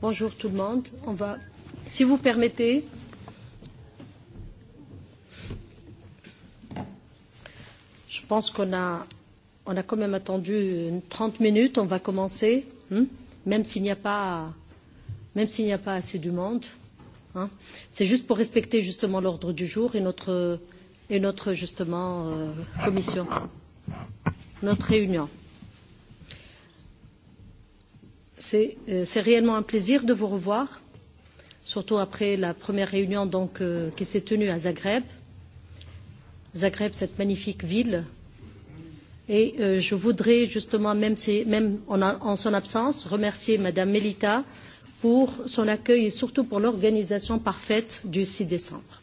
Bonjour tout le monde. On va, si vous permettez, je pense qu'on a, on a quand même attendu 30 minutes. On va commencer, même s'il n'y a pas, même s'il n'y a pas assez du monde. C'est juste pour respecter justement l'ordre du jour et notre, et notre justement commission, notre réunion. C'est réellement un plaisir de vous revoir, surtout après la première réunion donc, qui s'est tenue à Zagreb. Zagreb, cette magnifique ville. Et je voudrais justement, même, si, même en, son absence, remercier Madame Melita pour son accueil et surtout pour l'organisation parfaite du 6 décembre.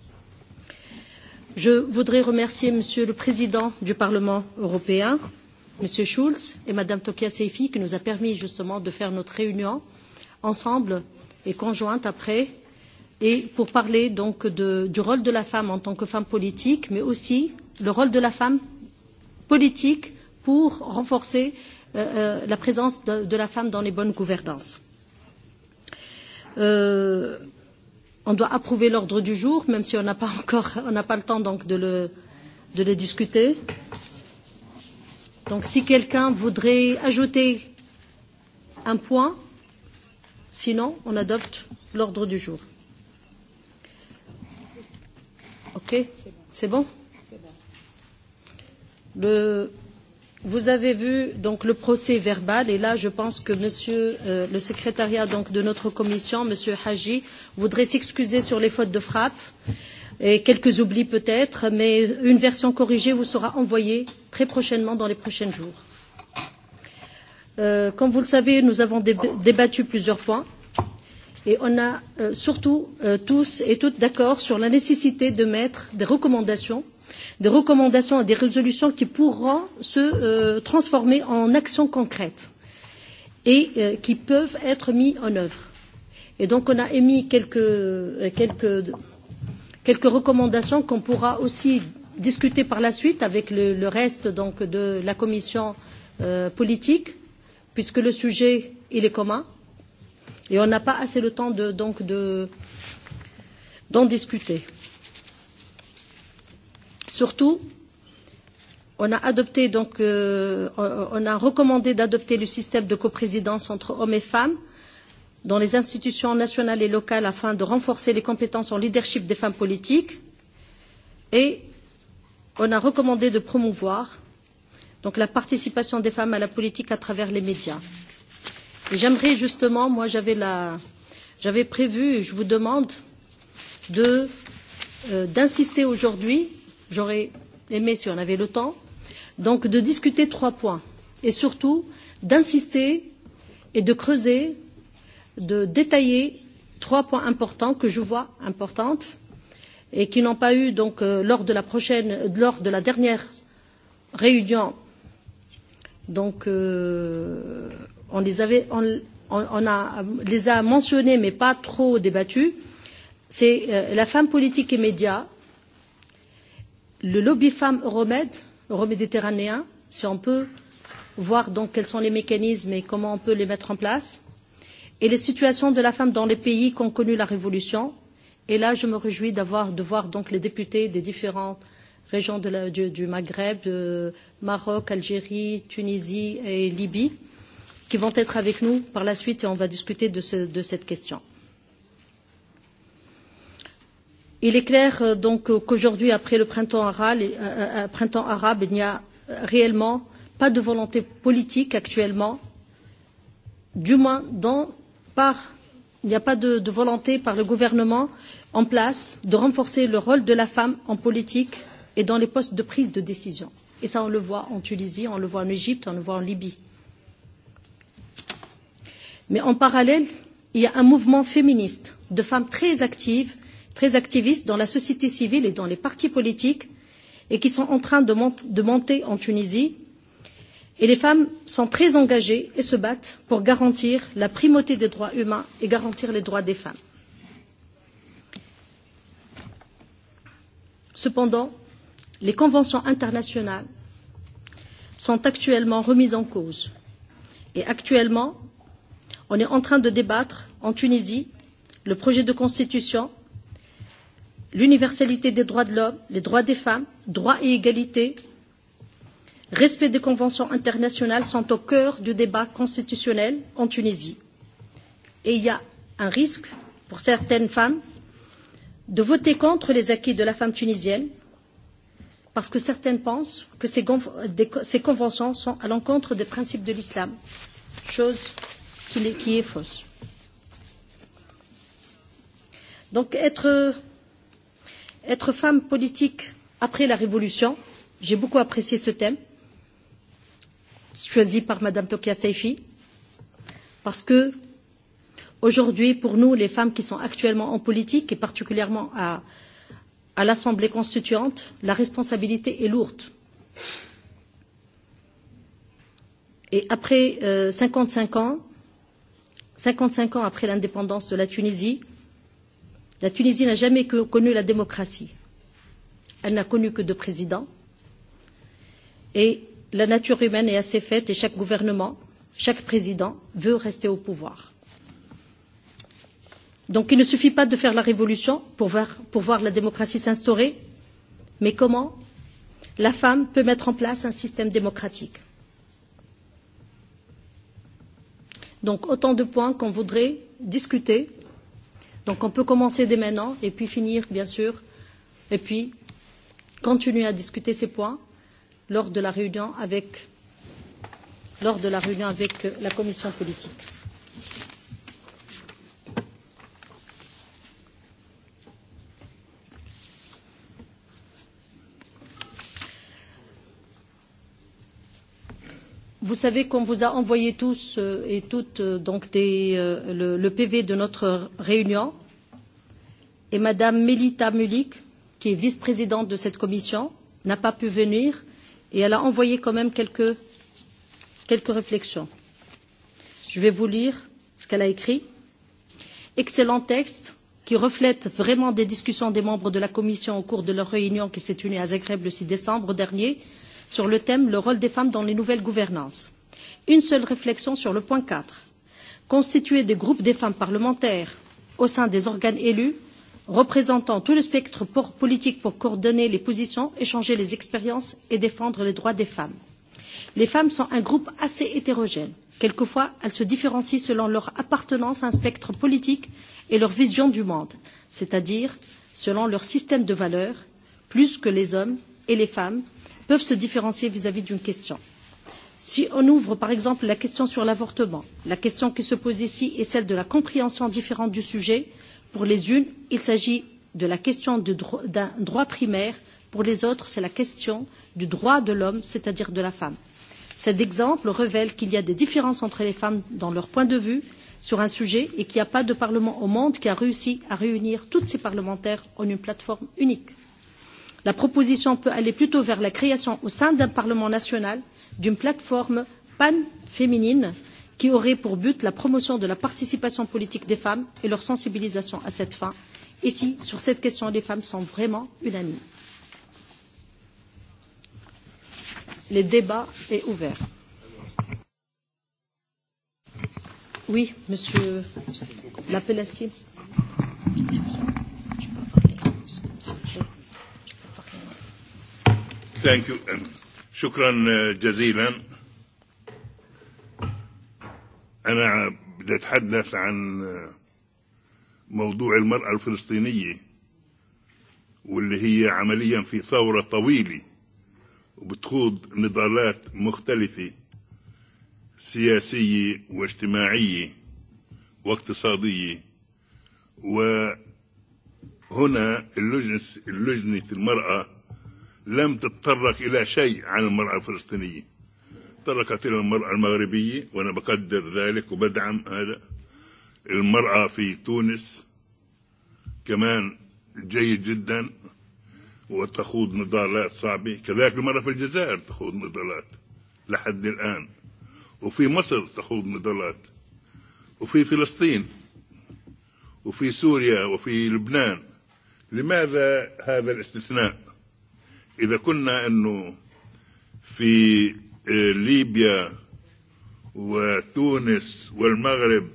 Je voudrais remercier Monsieur le Président du Parlement européen, Monsieur Schulz et Madame Tokia Seifi qui nous a permis justement de faire notre réunion ensemble et conjointe après et pour parler donc du rôle de la femme en tant que femme politique mais aussi le rôle de la femme politique pour renforcer la présence de la femme dans les bonnes gouvernances. On doit approuver l'ordre du jour, même si on n'a pas encore le temps donc de le discuter. Donc si quelqu'un voudrait ajouter un point, sinon on adopte l'ordre du jour. Ok C'est bon le, Vous avez vu donc le procès verbal et là je pense que monsieur le secrétariat donc, de notre commission, monsieur Haji, voudrait s'excuser sur les fautes de frappe quelques oublis peut-être, mais une version corrigée vous sera envoyée très prochainement dans les prochains jours. Comme vous le savez, nous avons débattu plusieurs points et on a surtout tous et toutes d'accord sur la nécessité de mettre des recommandations, des recommandations et des résolutions qui pourront se transformer en actions concrètes et qui peuvent être mises en œuvre. Et donc on a émis quelques quelques recommandations qu'on pourra aussi discuter par la suite avec le reste donc de la commission politique puisque le sujet il est commun et on n'a pas assez le temps donc d'en discuter surtout on a adopté donc on a recommandé d'adopter le système de coprésidence entre hommes et femmes dans les institutions nationales et locales afin de renforcer les compétences en leadership des femmes politiques et on a recommandé de promouvoir donc la participation des femmes à la politique à travers les médias. J'aimerais justement, moi j'avais là j'avais prévu, je vous demande d'insister aujourd'hui, j'aurais aimé si on avait le temps, donc de discuter trois points et surtout d'insister et de creuser de détailler trois points importants que je vois importants et qui n'ont pas eu donc lors de la prochaine lors de la dernière réunion donc on les avait on a les a mentionnés mais pas trop débattus c'est la femme politique et médias le lobby femme Euromède, euroméditerranéen si on peut voir donc quels sont les mécanismes et comment on peut les mettre en place et les situations de la femme dans les pays qui ont connu la révolution. Et là, je me réjouis d'avoir, de voir donc les députés des différentes régions de la, du, Maghreb, de Maroc, Algérie, Tunisie et Libye, qui vont être avec nous par la suite et on va discuter de, ce, de cette question. Il est clair donc qu'aujourd'hui, après le printemps arabe, euh, printemps arabe il n'y a réellement pas de volonté politique actuellement, du moins dans part, il n'y a pas de volonté par le gouvernement en place de renforcer le rôle de la femme en politique et dans les postes de prise de décision. Et ça, on le voit en Tunisie, on le voit en Égypte, on le voit en Libye. Mais en parallèle, il y a un mouvement féministe de femmes très actives, très activistes dans la société civile et dans les partis politiques, et qui sont en train de monter en Tunisie Et les femmes sont très engagées et se battent pour garantir la primauté des droits humains et garantir les droits des femmes. Cependant, les conventions internationales sont actuellement remises en cause. Et actuellement, on est en train de débattre en Tunisie le projet de constitution, l'universalité des droits de l'homme, les droits des femmes, droits et égalité, respect des conventions internationales sont au cœur du débat constitutionnel en Tunisie. Et il y a un risque pour certaines femmes de voter contre les acquis de la femme tunisienne parce que certaines pensent que ces conventions sont à l'encontre des principes de l'islam, chose qui est fausse. Donc être femme politique après la Révolution, j'ai beaucoup apprécié ce thème choisie par Madame Tokia Saifi, parce que aujourd'hui, pour nous, les femmes qui sont actuellement en politique, et particulièrement à, à l'Assemblée constituante, la responsabilité est lourde. Et après euh, 55 ans, 55 ans après l'indépendance de la Tunisie, la Tunisie n'a jamais connu la démocratie. Elle n'a connu que deux présidents. Et la nature humaine est assez faite et chaque gouvernement, chaque président veut rester au pouvoir. Donc il ne suffit pas de faire la révolution pour voir la démocratie s'instaurer, mais comment la femme peut mettre en place un système démocratique. Donc autant de points qu'on voudrait discuter. Donc on peut commencer dès maintenant et puis finir, bien sûr, et puis continuer à discuter ces points lors de la réunion avec lors de la réunion avec la commission politique. Vous savez qu'on vous a envoyé tous et toutes donc des, le, le PV de notre réunion et Madame Melita Mulik, qui est vice-présidente de cette commission, n'a pas pu venir elle a envoyé quand même quelques réflexions. Je vais vous lire ce qu'elle a écrit. Excellent texte qui reflète vraiment des discussions des membres de la Commission au cours de leur réunion qui s'est tenue à Zagreb le 6 décembre dernier sur le thème le rôle des femmes dans les nouvelles gouvernances. Une seule réflexion sur le point 4. Constituer des groupes des femmes parlementaires au sein des organes élus représentant tout le spectre politique pour coordonner les positions, échanger les expériences et défendre les droits des femmes. Les femmes sont un groupe assez hétérogène. Quelquefois, elles se différencient selon leur appartenance à un spectre politique et leur vision du monde, c'est-à-dire selon leur système de valeurs, plus que les hommes et les femmes peuvent se différencier vis-à-vis d'une question. Si on ouvre par exemple la question sur l'avortement, la question qui se pose ici est celle de la compréhension différente du sujet Pour les unes, il s'agit de la question d'un droit primaire, pour les autres, c'est la question du droit de l'homme, c'est-à-dire de la femme. Cet exemple révèle qu'il y a des différences entre les femmes dans leur point de vue sur un sujet et qu'il n'y a pas de parlement au monde qui a réussi à réunir toutes ces parlementaires en une plateforme unique. La proposition peut aller plutôt vers la création au sein d'un parlement national d'une plateforme pan-féminine qui aurait pour but la promotion de la participation politique des femmes et leur sensibilisation à cette fin. Ici, sur cette question, les femmes sont vraiment unanimes. Le débat est ouvert. Oui, monsieur Thank you. شكرا جزيلا أنا بدي أتحدث عن موضوع المرأة الفلسطينية واللي هي عمليا في ثورة طويلة وبتخوض نضالات مختلفة سياسية واجتماعية واقتصادية وهنا اللجنة, اللجنة المرأة لم تتطرق إلى شيء عن المرأة الفلسطينية تركت المراه المغربيه وأنا بقدر ذلك وبدعم هذا المراه في تونس كمان جيد جدا وتخوض نضالات صعبه كذلك المراه في الجزائر تخوض نضالات لحد الآن وفي مصر تخوض نضالات وفي فلسطين وفي سوريا وفي لبنان لماذا هذا الاستثناء إذا كنا أنه في ليبيا وتونس والمغرب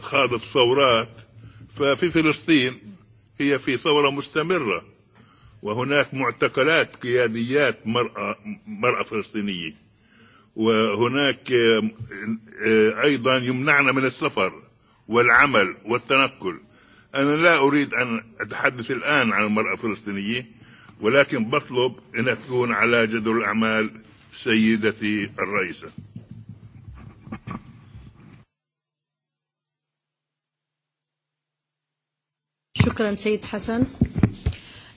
خاضت ثورات ففي فلسطين هي في ثورة مستمرة وهناك معتقلات قياديات مرأة, مرأة فلسطينية وهناك أيضا يمنعنا من السفر والعمل والتنقل أنا لا أريد أن أتحدث الآن عن المرأة الفلسطينية ولكن بطلب أن تكون على جدول الأعمال سيدتي الرئيسة شكرا سيد حسن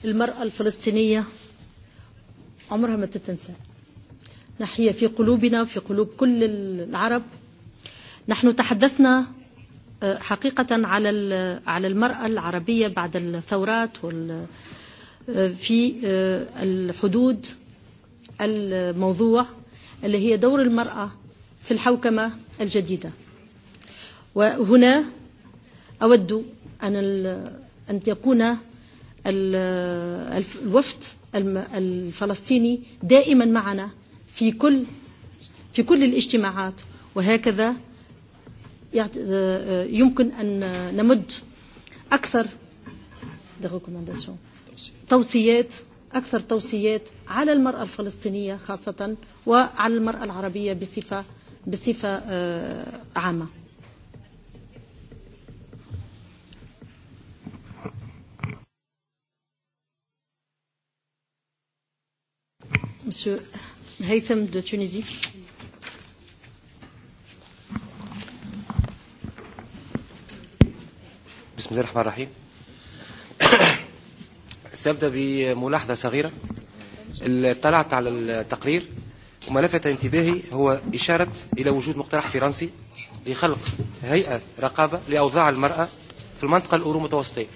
المرأة الفلسطينية عمرها ما تتنسى نحيا في قلوبنا في قلوب كل العرب نحن تحدثنا حقيقة على على المرأة العربية بعد الثورات في الحدود الموضوع اللي هي دور المرأة في الحوكمة الجديدة وهنا أود أن أن يكون الوفد الفلسطيني دائما معنا في كل في كل الاجتماعات وهكذا يمكن أن نمد أكثر توصيات أكثر توصيات على المرأة الفلسطينية خاصة وعلى المرأة العربية بصفة بصفة عامة Monsieur Haytham de Tunisie. بسم الله الرحمن الرحيم سأبدأ بملاحظة صغيرة اللي على التقرير وما لفت انتباهي هو إشارة إلى وجود مقترح فرنسي لخلق هيئة رقابة لأوضاع المرأة في المنطقة الأورو متوسطية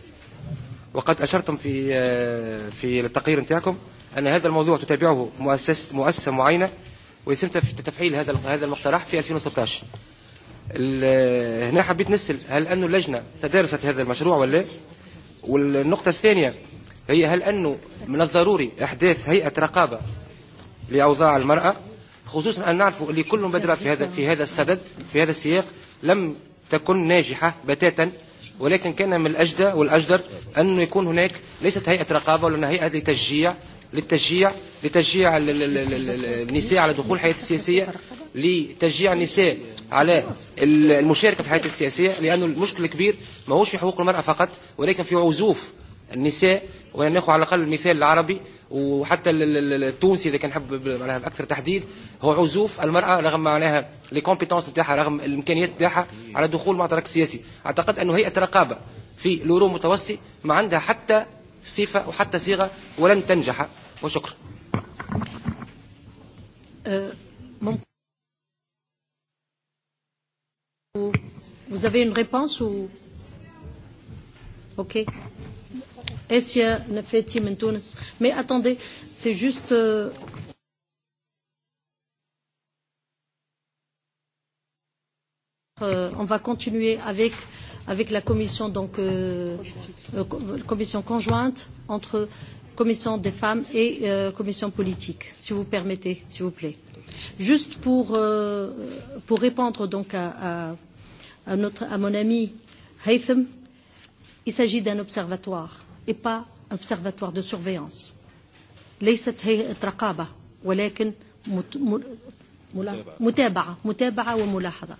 وقد أشرتم في في التقرير نتاعكم أن هذا الموضوع تتابعه مؤسس مؤسسة معينة ويسمت في تفعيل هذا هذا المقترح في 2013 هنا حبيت نسأل هل أن اللجنة تدارست هذا المشروع ولا والنقطة الثانية هي هل أنه من الضروري إحداث هيئة رقابة لأوضاع المرأة خصوصا أن نعرف اللي كل مبادرات في هذا في هذا السدد في هذا السياق لم تكن ناجحة بتاتا ولكن كان من الأجدى والأجدر أن يكون هناك ليست هيئة رقابة ولا هيئة لتشجيع للتشجيع لتشجيع النساء على دخول الحياة السياسية لتشجيع النساء على المشاركة في الحياة السياسية لأنه المشكل الكبير ماهوش في حقوق المرأة فقط ولكن في عزوف النساء وناخذ على الاقل المثال العربي وحتى التونسي اذا كان حب معناها باكثر تحديد هو عزوف المراه رغم معناها لي كومبيتونس نتاعها رغم الامكانيات نتاعها على دخول معترك سياسي اعتقد انه هيئه الرقابه في لورو متوسطي ما عندها حتى صفه وحتى صيغه ولن تنجح وشكرا Vous avez une réponse ou OK Mais attendez, c'est juste on va continuer avec avec la commission donc commission conjointe entre commission des femmes et commission politique si vous permettez s'il vous plaît juste pour pour répondre donc à à notre à mon ami Haytham il s'agit d'un observatoire et pas un observatoire de surveillance. ليست رقابة ولكن متابعة متابعة وملاحظة.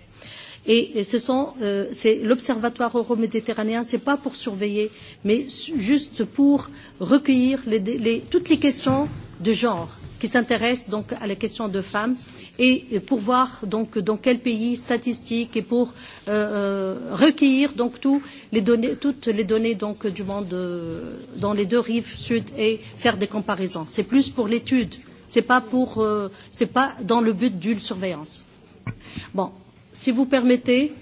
Et ce sont, c'est l'Observatoire euro-méditerranéen, ce n'est pas pour surveiller, mais juste pour recueillir toutes les questions de genre qui s'intéressent donc à la question de femmes et pour voir donc dans quel pays statistique et pour recueillir donc toutes les données donc du monde dans les deux rives sud et faire des comparaisons. C'est plus pour l'étude, c'est pas pour c'est pas dans le but d'une surveillance. Bon, si vous permettez,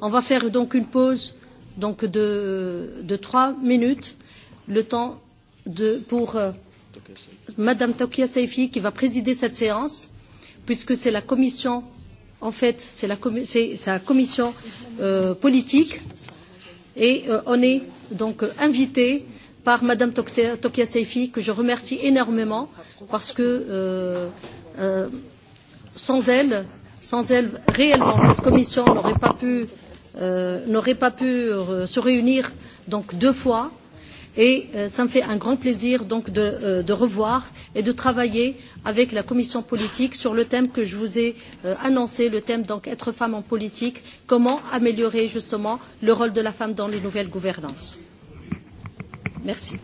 on va faire donc une pause donc de trois minutes, le temps de pour Madame Tokia Saifi qui va présider cette séance puisque c'est la commission, en fait, c'est la commission politique et on est donc invité par Madame Tokia Seifi, que je remercie énormément, parce que sans elle, sans elle, réellement, cette commission n'aurait pas pu se réunir donc deux fois Et ça me fait un grand plaisir donc de revoir et de travailler avec la commission politique sur le thème que je vous ai annoncé, le thème donc être femme en politique, comment améliorer justement le rôle de la femme dans les nouvelles gouvernances. Merci.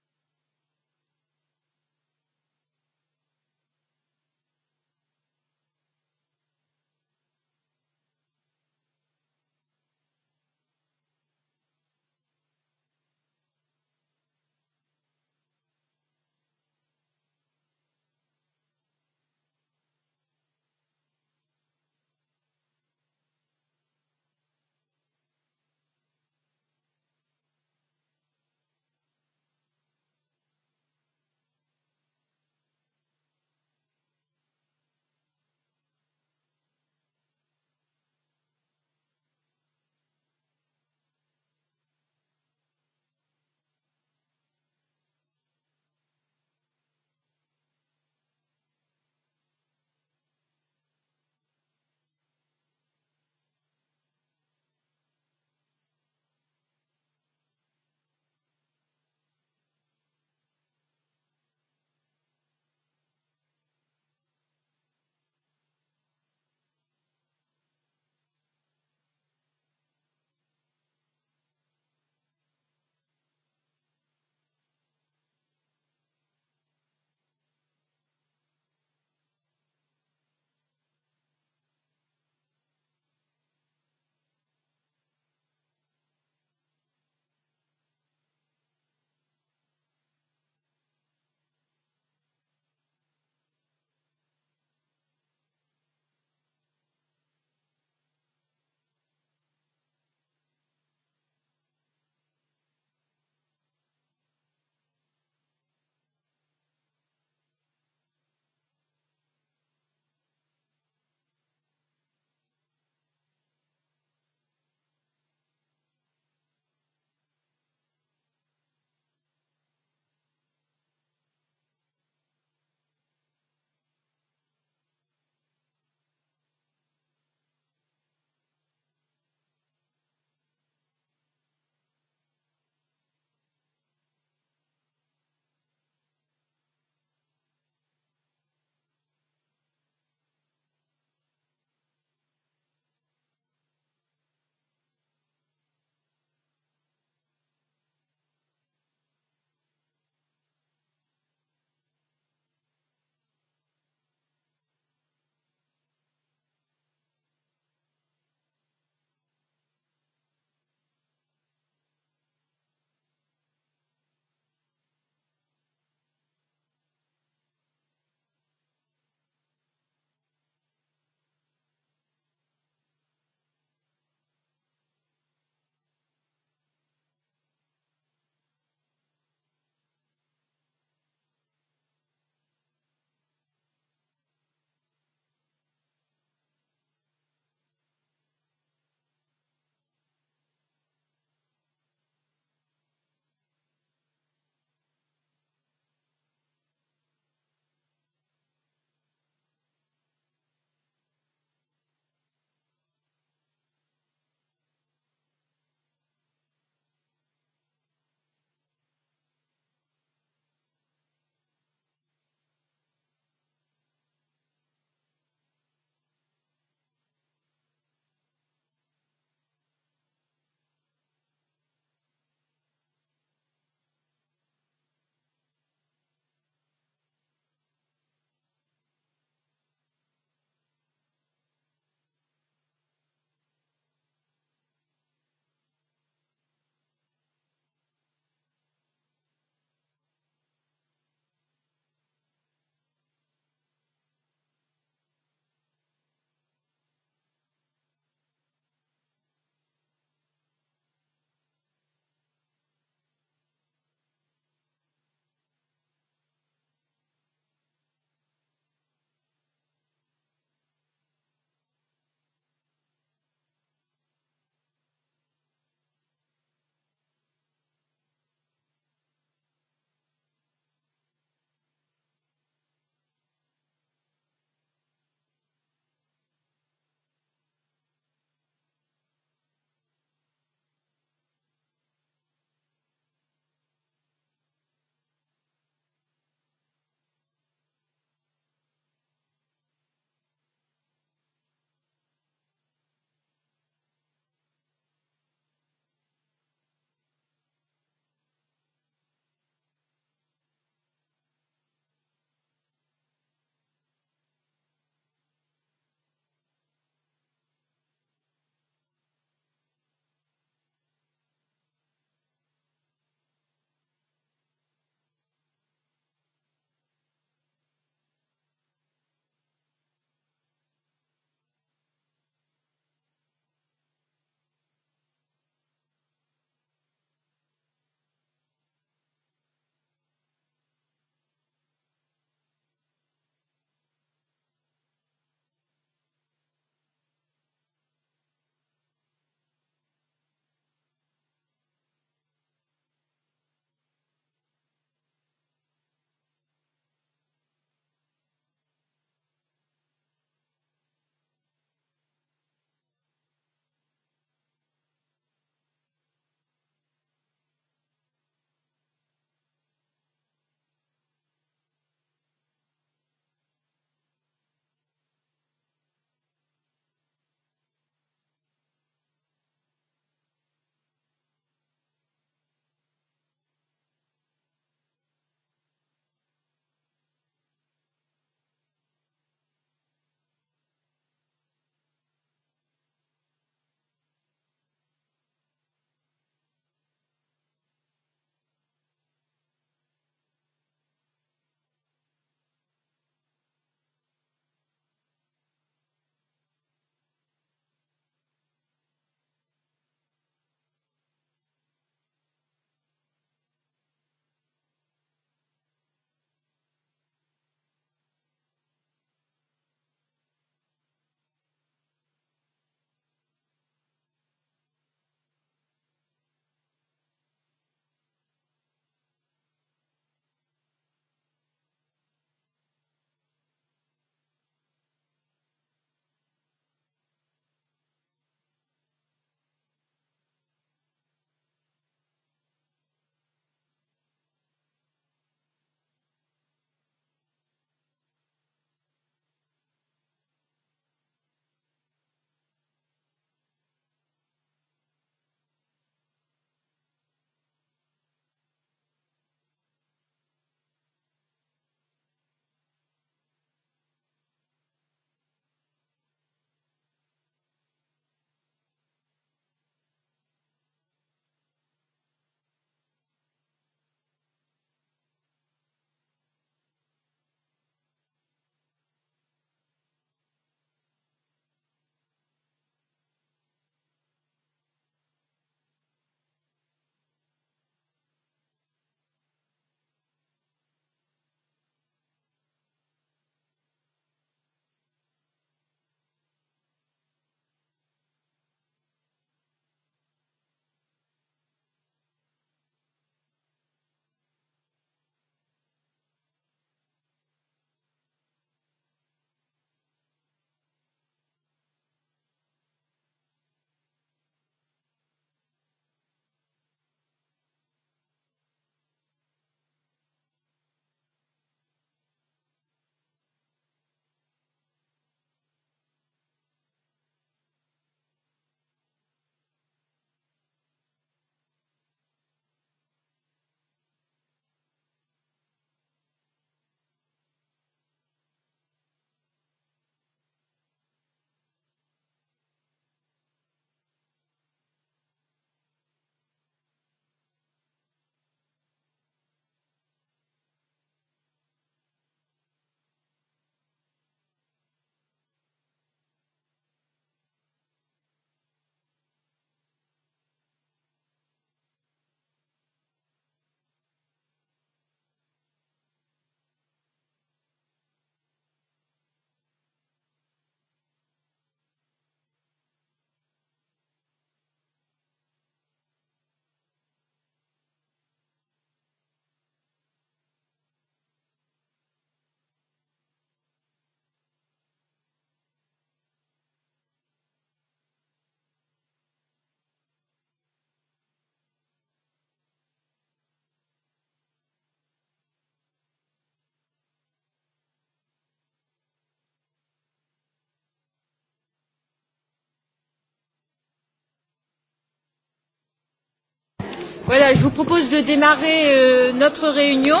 Voilà, je vous propose de démarrer notre réunion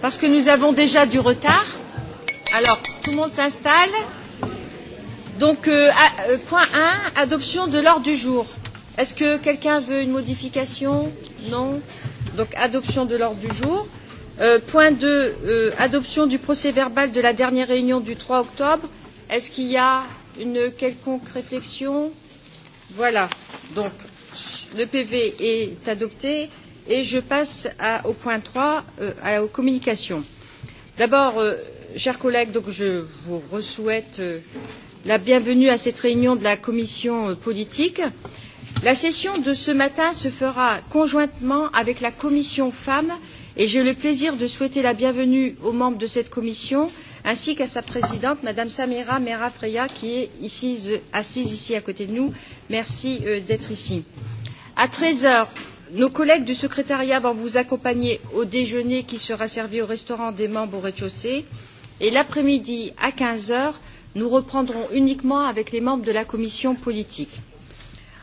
parce que nous avons déjà du retard. Alors, tout le monde s'installe. Donc, point 1, adoption de l'ordre du jour. Est-ce que quelqu'un veut une modification Non. Donc, adoption de l'ordre du jour. Point 2, adoption du procès verbal de la dernière réunion du 3 octobre. Est-ce qu'il y a une quelconque réflexion Voilà. Donc, Le PV est adopté et je passe au point 3, aux communications. D'abord, chers collègues, je vous souhaite la bienvenue à cette réunion de la commission politique. La session de ce matin se fera conjointement avec la commission femmes et j'ai le plaisir de souhaiter la bienvenue aux membres de cette commission ainsi qu'à sa présidente, Madame Samira Mera Freya, qui est assise ici à côté de nous Merci d'être ici. À 13 heures, nos collègues du secrétariat vont vous accompagner au déjeuner qui sera servi au restaurant des membres au rez-de-chaussée. Et l'après-midi, à 15 heures, nous reprendrons uniquement avec les membres de la commission politique.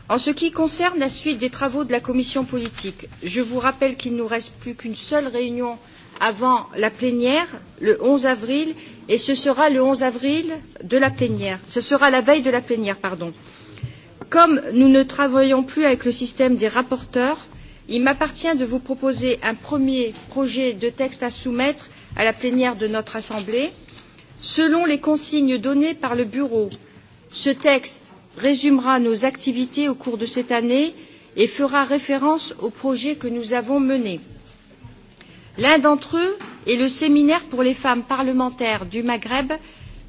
En ce qui concerne la suite des travaux de la commission politique, je vous rappelle qu'il ne nous reste plus qu'une seule réunion avant la plénière, le 11 avril, et ce sera le 11 avril de la plénière. Ce sera la veille de la plénière, pardon comme nous ne travaillons plus avec le système des rapporteurs, il m'appartient de vous proposer un premier projet de texte à soumettre à la plénière de notre Assemblée. Selon les consignes données par le Bureau, ce texte résumera nos activités au cours de cette année et fera référence aux projets que nous avons menés. L'un d'entre eux est le séminaire pour les femmes parlementaires du Maghreb,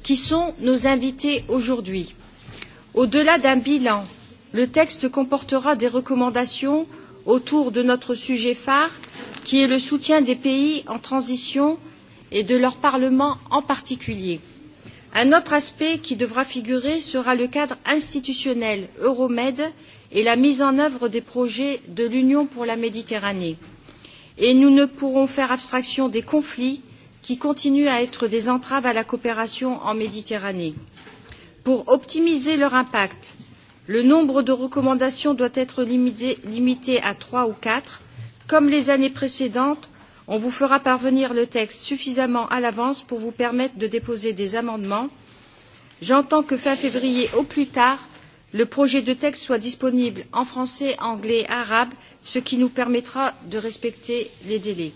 qui sont nos invités aujourd'hui. Au delà d'un bilan, le texte comportera des recommandations autour de notre sujet phare, qui est le soutien des pays en transition et de leur Parlement en particulier. Un autre aspect qui devra figurer sera le cadre institutionnel Euromed et la mise en œuvre des projets de l'Union pour la Méditerranée. Et nous ne pourrons faire abstraction des conflits qui continuent à être des entraves à la coopération en Méditerranée. Pour optimiser leur impact, le nombre de recommandations doit être limité à trois ou quatre. Comme les années précédentes, on vous fera parvenir le texte suffisamment à l'avance pour vous permettre de déposer des amendements. J'entends que fin février au plus tard, le projet de texte soit disponible en français, anglais, arabe, ce qui nous permettra de respecter les délais.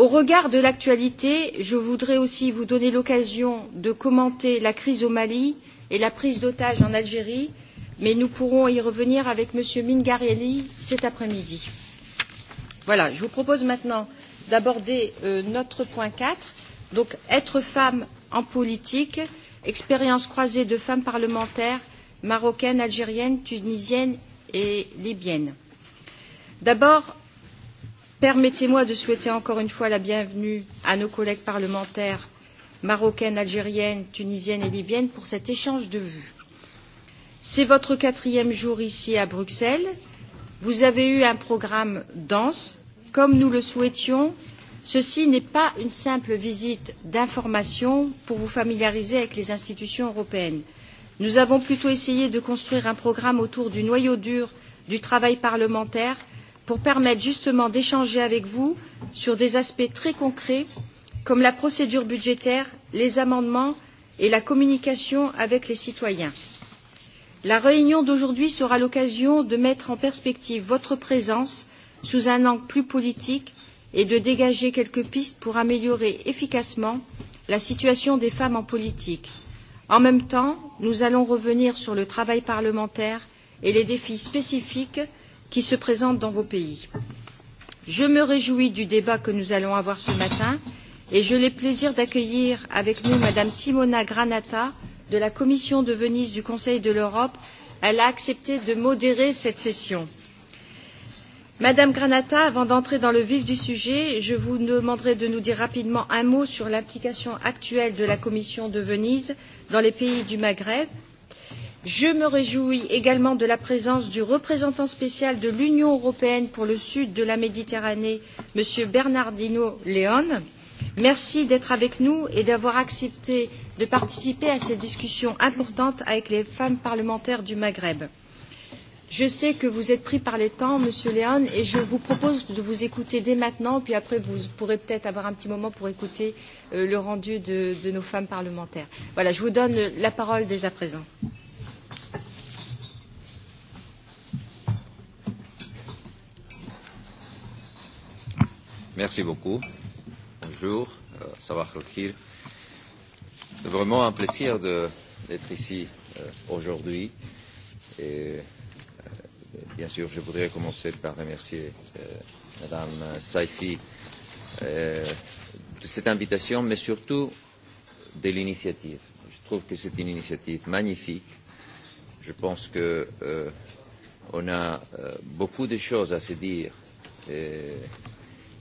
Au regard de l'actualité, je voudrais aussi vous donner l'occasion de commenter la crise au Mali et la prise d'otages en Algérie, mais nous pourrons y revenir avec M. Mingarelli cet après-midi. Voilà, je vous propose maintenant d'aborder notre point 4, donc être femme en politique, expérience croisée de femmes parlementaires marocaines, algériennes, tunisiennes et libyennes. D'abord, Permettez-moi de souhaiter encore une fois la bienvenue à nos collègues parlementaires marocaines, algériennes, tunisiennes et libyennes pour cet échange de vues. C'est votre quatrième jour ici à Bruxelles. Vous avez eu un programme dense. Comme nous le souhaitions, ceci n'est pas une simple visite d'information pour vous familiariser avec les institutions européennes. Nous avons plutôt essayé de construire un programme autour du noyau dur du travail parlementaire pour permettre justement d'échanger avec vous sur des aspects très concrets comme la procédure budgétaire, les amendements et la communication avec les citoyens. La réunion d'aujourd'hui sera l'occasion de mettre en perspective votre présence sous un angle plus politique et de dégager quelques pistes pour améliorer efficacement la situation des femmes en politique. En même temps, nous allons revenir sur le travail parlementaire et les défis spécifiques qui se présentent dans vos pays. Je me réjouis du débat que nous allons avoir ce matin et je le plaisir d'accueillir avec nous Madame Simona Granata de la Commission de Venise du Conseil de l'Europe. Elle a accepté de modérer cette session. Madame Granata, avant d'entrer dans le vif du sujet, je vous demanderai de nous dire rapidement un mot sur l'implication actuelle de la Commission de Venise dans les pays du Maghreb je me réjouis également de la présence du représentant spécial de l'union européenne pour le sud de la méditerranée m. bernardino león. merci d'être avec nous et d'avoir accepté de participer à ces discussions importantes avec les femmes parlementaires du maghreb. je sais que vous êtes pris par les temps monsieur león et je vous propose de vous écouter dès maintenant puis après vous pourrez peut être avoir un petit moment pour écouter le rendu de nos femmes parlementaires. voilà je vous donne la parole dès à présent. Merci beaucoup. Bonjour, Sabah Khir. C'est vraiment un plaisir d'être ici aujourd'hui. Et bien sûr, je voudrais commencer par remercier Madame Saifi de cette invitation, mais surtout de l'initiative. Je trouve que c'est une initiative magnifique. Je pense que on a beaucoup de choses à se dire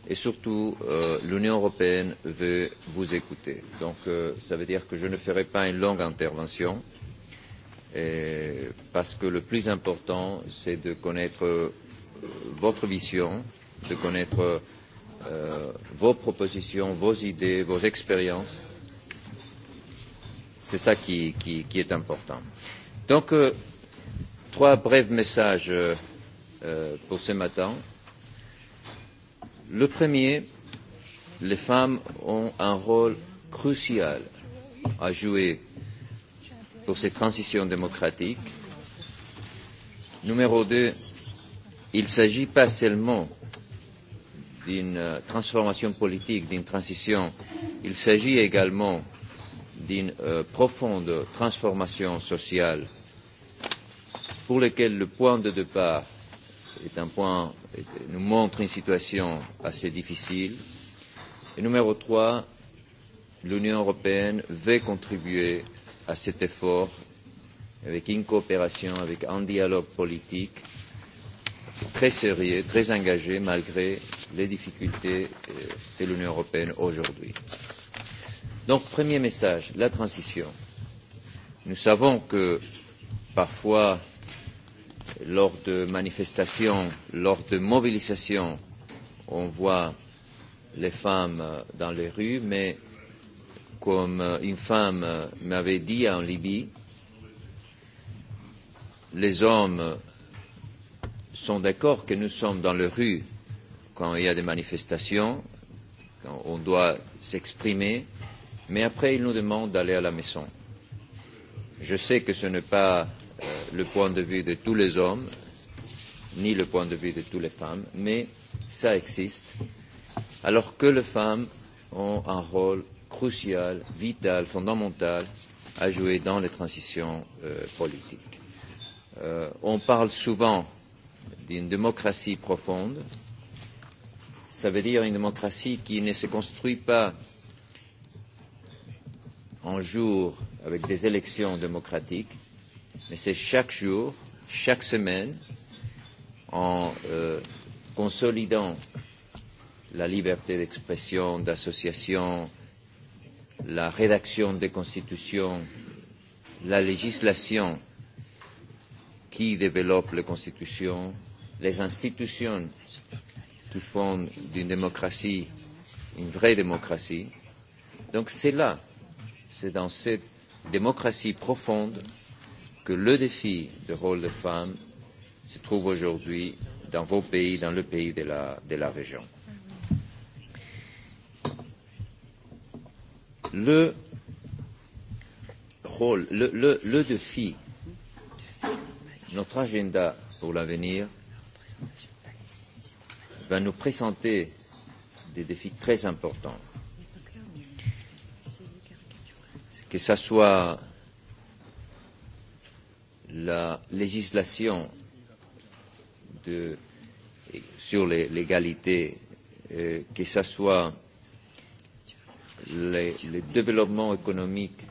et surtout l'union européenne veut vous écouter donc ça veut dire que je ne ferai pas une longue intervention parce que le plus important c'est de connaître votre vision de connaître vos propositions vos idées vos expériences c'est ça qui qui est important donc trois brefs messages pour ce matin Le premier, les femmes ont un rôle crucial à jouer pour ces transitions démocratiques. Numéro deux, il ne s'agit pas seulement d'une transformation politique, d'une transition, il s'agit également d'une profonde transformation sociale pour laquelle le point de départ est un point nous montre une situation assez difficile. Et numéro trois, l'Union européenne veut contribuer à cet effort avec une coopération, avec un dialogue politique très sérieux, très engagé malgré les difficultés de l'Union européenne aujourd'hui. Donc, premier message, la transition. Nous savons que parfois lors de manifestations, lors de mobilisations, on voit les femmes dans les rues, mais comme une femme m'avait dit en Libye, les hommes sont d'accord que nous sommes dans les rues quand il y a des manifestations, quand on doit s'exprimer, mais après ils nous demandent d'aller à la maison. Je sais que ce n'est pas le point de vue de tous les hommes, ni le point de vue de toutes les femmes, mais ça existe, alors que les femmes ont un rôle crucial, vital, fondamental à jouer dans les transitions politiques. On parle souvent d'une démocratie profonde. Ça veut dire une démocratie qui ne se construit pas en jour avec des élections démocratiques, mais c'est chaque jour, chaque semaine, en consolidant la liberté d'expression, d'association, la rédaction des constitutions, la législation qui développe les constitutions, les institutions qui font d'une démocratie une vraie démocratie. Donc c'est là, c'est dans cette démocratie profonde que le défi du rôle des femmes se trouve aujourd'hui dans vos pays, dans le pays de la de la région. Le rôle, le défi, notre agenda pour l'avenir va nous présenter des défis très importants. Que ce soit la législation sur l'égalité, que ce soit le développement économique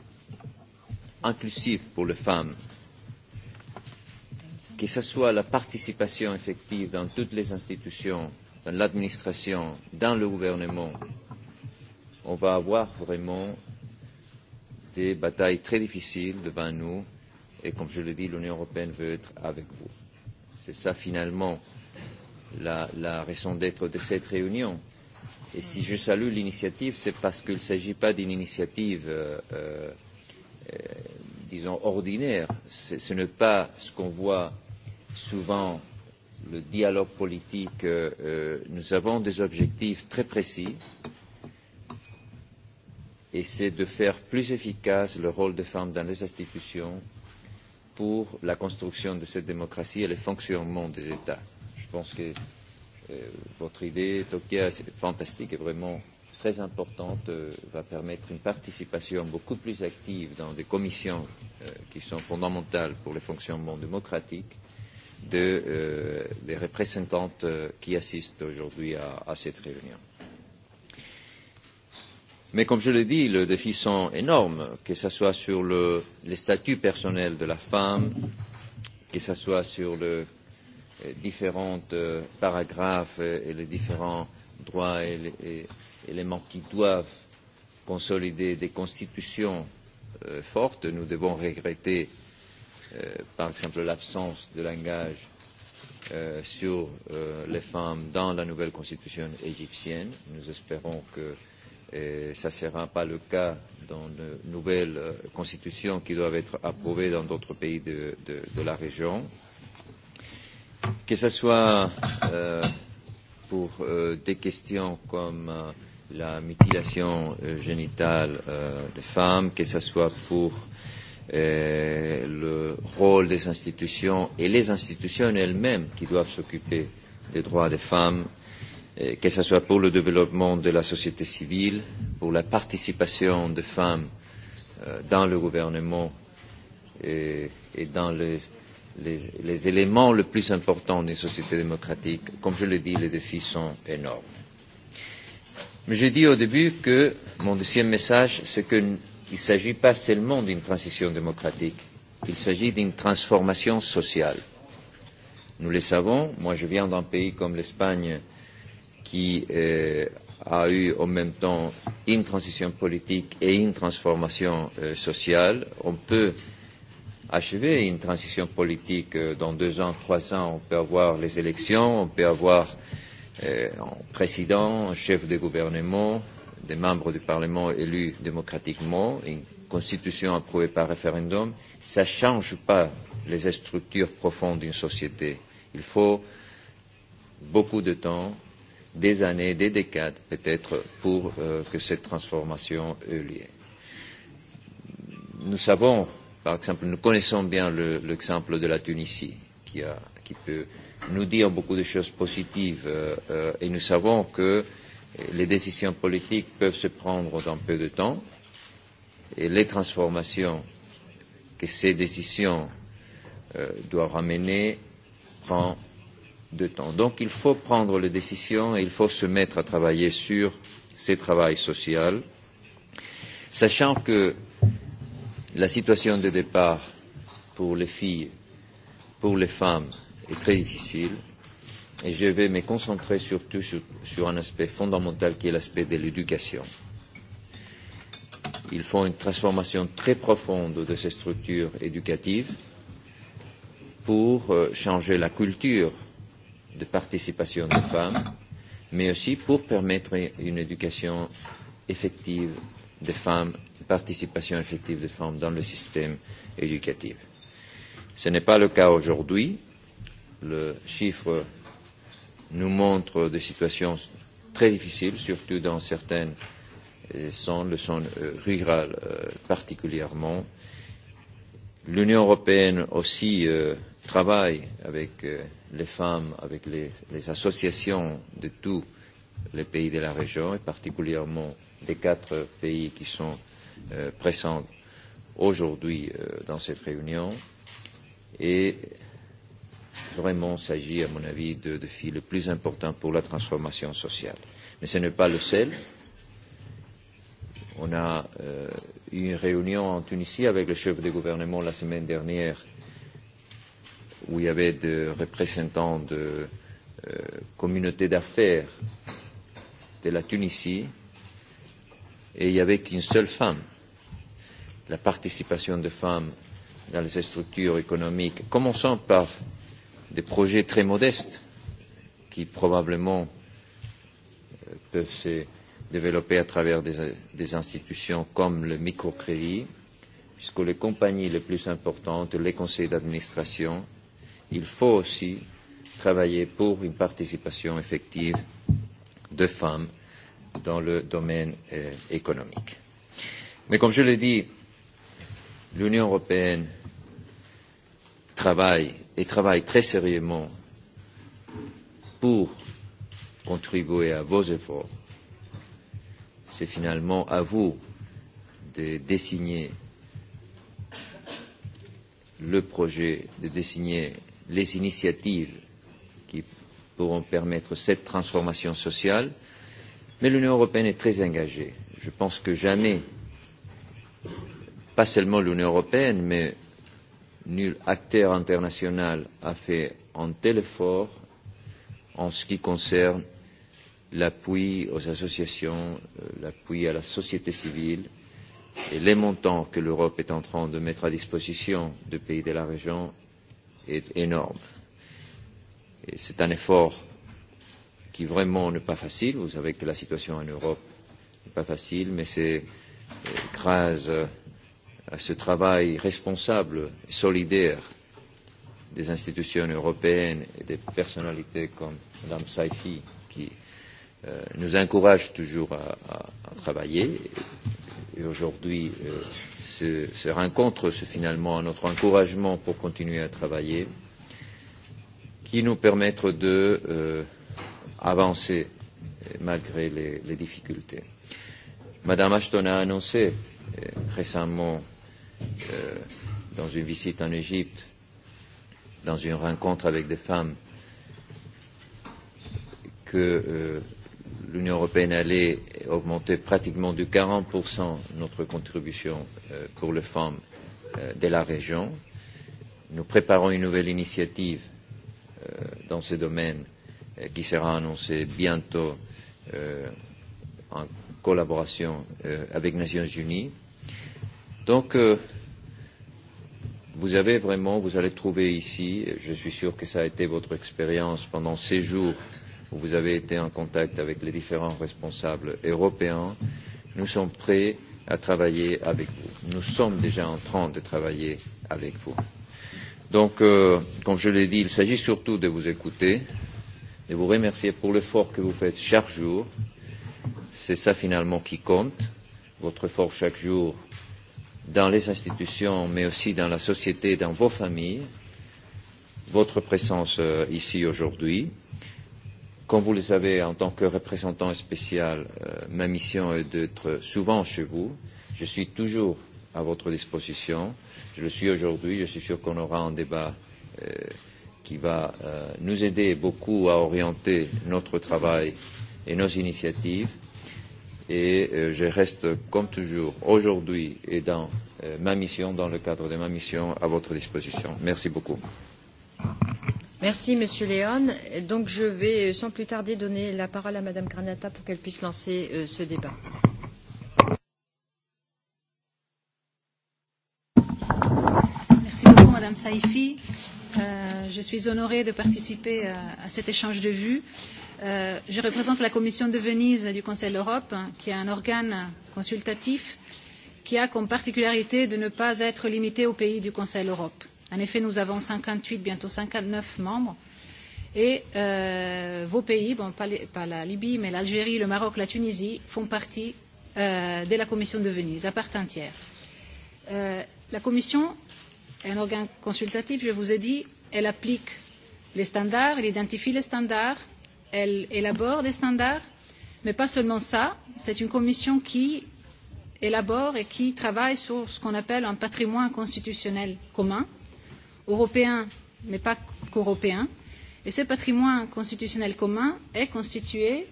inclusif pour les femmes, que ce soit la participation effective dans toutes les institutions, dans l'administration, dans le gouvernement, on va avoir vraiment des batailles très difficiles devant nous Et comme je l'ai dit, l'Union européenne veut être avec vous. C'est ça finalement la raison d'être de cette réunion. Et si je salue l'initiative, c'est parce qu'il ne s'agit pas d'une initiative, disons, ordinaire. Ce n'est pas ce qu'on voit souvent, le dialogue politique. Nous avons des objectifs très précis et c'est de faire plus efficace le rôle des femmes dans les institutions pour la construction de cette démocratie et le fonctionnement des États. Je pense que votre idée, Tokia, est fantastique et vraiment très importante, va permettre une participation beaucoup plus active dans des commissions qui sont fondamentales pour le fonctionnement démocratique des représentantes qui assistent aujourd'hui à cette réunion. Mais comme je l'ai dit, les défis sont énormes, que ce soit sur le statut personnel de la femme, que ce soit sur les différents paragraphes et les différents droits et éléments qui doivent consolider des constitutions fortes. Nous devons regretter, par exemple, l'absence de langage sur les femmes dans la nouvelle constitution égyptienne. Nous espérons que Ce ne sera pas le cas dans de nouvelles constitutions qui doivent être approuvées dans d'autres pays de la région. Que ce soit pour des questions comme la mutilation génitale des femmes, que ce soit pour le rôle des institutions et les institutions elles-mêmes qui doivent s'occuper des droits des femmes que ce soit pour le développement de la société civile, pour la participation des femmes dans le gouvernement et dans les éléments les plus importants des sociétés démocratiques. Comme je l'ai dit, les défis sont énormes. Mais j'ai dit au début que mon deuxième message, c'est qu'il ne s'agit pas seulement d'une transition démocratique, il s'agit d'une transformation sociale. Nous le savons, moi je viens d'un pays comme l'Espagne qui a eu en même temps une transition politique et une transformation sociale. On peut achever une transition politique dans deux ans, trois ans. On peut avoir les élections, on peut avoir un président, un chef de gouvernement, des membres du Parlement élus démocratiquement, une constitution approuvée par référendum. Ça ne change pas les structures profondes d'une société. Il faut beaucoup de temps des années, des décades peut-être, pour que cette transformation ait lieu. Nous savons, par exemple, nous connaissons bien l'exemple de la Tunisie, qui peut nous dire beaucoup de choses positives, et nous savons que les décisions politiques peuvent se prendre dans peu de temps, et les transformations que ces décisions doivent amener prend de temps. Donc il faut prendre les décisions et il faut se mettre à travailler sur ces travail sociaux, sachant que la situation de départ pour les filles, pour les femmes est très difficile et je vais me concentrer surtout sur un aspect fondamental qui est l'aspect de l'éducation. Il faut une transformation très profonde de ces structures éducatives pour changer la culture de participation des femmes, mais aussi pour permettre une éducation effective des femmes, une participation effective des femmes dans le système éducatif. Ce n'est pas le cas aujourd'hui. Le chiffre nous montre des situations très difficiles, surtout dans certaines zones, le zone rural particulièrement. L'Union européenne aussi travail avec les femmes, avec les associations de tous les pays de la région, et particulièrement des quatre pays qui sont présents aujourd'hui dans cette réunion. Et vraiment, il s'agit, à mon avis, de défi le plus important pour la transformation sociale. Mais ce n'est pas le seul. On a eu une réunion en Tunisie avec le chef de gouvernement la semaine dernière où il y avait des représentants de communautés d'affaires de la Tunisie et il n'y avait qu'une seule femme. La participation des femmes dans les structures économiques, commençant par des projets très modestes qui probablement peuvent se développer à travers des institutions comme le microcrédit, puisque les compagnies les plus importantes, les conseils d'administration, il faut aussi travailler pour une participation effective de femmes dans le domaine économique. Mais comme je l'ai dit, l'Union européenne travaille et travaille très sérieusement pour contribuer à vos efforts. C'est finalement à vous de dessiner le projet, de dessiner les initiatives qui pourront permettre cette transformation sociale, mais l'Union européenne est très engagée. Je pense que jamais, pas seulement l'Union européenne, mais nul acteur international a fait un tel effort en ce qui concerne l'appui aux associations, l'appui à la société civile et les montants que l'Europe est en train de mettre à disposition des pays de la région est énorme. C'est un effort qui vraiment n'est pas facile. Vous savez que la situation en Europe n'est pas facile, mais c'est grâce à ce travail responsable et solidaire des institutions européennes et des personnalités comme Mme Saifi qui nous encourage toujours à travailler aujourd'hui se rencontrent, c'est finalement notre encouragement pour continuer à travailler, qui nous permettent d'avancer malgré les difficultés. Madame Ashton a annoncé récemment, dans une visite en Égypte, dans une rencontre avec des femmes, que l'Union européenne allait augmenter pratiquement de 40% notre contribution pour les femmes de la région. Nous préparons une nouvelle initiative dans ce domaine qui sera annoncée bientôt en collaboration avec les Nations Unies. Donc, vous avez vraiment, vous allez trouver ici, je suis sûr que ça a été votre expérience pendant ces jours Vous avez été en contact avec les différents responsables européens. Nous sommes prêts à travailler avec vous. Nous sommes déjà en train de travailler avec vous. Donc, comme je l'ai dit, il s'agit surtout de vous écouter, de vous remercier pour l'effort que vous faites chaque jour. C'est ça finalement qui compte, votre effort chaque jour dans les institutions, mais aussi dans la société, dans vos familles, votre présence ici aujourd'hui. Comme vous le savez, en tant que représentant spécial, ma mission est d'être souvent chez vous. Je suis toujours à votre disposition. Je le suis aujourd'hui. Je suis sûr qu'on aura un débat qui va nous aider beaucoup à orienter notre travail et nos initiatives. Et je reste, comme toujours, aujourd'hui et dans ma mission, dans le cadre de ma mission, à votre disposition. Merci beaucoup. Merci, Monsieur Léon. Donc, je vais sans plus tarder donner la parole à Madame Granata pour qu'elle puisse lancer ce débat. Merci beaucoup, Madame Saifi. Je suis honorée de participer à cet échange de vues. Je représente la Commission de Venise du Conseil de l'Europe, qui est un organe consultatif qui a comme particularité de ne pas être limité aux pays du Conseil de l'Europe En effet, nous avons 58, bientôt 59 membres. Et vos pays, bon, pas la Libye, mais l'Algérie, le Maroc, la Tunisie, font partie de la Commission de Venise, à part entière. La Commission est un organe consultatif, je vous ai dit, elle applique les standards, elle identifie les standards, elle élabore des standards, mais pas seulement ça, c'est une commission qui élabore et qui travaille sur ce qu'on appelle un patrimoine constitutionnel commun européen, mais pas qu'européen. Et ce patrimoine constitutionnel commun est constitué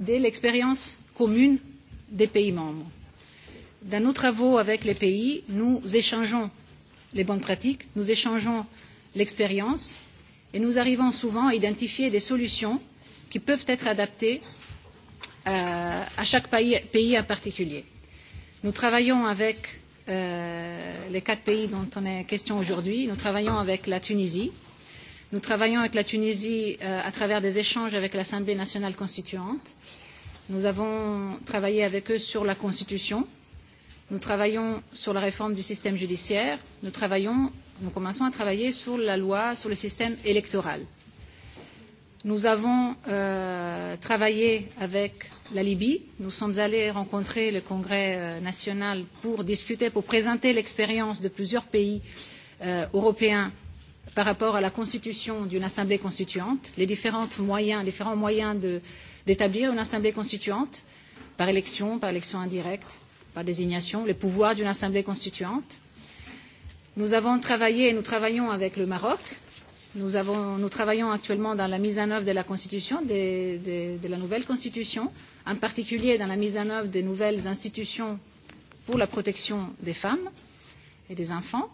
de l'expérience commune des pays membres. Dans nos travaux avec les pays, nous échangeons les bonnes pratiques, nous échangeons l'expérience et nous arrivons souvent à identifier des solutions qui peuvent être adaptées à chaque pays en particulier. Nous travaillons avec les quatre pays dont on est question aujourd'hui. Nous travaillons avec la Tunisie. Nous travaillons avec la Tunisie à travers des échanges avec l'Assemblée nationale constituante. Nous avons travaillé avec eux sur la Constitution. Nous travaillons sur la réforme du système judiciaire. Nous travaillons, nous commençons à travailler sur la loi, sur le système électoral. Nous avons travaillé avec la Libye. Nous sommes allés rencontrer le Congrès national pour discuter, pour présenter l'expérience de plusieurs pays européens par rapport à la constitution d'une assemblée constituante, les différents moyens différents moyens d'établir une assemblée constituante, par élection, par élection indirecte, par désignation, les pouvoirs d'une assemblée constituante. Nous avons travaillé et nous travaillons avec le Maroc Nous, avons, nous travaillons actuellement dans la mise en œuvre de la Constitution, de, de, de la nouvelle Constitution, en particulier dans la mise en œuvre des nouvelles institutions pour la protection des femmes et des enfants.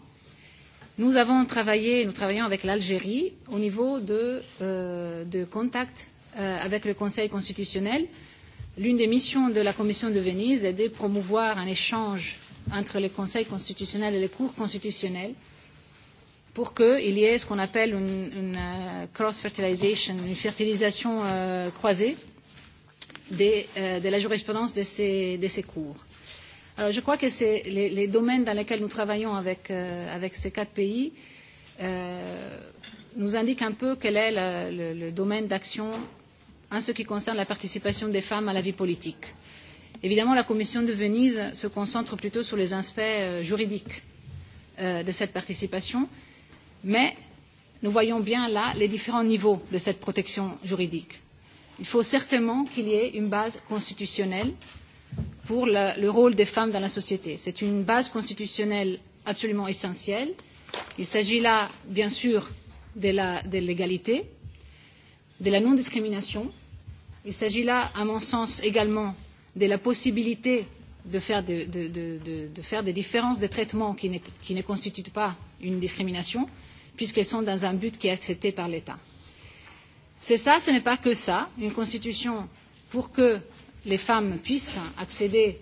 Nous avons travaillé, nous travaillons avec l'Algérie au niveau de, euh, de contact avec le Conseil constitutionnel. L'une des missions de la Commission de Venise est de promouvoir un échange entre les conseils constitutionnels et les cours constitutionnels pour qu'il y ait ce qu'on appelle une cross-fertilisation, une fertilisation croisée de la jurisprudence de ces cours. Alors je crois que c'est les domaines dans lesquels nous travaillons avec ces quatre pays nous indiquent un peu quel est le domaine d'action en ce qui concerne la participation des femmes à la vie politique. Évidemment, la Commission de Venise se concentre plutôt sur les aspects juridiques de cette participation, Mais nous voyons bien là les différents niveaux de cette protection juridique. Il faut certainement qu'il y ait une base constitutionnelle pour le rôle des femmes dans la société. C'est une base constitutionnelle absolument essentielle. Il s'agit là, bien sûr, de l'égalité, de la non-discrimination. Il s'agit là, à mon sens, également de la possibilité de faire des différences de traitement qui ne constituent pas une discrimination puisqu'elles sont dans un but qui est accepté par l'État. C'est ça, ce n'est pas que ça. Une constitution pour que les femmes puissent accéder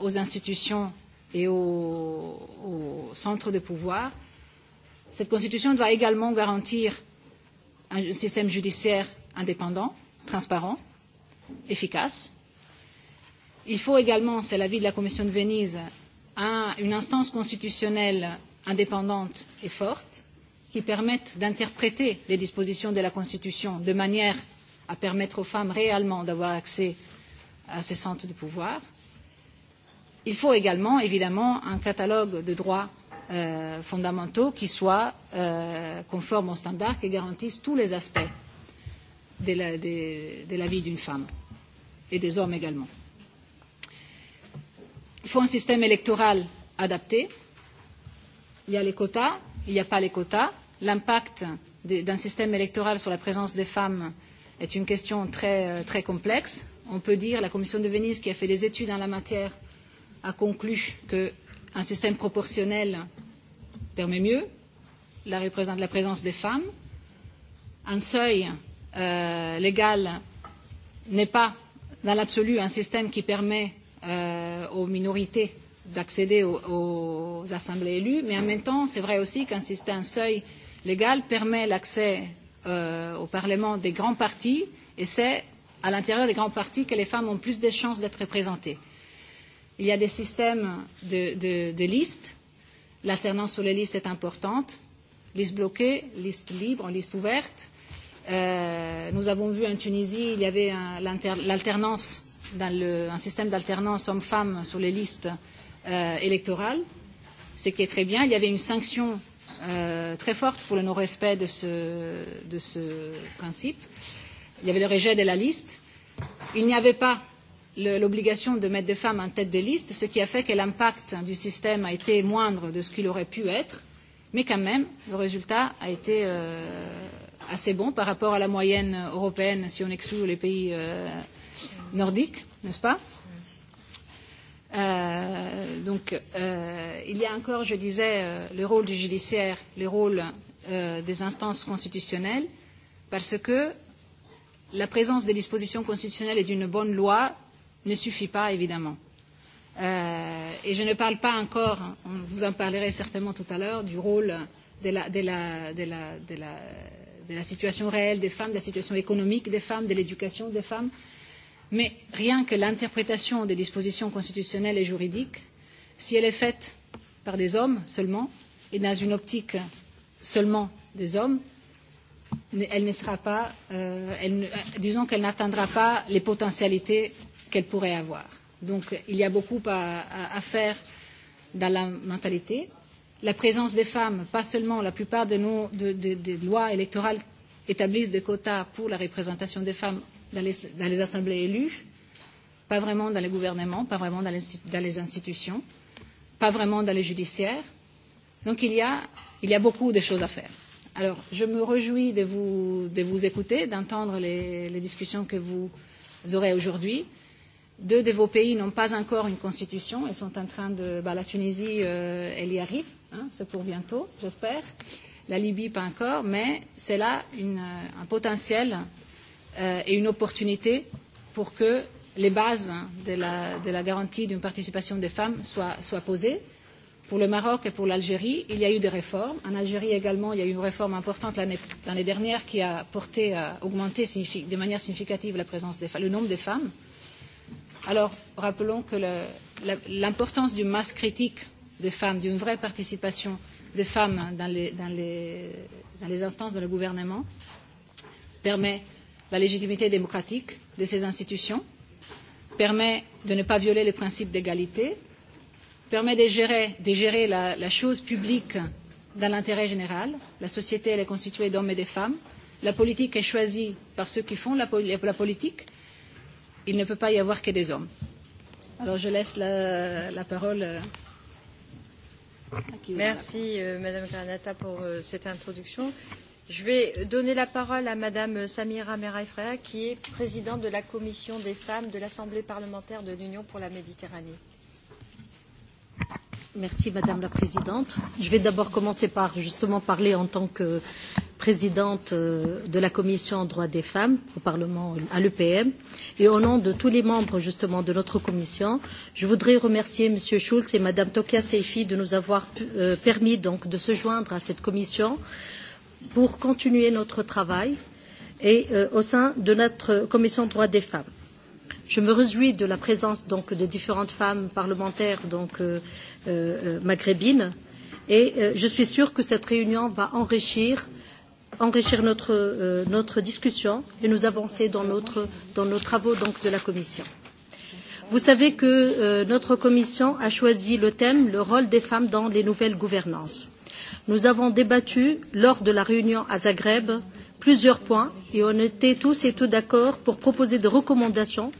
aux institutions et aux centres de pouvoir. Cette constitution doit également garantir un système judiciaire indépendant, transparent, efficace. Il faut également, c'est l'avis de la Commission de Venise, une instance constitutionnelle indépendantes et fortes, qui permette d'interpréter les dispositions de la Constitution de manière à permettre aux femmes réellement d'avoir accès à ces centres de pouvoir. Il faut également, évidemment, un catalogue de droits fondamentaux qui soit conforme aux standards qui garantissent tous les aspects de la vie d'une femme et des hommes également. Il faut un système électoral adapté il y a les quotas, il n'y a pas les quotas. L'impact d'un système électoral sur la présence des femmes est une question très, complexe. On peut dire, la Commission de Venise, qui a fait des études en la matière, a conclu qu'un système proportionnel permet mieux la présence des femmes. Un seuil légal n'est pas, dans l'absolu, un système qui permet aux minorités d'accéder aux assemblées élues, mais en même temps, c'est vrai aussi qu'un système seuil légal permet l'accès au Parlement des grands partis, et c'est à l'intérieur des grands partis que les femmes ont plus de chances d'être représentées. Il y a des systèmes de listes. L'alternance sur les listes est importante. Liste bloquée, liste libre, liste ouverte. Nous avons vu en Tunisie, il y avait l'alternance, un système d'alternance hommes-femmes sur les listes électorale, ce qui est très bien. Il y avait une sanction très forte pour le non-respect de ce principe. Il y avait le rejet de la liste. Il n'y avait pas l'obligation de mettre des femmes en tête de liste, ce qui a fait que l'impact du système a été moindre de ce qu'il aurait pu être, mais quand même, le résultat a été assez bon par rapport à la moyenne européenne si on exclut les pays nordiques, n'est-ce pas Donc, il y a encore, je disais, le rôle du judiciaire, le rôle des instances constitutionnelles, parce que la présence des dispositions constitutionnelles et d'une bonne loi ne suffit pas, évidemment. Et je ne parle pas encore, on vous en parlerez certainement tout à l'heure, du rôle de la situation réelle des femmes, de la situation économique des femmes, de l'éducation des femmes Mais rien que l'interprétation des dispositions constitutionnelles et juridiques, si elle est faite par des hommes seulement, et dans une optique seulement des hommes, elle ne sera pas, disons qu'elle n'atteindra pas les potentialités qu'elle pourrait avoir. Donc il y a beaucoup à faire dans la mentalité. La présence des femmes, pas seulement la plupart des lois électorales établissent des quotas pour la représentation des femmes dans les assemblées élues, pas vraiment dans les gouvernements, pas vraiment dans les institutions, pas vraiment dans les judiciaires. Donc il y a beaucoup de choses à faire. Alors, je me réjouis de vous écouter, d'entendre les discussions que vous aurez aujourd'hui. Deux de vos pays n'ont pas encore une constitution Ils sont en train de. La Tunisie, elle y arrive, c'est pour bientôt, j'espère. La Libye, pas encore, mais c'est là un potentiel et une opportunité pour que les bases de la garantie d'une participation des femmes soient posées. Pour le Maroc et pour l'Algérie, il y a eu des réformes. En Algérie également, il y a eu une réforme importante l'année dernière qui a porté à augmenter de manière significative présence le nombre de femmes. Alors, rappelons que l'importance d'une masse critique des femmes, d'une vraie participation des femmes dans les instances de le gouvernement permet la légitimité démocratique de ces institutions, permet de ne pas violer le principe d'égalité, permet de gérer la chose publique dans l'intérêt général. La société, elle est constituée d'hommes et de femmes. La politique est choisie par ceux qui font la politique. Il ne peut pas y avoir que des hommes. Alors je laisse la parole. Merci Madame Granata pour cette introduction. Je vais donner la parole à Madame Samira Meraifrea, qui est présidente de la Commission des femmes de l'Assemblée parlementaire de l'Union pour la Méditerranée. Merci Madame la Présidente. Je vais d'abord commencer par justement parler en tant que présidente de la Commission droits des femmes au Parlement à l'EPM et au nom de tous les membres justement de notre commission, je voudrais remercier Monsieur Schulz et Madame Tokia Seifi de nous avoir permis donc de se joindre à cette commission pour continuer notre travail et au sein de notre commission des droits des femmes. Je me réjouis de la présence donc de différentes femmes parlementaires donc maghrébines et je suis sûre que cette réunion va enrichir enrichir notre notre discussion et nous avancer dans notre dans nos travaux donc de la commission. Vous savez que notre commission a choisi le thème le rôle des femmes dans les nouvelles gouvernances Nous avons débattu lors de la réunion à Zagreb plusieurs points et on était tous et toutes d'accord pour proposer des recommandations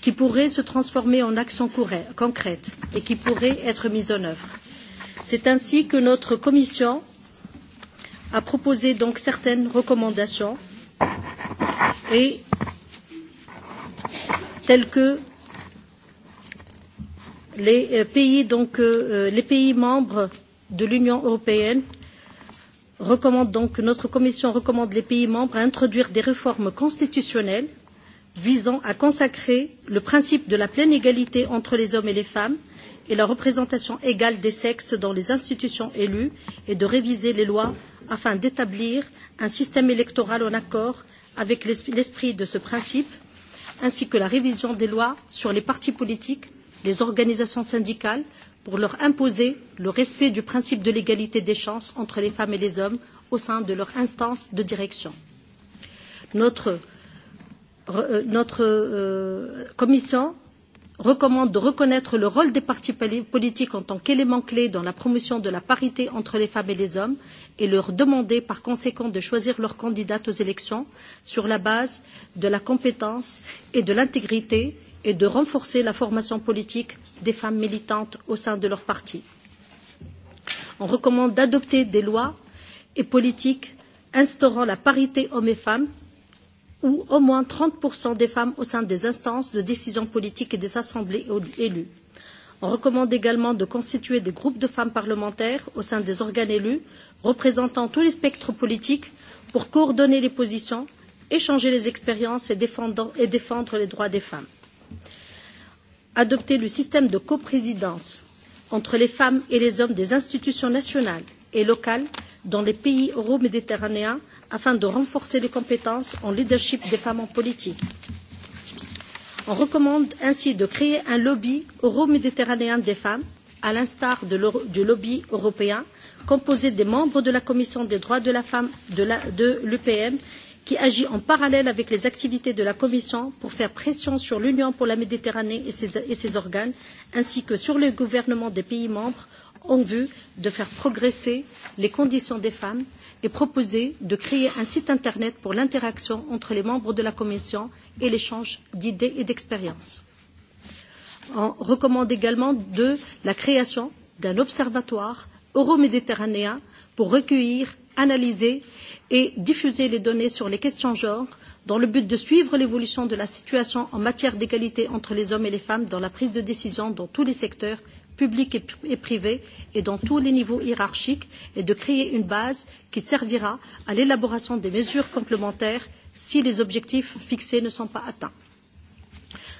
qui pourraient se transformer en actions concrètes et qui pourraient être mises en œuvre. C'est ainsi que notre commission a proposé donc certaines recommandations et telles que les pays membres de l'Union européenne recommande donc que notre commission recommande les pays membres à introduire des réformes constitutionnelles visant à consacrer le principe de la pleine égalité entre les hommes et les femmes et la représentation égale des sexes dans les institutions élues et de réviser les lois afin d'établir un système électoral en accord avec l'esprit de ce principe ainsi que la révision des lois sur les partis politiques les organisations syndicales pour leur imposer le respect du principe de l'égalité des chances entre les femmes et les hommes au sein de leur instance de direction. Notre commission recommande de reconnaître le rôle des partis politiques en tant qu'élément clé dans la promotion de la parité entre les femmes et les hommes et leur demander par conséquent de choisir leurs candidates aux élections sur la base de la compétence et de l'intégrité et de renforcer la formation politique des femmes militantes au sein de leur parti. On recommande d'adopter des lois et politiques instaurant la parité hommes et femmes ou au moins 30% des femmes au sein des instances de décision politique et des assemblées élues. On recommande également de constituer des groupes de femmes parlementaires au sein des organes élus représentant tous les spectres politiques pour coordonner les positions, échanger les expériences et défendre les droits des femmes adopter le système de coprésidence entre les femmes et les hommes des institutions nationales et locales dans les pays euroméditerranéens afin de renforcer les compétences en leadership des femmes en politique. On recommande ainsi de créer un lobby euroméditerranéen des femmes, à l'instar du lobby européen, composé des membres de la Commission des droits de la femme de l'UPM qui agit en parallèle avec les activités de la Commission pour faire pression sur l'Union pour la Méditerranée et ses organes, ainsi que sur les gouvernements des pays membres, en vue de faire progresser les conditions des femmes et proposer de créer un site Internet pour l'interaction entre les membres de la Commission et l'échange d'idées et d'expériences. On recommande également la création d'un observatoire euroméditerranéen pour recueillir analyser et diffuser les données sur les questions genre dans le but de suivre l'évolution de la situation en matière d'égalité entre les hommes et les femmes dans la prise de décision dans tous les secteurs publics et privés et dans tous les niveaux hiérarchiques et de créer une base qui servira à l'élaboration des mesures complémentaires si les objectifs fixés ne sont pas atteints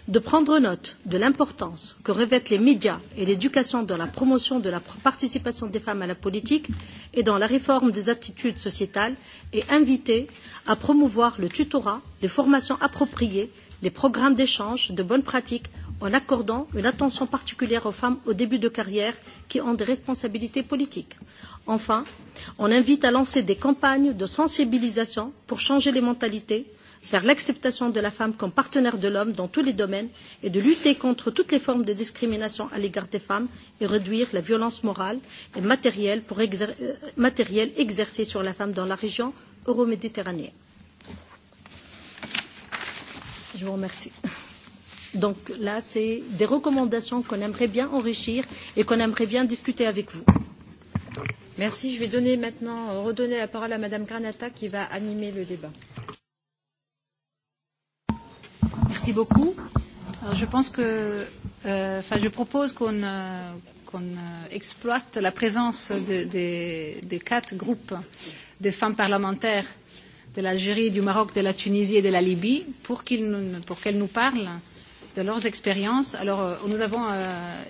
de prendre note de l'importance que revêtent les médias et l'éducation dans la promotion de la participation des femmes à la politique et dans la réforme des attitudes sociétales et inviter à promouvoir le tutorat, les formations appropriées, les programmes d'échange de bonnes pratiques en accordant une attention particulière aux femmes au début de carrière qui ont des responsabilités politiques. Enfin, on invite à lancer des campagnes de sensibilisation pour changer les mentalités faire l'acceptation de la femme comme partenaire de l'homme dans tous les domaines et de lutter contre toutes les formes de discrimination à l'égard des femmes et réduire la violence morale et matérielle exercée sur la femme dans la région euroméditerranéenne. Je vous remercie. Donc là, c'est des recommandations qu'on aimerait bien enrichir et qu'on aimerait bien discuter avec vous. Merci. Je vais donner maintenant, redonner la parole à Madame Granata qui va animer le débat. Merci beaucoup. Alors, je pense que, enfin, je propose qu'on exploite la présence des quatre groupes de femmes parlementaires de l'Algérie, du Maroc, de la Tunisie et de la Libye pour qu'elles nous parlent de leurs expériences. Alors, nous avons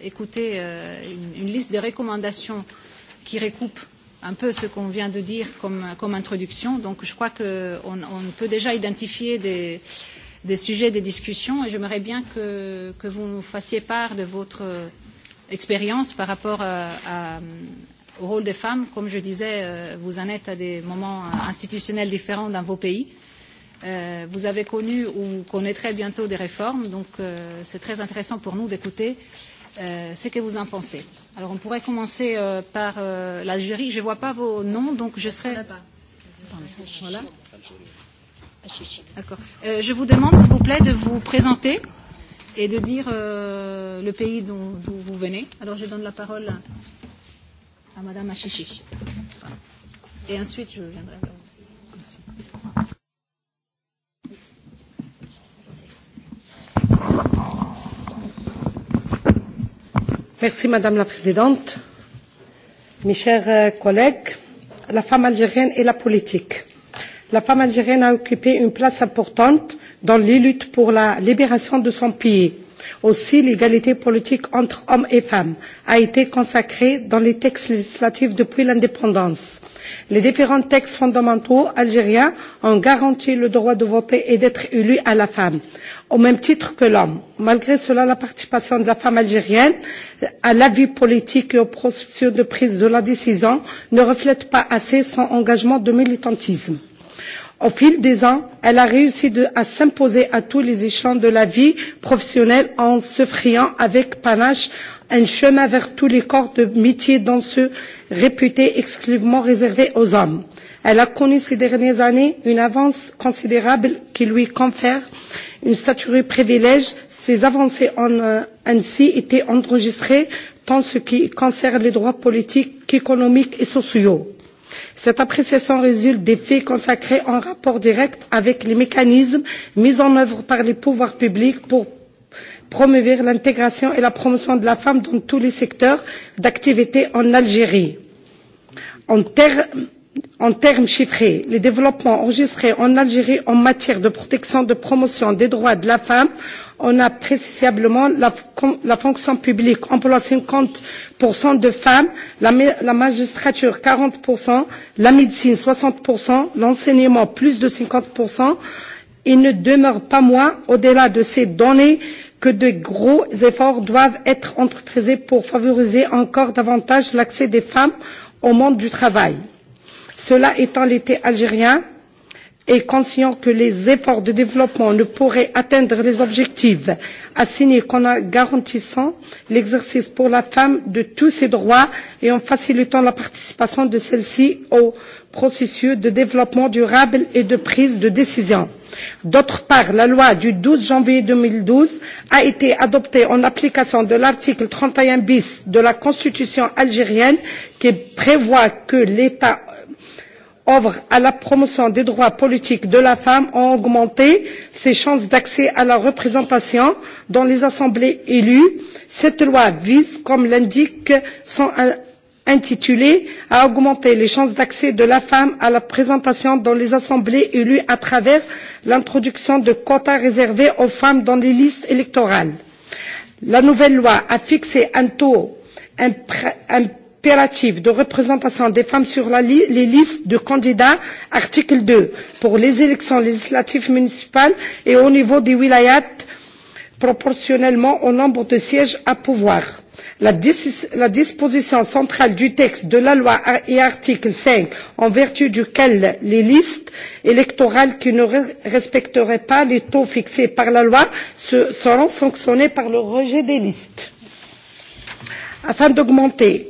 écouté une liste de recommandations qui recoupe un peu ce qu'on vient de dire comme introduction. Donc, je crois qu'on peut déjà identifier des des sujets de discussion et j'aimerais bien que, que vous nous fassiez part de votre expérience par rapport à, au rôle des femmes. Comme je disais, vous en êtes à des moments institutionnels différents dans vos pays. Vous avez connu ou connaîtrez bientôt des réformes, donc c'est très intéressant pour nous d'écouter ce que vous en pensez. Alors on pourrait commencer par l'Algérie. Je ne vois pas vos noms, donc je serai. Voilà. Je vous demande, s'il vous plaît, de vous présenter et de dire le pays dont vous venez. Alors, je donne la parole à Madame Achichi. Et ensuite, je viendrai. Merci, Madame la Présidente. Mes chers collègues, la femme algérienne et la politique la femme algérienne a occupé une place importante dans les luttes pour la libération de son pays. Aussi, l'égalité politique entre hommes et femmes a été consacrée dans les textes législatifs depuis l'indépendance. Les différents textes fondamentaux algériens ont garanti le droit de voter et d'être élu à la femme, au même titre que l'homme. Malgré cela, la participation de la femme algérienne à la vie politique et au processus de prise de la décision ne reflète pas assez son engagement de militantisme au fil des ans, elle a réussi à s'imposer à tous les échelons de la vie professionnelle en se friant avec panache un chemin vers tous les corps de métier dont ceux réputés exclusivement réservés aux hommes. Elle a connu ces dernières années une avance considérable qui lui confère une stature privilège. ses avancées ont ainsi été enregistrées tant ce qui concerne les droits politiques qu'économiques et sociaux. Cette appréciation résulte des faits consacrés en rapport direct avec les mécanismes mis en œuvre par les pouvoirs publics pour promouvoir l'intégration et la promotion de la femme dans tous les secteurs d'activité en Algérie. En en termes chiffrés les développements enregistrés en algérie en matière de protection de promotion des droits de la femme on a précisément la fonction publique emploie 50 de femmes la magistrature 40 la médecine 60 l'enseignement plus de 50 il ne demeure pas moins au delà de ces données que de gros efforts doivent être entreprisés pour favoriser encore davantage l'accès des femmes au monde du travail Cela étant l'été algérien, et conscient que les efforts de développement ne pourraient atteindre les objectifs assignés qu'en garantissant l'exercice pour la femme de tous ses droits et en facilitant la participation de celle-ci au processus de développement durable et de prise de décision. D'autre part, la loi du 12 janvier 2012 a été adoptée en application de l'article 31 bis de la Constitution algérienne qui prévoit que l'État œuvre à la promotion des droits politiques de la femme ont augmenté ses chances d'accès à la représentation dans les assemblées élues. Cette loi vise, comme l'indique son intitulé, à augmenter les chances d'accès de la femme à la présentation dans les assemblées élues à travers l'introduction de quotas réservés aux femmes dans les listes électorales. La nouvelle loi a fixé un taux impératif de représentation des femmes sur les listes de candidats, article 2, pour les élections législatives municipales et au niveau des wilayats proportionnellement au nombre de sièges à pouvoir. La disposition centrale du texte de la loi et article 5, en vertu duquel les listes électorales qui ne respecteraient pas les taux fixés par la loi seront sanctionnées par le rejet des listes. Afin d'augmenter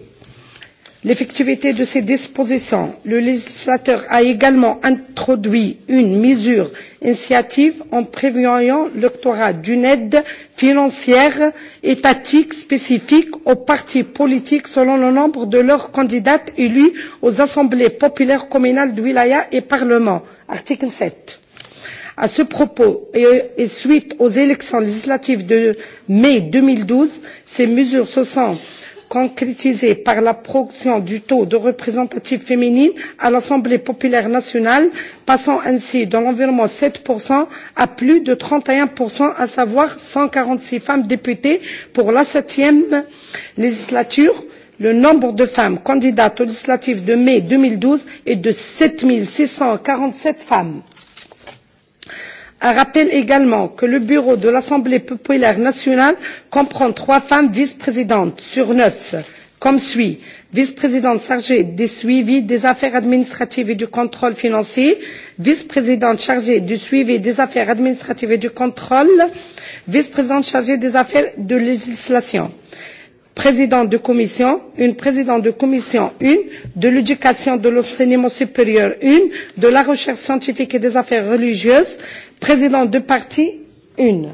l'effectivité de ces dispositions le législateur a également introduit une mesure initiative en prévoyant l'octroi d'une aide financière étatique spécifique aux partis politiques selon le nombre de leurs candidats élus aux assemblées populaires communales de wilaya et parlement article 7 à ce propos et suite aux élections législatives de mai 2012 ces mesures se sont concrétisée par la progression du taux de représentative féminine à l'Assemblée populaire nationale, passant ainsi dans l'environnement sept à plus de trente un, à savoir cent quarante six femmes députées pour la septième législature. Le nombre de femmes candidates aux législatives de mai deux mille douze est de sept cent quarante sept femmes rappelle également que le bureau de l'Assemblée populaire nationale comprend trois femmes vice-présidentes sur neuf, comme suit. Vice-présidente chargée des suivis des affaires administratives et du contrôle financier, vice-présidente chargée du suivi des affaires administratives et du contrôle, vice-présidente chargée des affaires de législation, présidente de commission, une présidente de commission, une, de l'éducation de l'enseignement supérieur, une, de la recherche scientifique et des affaires religieuses, président de parti une.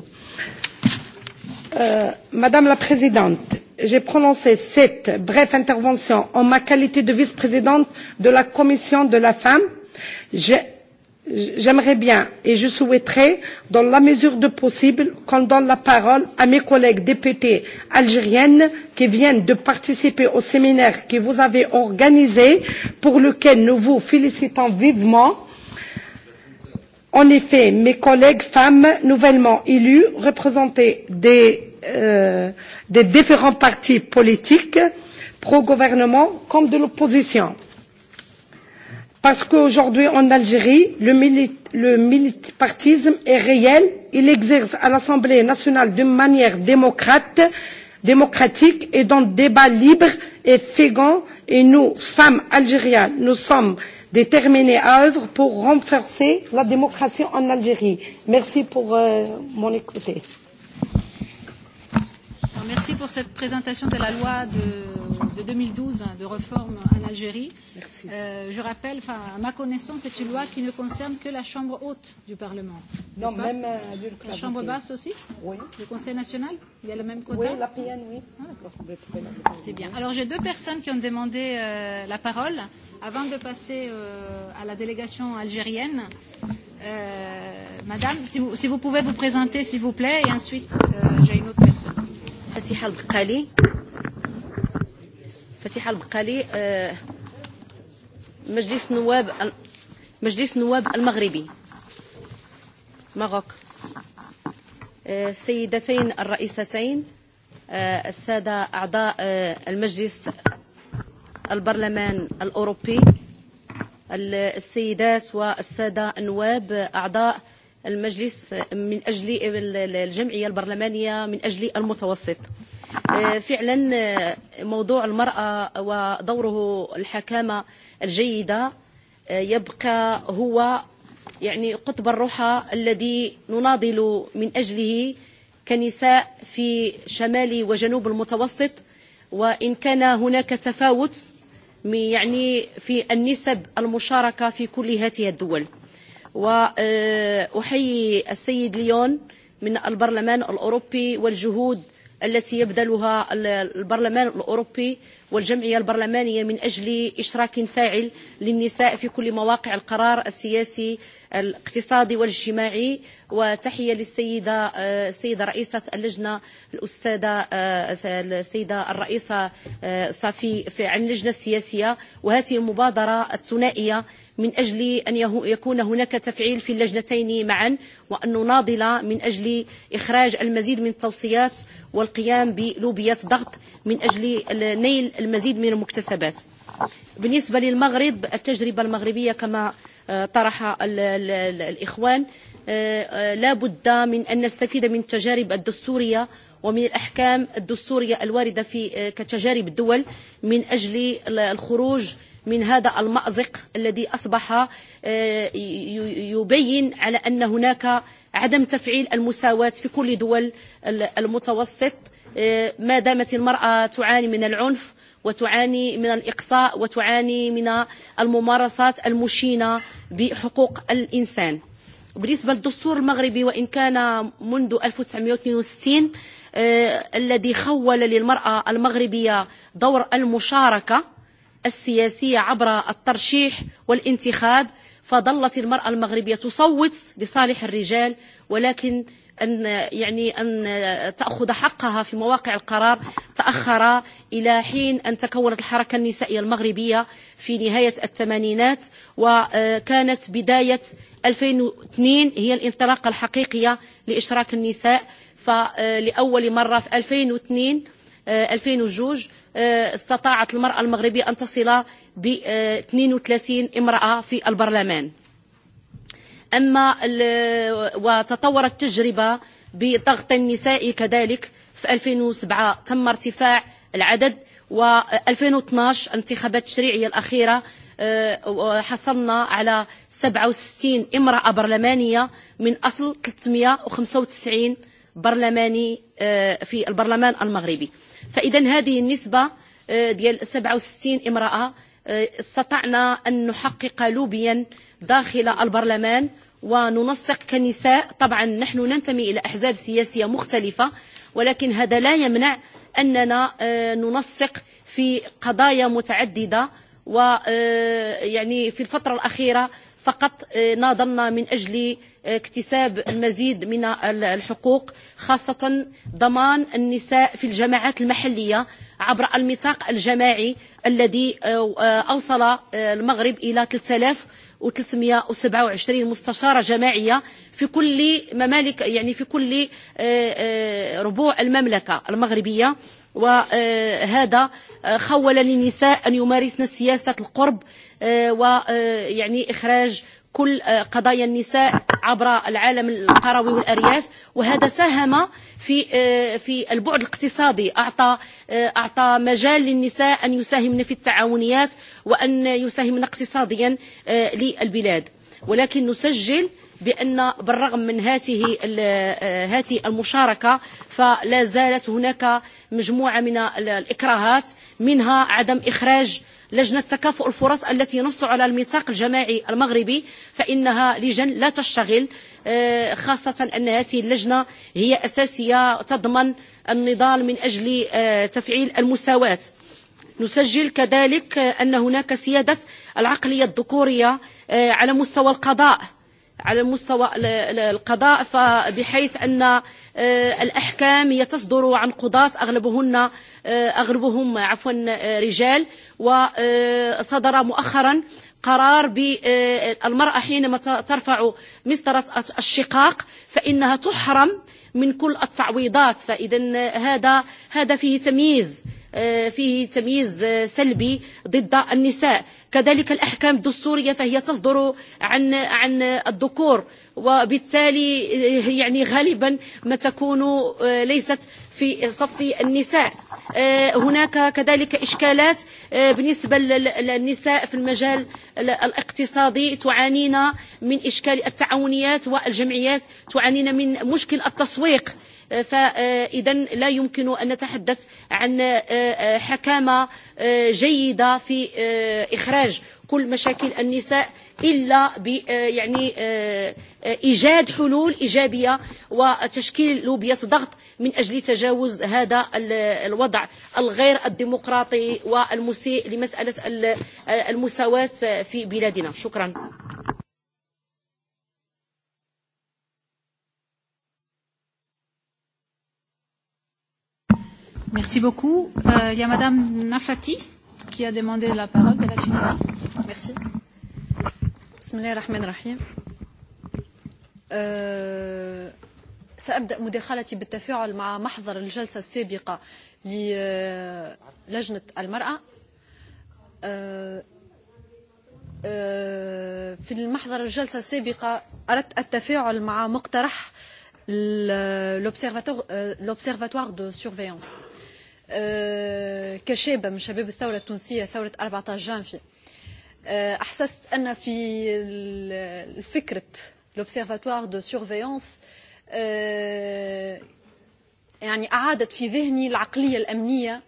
Madame la Présidente, j'ai prononcé cette brève intervention en ma qualité de vice présidente de la Commission de la femme. J'aimerais bien et je souhaiterais, dans la mesure de possible, qu'on donne la parole à mes collègues députés algériennes qui viennent de participer au séminaire que vous avez organisé, pour lequel nous vous félicitons vivement En effet, mes collègues femmes nouvellement élues représentaient des différents partis politiques, pro-gouvernement comme de l'opposition. Parce qu'aujourd'hui, en Algérie, le militantisme est réel. Il exerce à l'Assemblée nationale d'une manière démocratique et dans débat libre et fécond. Et nous, femmes algériennes, nous sommes déterminée à œuvre pour renforcer la démocratie en Algérie. Merci pour mon écoute. Merci pour cette présentation de la loi de 2012 de réforme en Algérie. Je rappelle, à ma connaissance, c'est une loi qui ne concerne que la Chambre haute du Parlement. Non, même la Chambre basse aussi Oui. Le Conseil national Il y a le même quota Oui, la PN, oui. C'est bien. Alors j'ai deux personnes qui ont demandé la parole. Avant de passer à la délégation algérienne, Madame, si vous pouvez vous présenter, s'il vous plaît, et ensuite j'ai une autre personne. فتيحة البقالي فتيحة البقالي مجلس نواب مجلس النواب المغربي ماروك السيدتين الرئيستين الساده أعضاء المجلس البرلمان الأوروبي السيدات والسادة النواب أعضاء المجلس من أجل الجمعية البرلمانية من أجل المتوسط فعلا موضوع المراه ودوره الحكامه الجيدة يبقى هو يعني قطب الروحة الذي نناضل من أجله كنساء في شمال وجنوب المتوسط وإن كان هناك تفاوت يعني في النسب المشاركه في كل هذه الدول وأحيي السيد ليون من البرلمان الأوروبي والجهود التي يبذلها البرلمان الأوروبي والجمعية البرلمانية من أجل إشراك فاعل للنساء في كل مواقع القرار السياسي الاقتصادي والاجتماعي وتحية للسيدة السيدة رئيسة اللجنة الأستاذة السيدة الرئيسة صافي عن اللجنة السياسية وهذه المبادرة الثنائية من أجل أن يكون هناك تفعيل في اللجنتين معا وأن نناضل من أجل إخراج المزيد من التوصيات والقيام بلوبيات ضغط من أجل نيل المزيد من المكتسبات بالنسبة للمغرب التجربة المغربية كما طرح الإخوان لا بد من أن نستفيد من التجارب الدستورية ومن الأحكام الدستورية الواردة في كتجارب الدول من أجل الخروج من هذا المأزق الذي أصبح يبين على أن هناك عدم تفعيل المساواة في كل دول المتوسط ما دامت المرأة تعاني من العنف وتعاني من الإقصاء وتعاني من الممارسات المشينة بحقوق الإنسان بالنسبة للدستور المغربي وإن كان منذ 1962 الذي خول للمرأة المغربية دور المشاركة السياسية عبر الترشيح والانتخاب فظلت المرأة المغربية تصوت لصالح الرجال ولكن أن يعني أن تأخذ حقها في مواقع القرار تأخر إلى حين أن تكونت الحركة النسائية المغربية في نهاية الثمانينات وكانت بداية 2002 هي الانطلاقة الحقيقية لإشراك النساء فلأول مرة في 2002 2002 استطاعت المرأة المغربية أن تصل ب 32 امرأة في البرلمان أما وتطورت التجربة بضغط النساء كذلك في 2007 تم ارتفاع العدد و 2012 الانتخابات التشريعية الأخيرة حصلنا على 67 امرأة برلمانية من أصل 395 برلماني في البرلمان المغربي فإذا هذه النسبة ديال 67 امرأة استطعنا أن نحقق لوبيا داخل البرلمان وننسق كنساء طبعا نحن ننتمي إلى أحزاب سياسية مختلفة ولكن هذا لا يمنع أننا ننسق في قضايا متعددة ويعني في الفترة الأخيرة فقط ناضلنا من أجل اكتساب المزيد من الحقوق خاصة ضمان النساء في الجماعات المحلية عبر الميثاق الجماعي الذي أوصل المغرب إلى 3327 مستشارة جماعية في كل ممالك يعني في كل ربوع المملكة المغربية وهذا خول للنساء أن يمارسن سياسة القرب ويعني إخراج كل قضايا النساء عبر العالم القروي والارياف وهذا ساهم في في البعد الاقتصادي اعطى اعطى مجال للنساء ان يساهمن في التعاونيات وان يساهمن اقتصاديا للبلاد ولكن نسجل بان بالرغم من هذه هذه المشاركه فلا زالت هناك مجموعه من الاكراهات منها عدم اخراج لجنة تكافؤ الفرص التي نص على الميثاق الجماعي المغربي فإنها لجن لا تشتغل خاصة أن هذه اللجنة هي أساسية تضمن النضال من أجل تفعيل المساواة نسجل كذلك أن هناك سيادة العقلية الذكورية على مستوى القضاء على مستوى القضاء فبحيث أن الأحكام هي تصدر عن قضاة أغلبهن أغلبهم عفوا رجال وصدر مؤخرا قرار بالمراه حينما ترفع مسطره الشقاق فإنها تحرم من كل التعويضات فإذا هذا هذا فيه تمييز في تمييز سلبي ضد النساء كذلك الأحكام الدستورية فهي تصدر عن عن الذكور وبالتالي يعني غالبا ما تكون ليست في صف النساء هناك كذلك إشكالات بالنسبة للنساء في المجال الاقتصادي تعانين من إشكال التعاونيات والجمعيات تعانين من مشكل التسويق فإذا لا يمكن أن نتحدث عن حكامة جيدة في إخراج كل مشاكل النساء الا يعني ايجاد حلول ايجابيه وتشكيل لوبية ضغط من اجل تجاوز هذا الوضع الغير الديمقراطي والمسيء لمساله المساواه في بلادنا شكرا Merci beaucoup. Euh, Il y a Madame Nafati qui a demandé la parole de la Tunisie. Merci. سأبدأ مداخلتي بالتفاعل مع محضر الجلسة السابقة للجنة المرأة في المحضر الجلسة السابقة أردت التفاعل مع مقترح لوبسيرفاتوار de surveillance كشابة من شباب الثورة التونسية ثورة 14 جانفي أحسست أن في الفكرة الأوبسيرفاتوار دو سيرفيونس يعني أعادت في ذهني العقلية الأمنية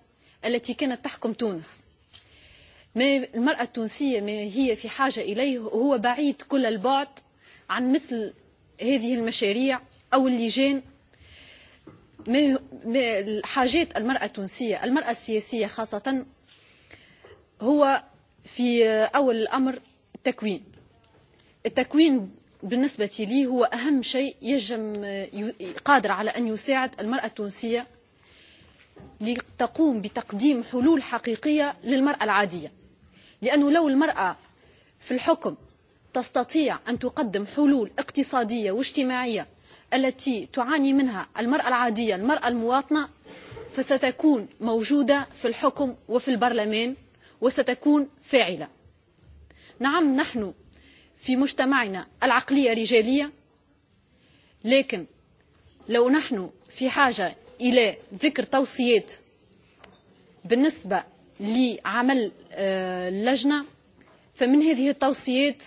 التي كانت تحكم تونس ما المرأة التونسية ما هي في حاجة إليه هو بعيد كل البعد عن مثل هذه المشاريع أو اللجان حاجات المرأة التونسية المرأة السياسية خاصة هو في أول الأمر التكوين التكوين بالنسبة لي هو أهم شيء يجم قادر على أن يساعد المرأة التونسية لتقوم بتقديم حلول حقيقية للمرأة العادية لأنه لو المرأة في الحكم تستطيع أن تقدم حلول اقتصادية واجتماعية التي تعاني منها المرأة العادية المرأة المواطنة فستكون موجودة في الحكم وفي البرلمان وستكون فاعلة نعم نحن في مجتمعنا العقلية رجالية لكن لو نحن في حاجة إلى ذكر توصيات بالنسبة لعمل اللجنة فمن هذه التوصيات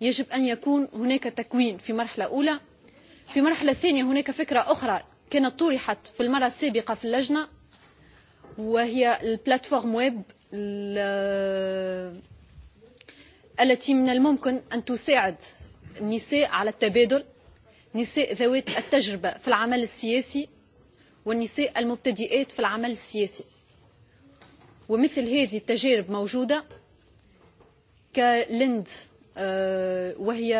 يجب أن يكون هناك تكوين في مرحلة أولى في مرحلة ثانية هناك فكرة أخرى كانت طرحت في المرة السابقة في اللجنة وهي البلاتفورم ويب التي من الممكن أن تساعد النساء على التبادل نساء ذوات التجربة في العمل السياسي والنساء المبتدئات في العمل السياسي ومثل هذه التجارب موجودة كلند وهي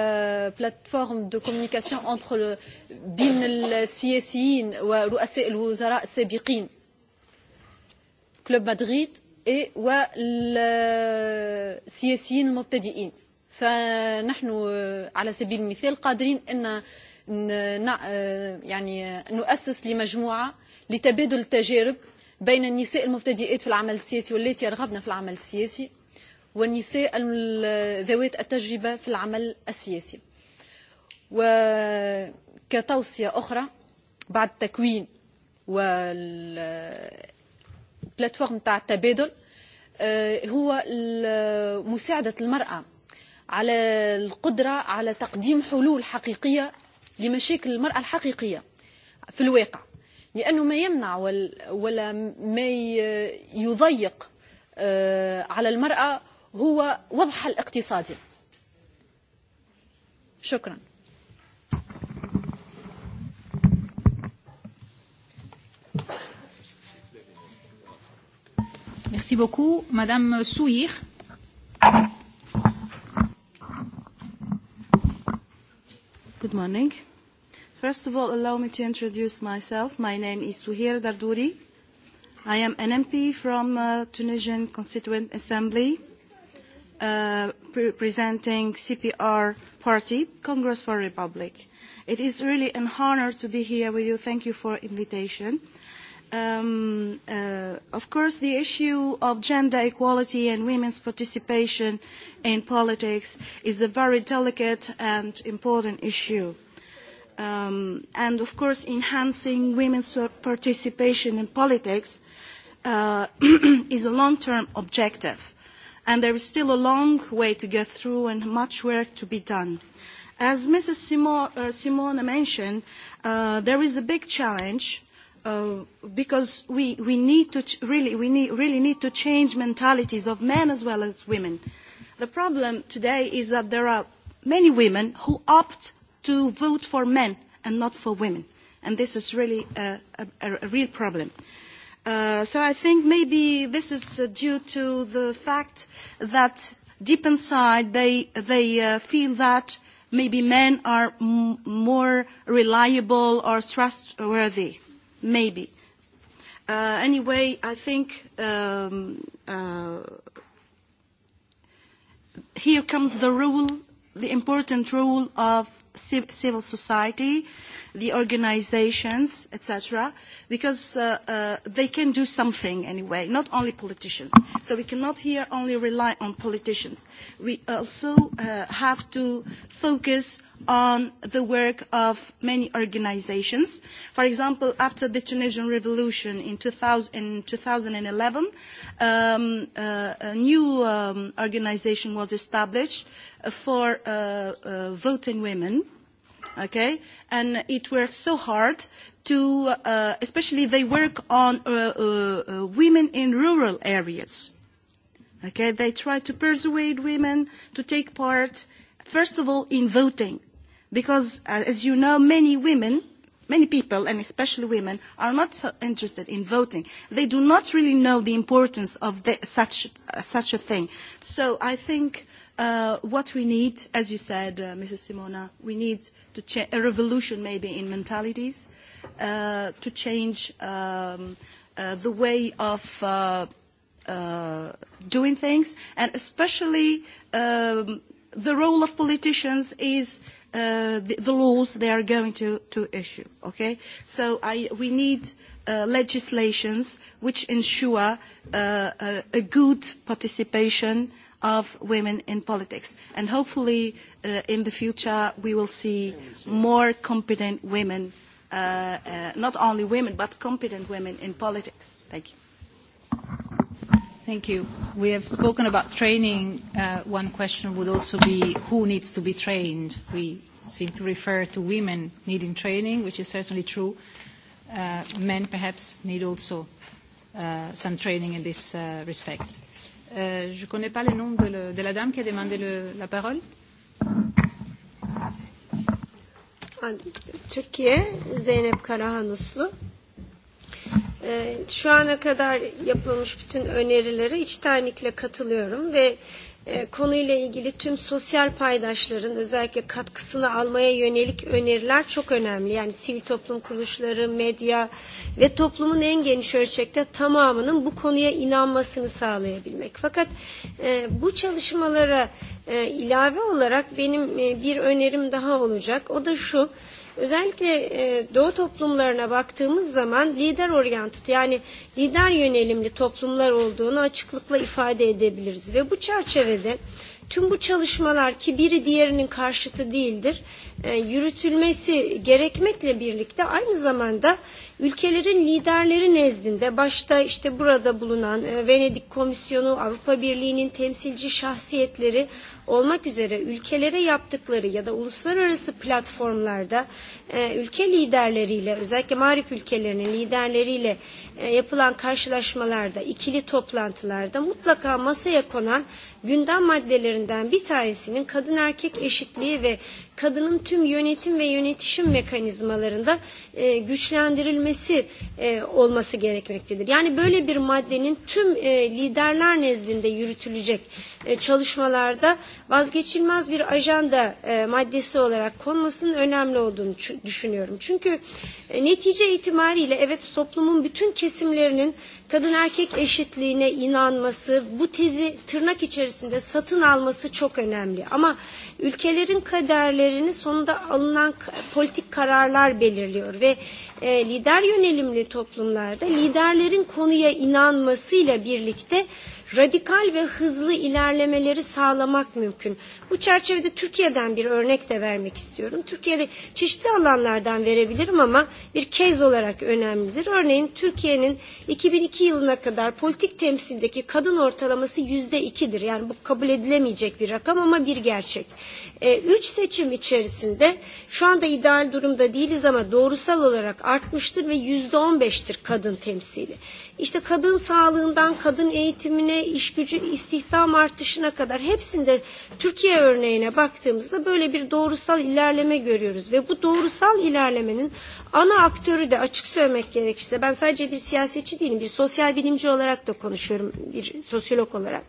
بلاتفورم دو كوميونيكاسيون انتر بين السياسيين ورؤساء الوزراء السابقين كلوب مدريد والسياسيين المبتدئين فنحن على سبيل المثال قادرين ان يعني نؤسس لمجموعه لتبادل التجارب بين النساء المبتدئات في العمل السياسي واللاتي يرغبن في العمل السياسي والنساء ذوات التجربة في العمل السياسي وكتوصية أخرى بعد تكوين والبلاتفورم تاع التبادل هو مساعدة المرأة على القدرة على تقديم حلول حقيقية لمشاكل المرأة الحقيقية في الواقع لأنه ما يمنع ولا ما يضيق على المرأة هو وضح الاقتصادي شكرا Merci beaucoup. Madame Souir. Good morning. First of all, allow me to introduce myself. My name is Souhir Dardouri. I am an MP from Tunisian Constituent Assembly representing CPR Party, Congress for Republic. It is really an honour to be here with you. Thank you for invitation. Of course, the issue of gender equality and women's participation in politics is a very delicate and important issue. And, of course, enhancing women's participation in politics is a long-term objective and there is still a long way to get through and much work to be done. As Mrs. Simona mentioned, there is a big challenge because we need to really really need to change mentalities of men as well as women. The problem today is that there are many women who opt to vote for men and not for women, and this is really a real problem. So I think maybe this is due to the fact that deep inside they they feel that maybe men are more reliable or trustworthy, maybe. Anyway, I think here comes the rule, the important rule of civil society, the organizations, etc., because they can do something anyway, not only politicians. So we cannot here only rely on politicians. We also have to focus on the work of many organisations. For example, after the Tunisian Revolution in 2011, a new organisation was established for voting women okay and it works so hard to especially they work on women in rural areas okay they try to persuade women to take part first of all in voting because as you know many women many people and especially women are not interested in voting they do not really know the importance of such a thing so i think What we need, as you said, Mrs. Simona, we need a revolution maybe in mentalities, to change the way of doing things, and especially the role of politicians is the laws they are going to issue. Okay, so we need legislations which ensure a good participation of women in politics. And hopefully in the future we will see more competent women, not only women, but competent women in politics. Thank you. Thank you. We have spoken about training. One question would also be who needs to be trained. We seem to refer to women needing training, which is certainly true. Men perhaps need also some training in this respect. Je ne connais pas le nom de le, de la dame qui a demandé le, la parole. Türkiye Zeynep Karahanuslu. Şu ana kadar yapılmış bütün önerilere içtenlikle katılıyorum ve konuyla ilgili tüm sosyal paydaşların özellikle katkısını almaya yönelik öneriler çok önemli. Yani sivil toplum kuruluşları, medya ve toplumun en geniş ölçekte tamamının bu konuya inanmasını sağlayabilmek. Fakat bu çalışmalara ilave olarak benim bir önerim daha olacak. O da şu Özellikle Doğu toplumlarına baktığımız zaman lider oryantıt yani lider yönelimli toplumlar olduğunu açıklıkla ifade edebiliriz ve bu çerçevede tüm bu çalışmalar ki biri diğerinin karşıtı değildir yürütülmesi gerekmekle birlikte aynı zamanda ülkelerin liderleri nezdinde başta işte burada bulunan Venedik Komisyonu, Avrupa Birliği'nin temsilci şahsiyetleri olmak üzere ülkelere yaptıkları ya da uluslararası platformlarda ülke liderleriyle özellikle mağrip ülkelerinin liderleriyle yapılan karşılaşmalarda, ikili toplantılarda mutlaka masaya konan gündem maddelerinden bir tanesinin kadın erkek eşitliği ve kadının tüm yönetim ve yönetişim mekanizmalarında güçlendirilmesi olması gerekmektedir. Yani böyle bir maddenin tüm liderler nezdinde yürütülecek çalışmalarda vazgeçilmez bir ajanda maddesi olarak konmasının önemli olduğunu düşünüyorum. Çünkü netice itibariyle evet toplumun bütün kesimlerinin kadın erkek eşitliğine inanması, bu tezi tırnak içerisinde satın alması çok önemli. Ama ülkelerin kaderlerini sonunda alınan politik kararlar belirliyor ve lider yönelimli toplumlarda liderlerin konuya inanmasıyla birlikte birlikte radikal ve hızlı ilerlemeleri sağlamak mümkün. Bu çerçevede Türkiye'den bir örnek de vermek istiyorum. Türkiye'de çeşitli alanlardan verebilirim ama bir kez olarak önemlidir. Örneğin Türkiye'nin 2002 yılına kadar politik temsildeki kadın ortalaması yüzde ikidir. Yani bu kabul edilemeyecek bir rakam ama bir gerçek. Üç seçim içerisinde şu anda ideal durumda değiliz ama doğrusal olarak artmıştır ve yüzde on beştir kadın temsili. İşte kadın sağlığından, kadın eğitimine, iş gücü istihdam artışına kadar hepsinde Türkiye örneğine baktığımızda böyle bir doğrusal ilerleme görüyoruz ve bu doğrusal ilerlemenin ana aktörü de açık söylemek gerekirse ben sadece bir siyasetçi değilim bir sosyal bilimci olarak da konuşuyorum bir sosyolog olarak.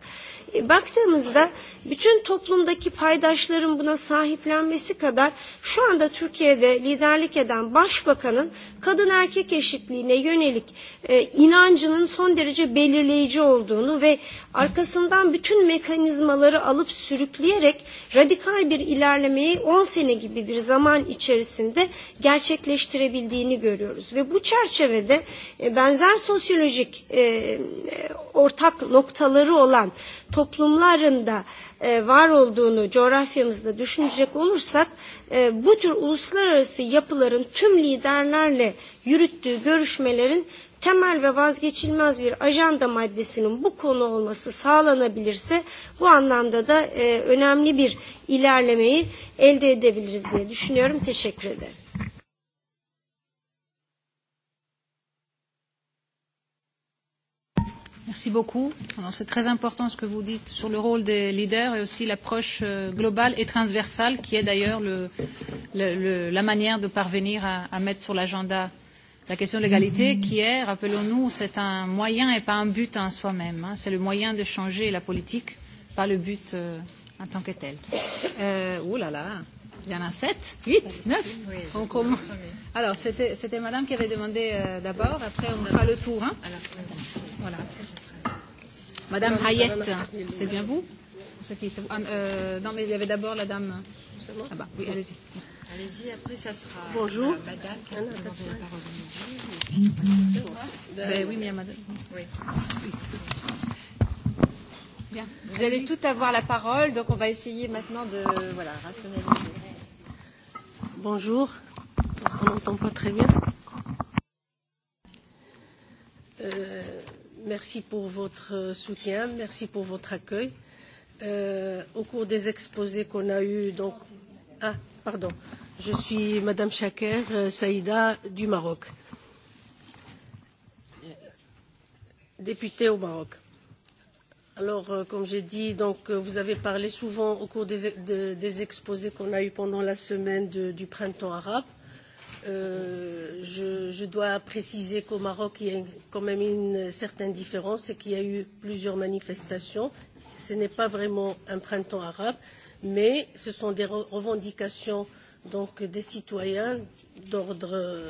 E, Baktığımızda bütün toplumdaki paydaşların buna sahiplenmesi kadar şu anda Türkiye'de liderlik eden başbakanın kadın erkek eşitliğine yönelik inancının son derece belirleyici olduğunu ve arkasından bütün mekanizmaları alıp sürükleyerek radikal bir ilerlemeyi 10 sene gibi bir zaman içerisinde gerçekleştirebildiğini edebildiğini görüyoruz. Ve bu çerçevede benzer sosyolojik ortak noktaları olan toplumlarında var olduğunu coğrafyamızda düşünecek olursak bu tür uluslararası yapıların tüm liderlerle yürüttüğü görüşmelerin temel ve vazgeçilmez bir ajanda maddesinin bu konu olması sağlanabilirse bu anlamda da önemli bir ilerlemeyi elde edebiliriz diye düşünüyorum. Teşekkür ederim. Merci beaucoup. C'est très important ce que vous dites sur le rôle des leaders et aussi l'approche globale et transversale qui est d'ailleurs la manière de parvenir à mettre sur l'agenda la question de l'égalité qui est, rappelons-nous, c'est un moyen et pas un but en soi-même. C'est le moyen de changer la politique, pas le but en tant que tel. Oh là là Il y en a 7, 8, 9. On commence. Alors, c'était, c'était madame qui avait demandé euh, d'abord. Après, on fera le tour. Hein. Voilà. Madame Hayette, c'est bien vous qui, c'est vous ah, euh, Non, mais il y avait d'abord la dame. Ah bah, oui, allez-y. Allez-y, après ça sera Bonjour. Euh, madame qui a demandé la parole. Oui, mais il y a madame. Oui. oui. Vous allez toutes avoir la parole, donc on va essayer maintenant de voilà, rationaliser. Bonjour. Parce qu'on n'entend pas très bien. Euh, merci pour votre soutien, merci pour votre accueil. Euh, au cours des exposés qu'on a eus, donc. Ah, pardon. Je suis Madame Chaker Saïda du Maroc. Députée au Maroc Alors, comme j'ai dit, vous avez parlé souvent au cours des, exposés qu'on a eus pendant la semaine du printemps arabe. je, dois préciser qu'au Maroc, il y a quand même une certaine différence et qu'il y a eu plusieurs manifestations. Ce n'est pas vraiment un printemps arabe, mais ce sont des revendications donc, des citoyens d'ordre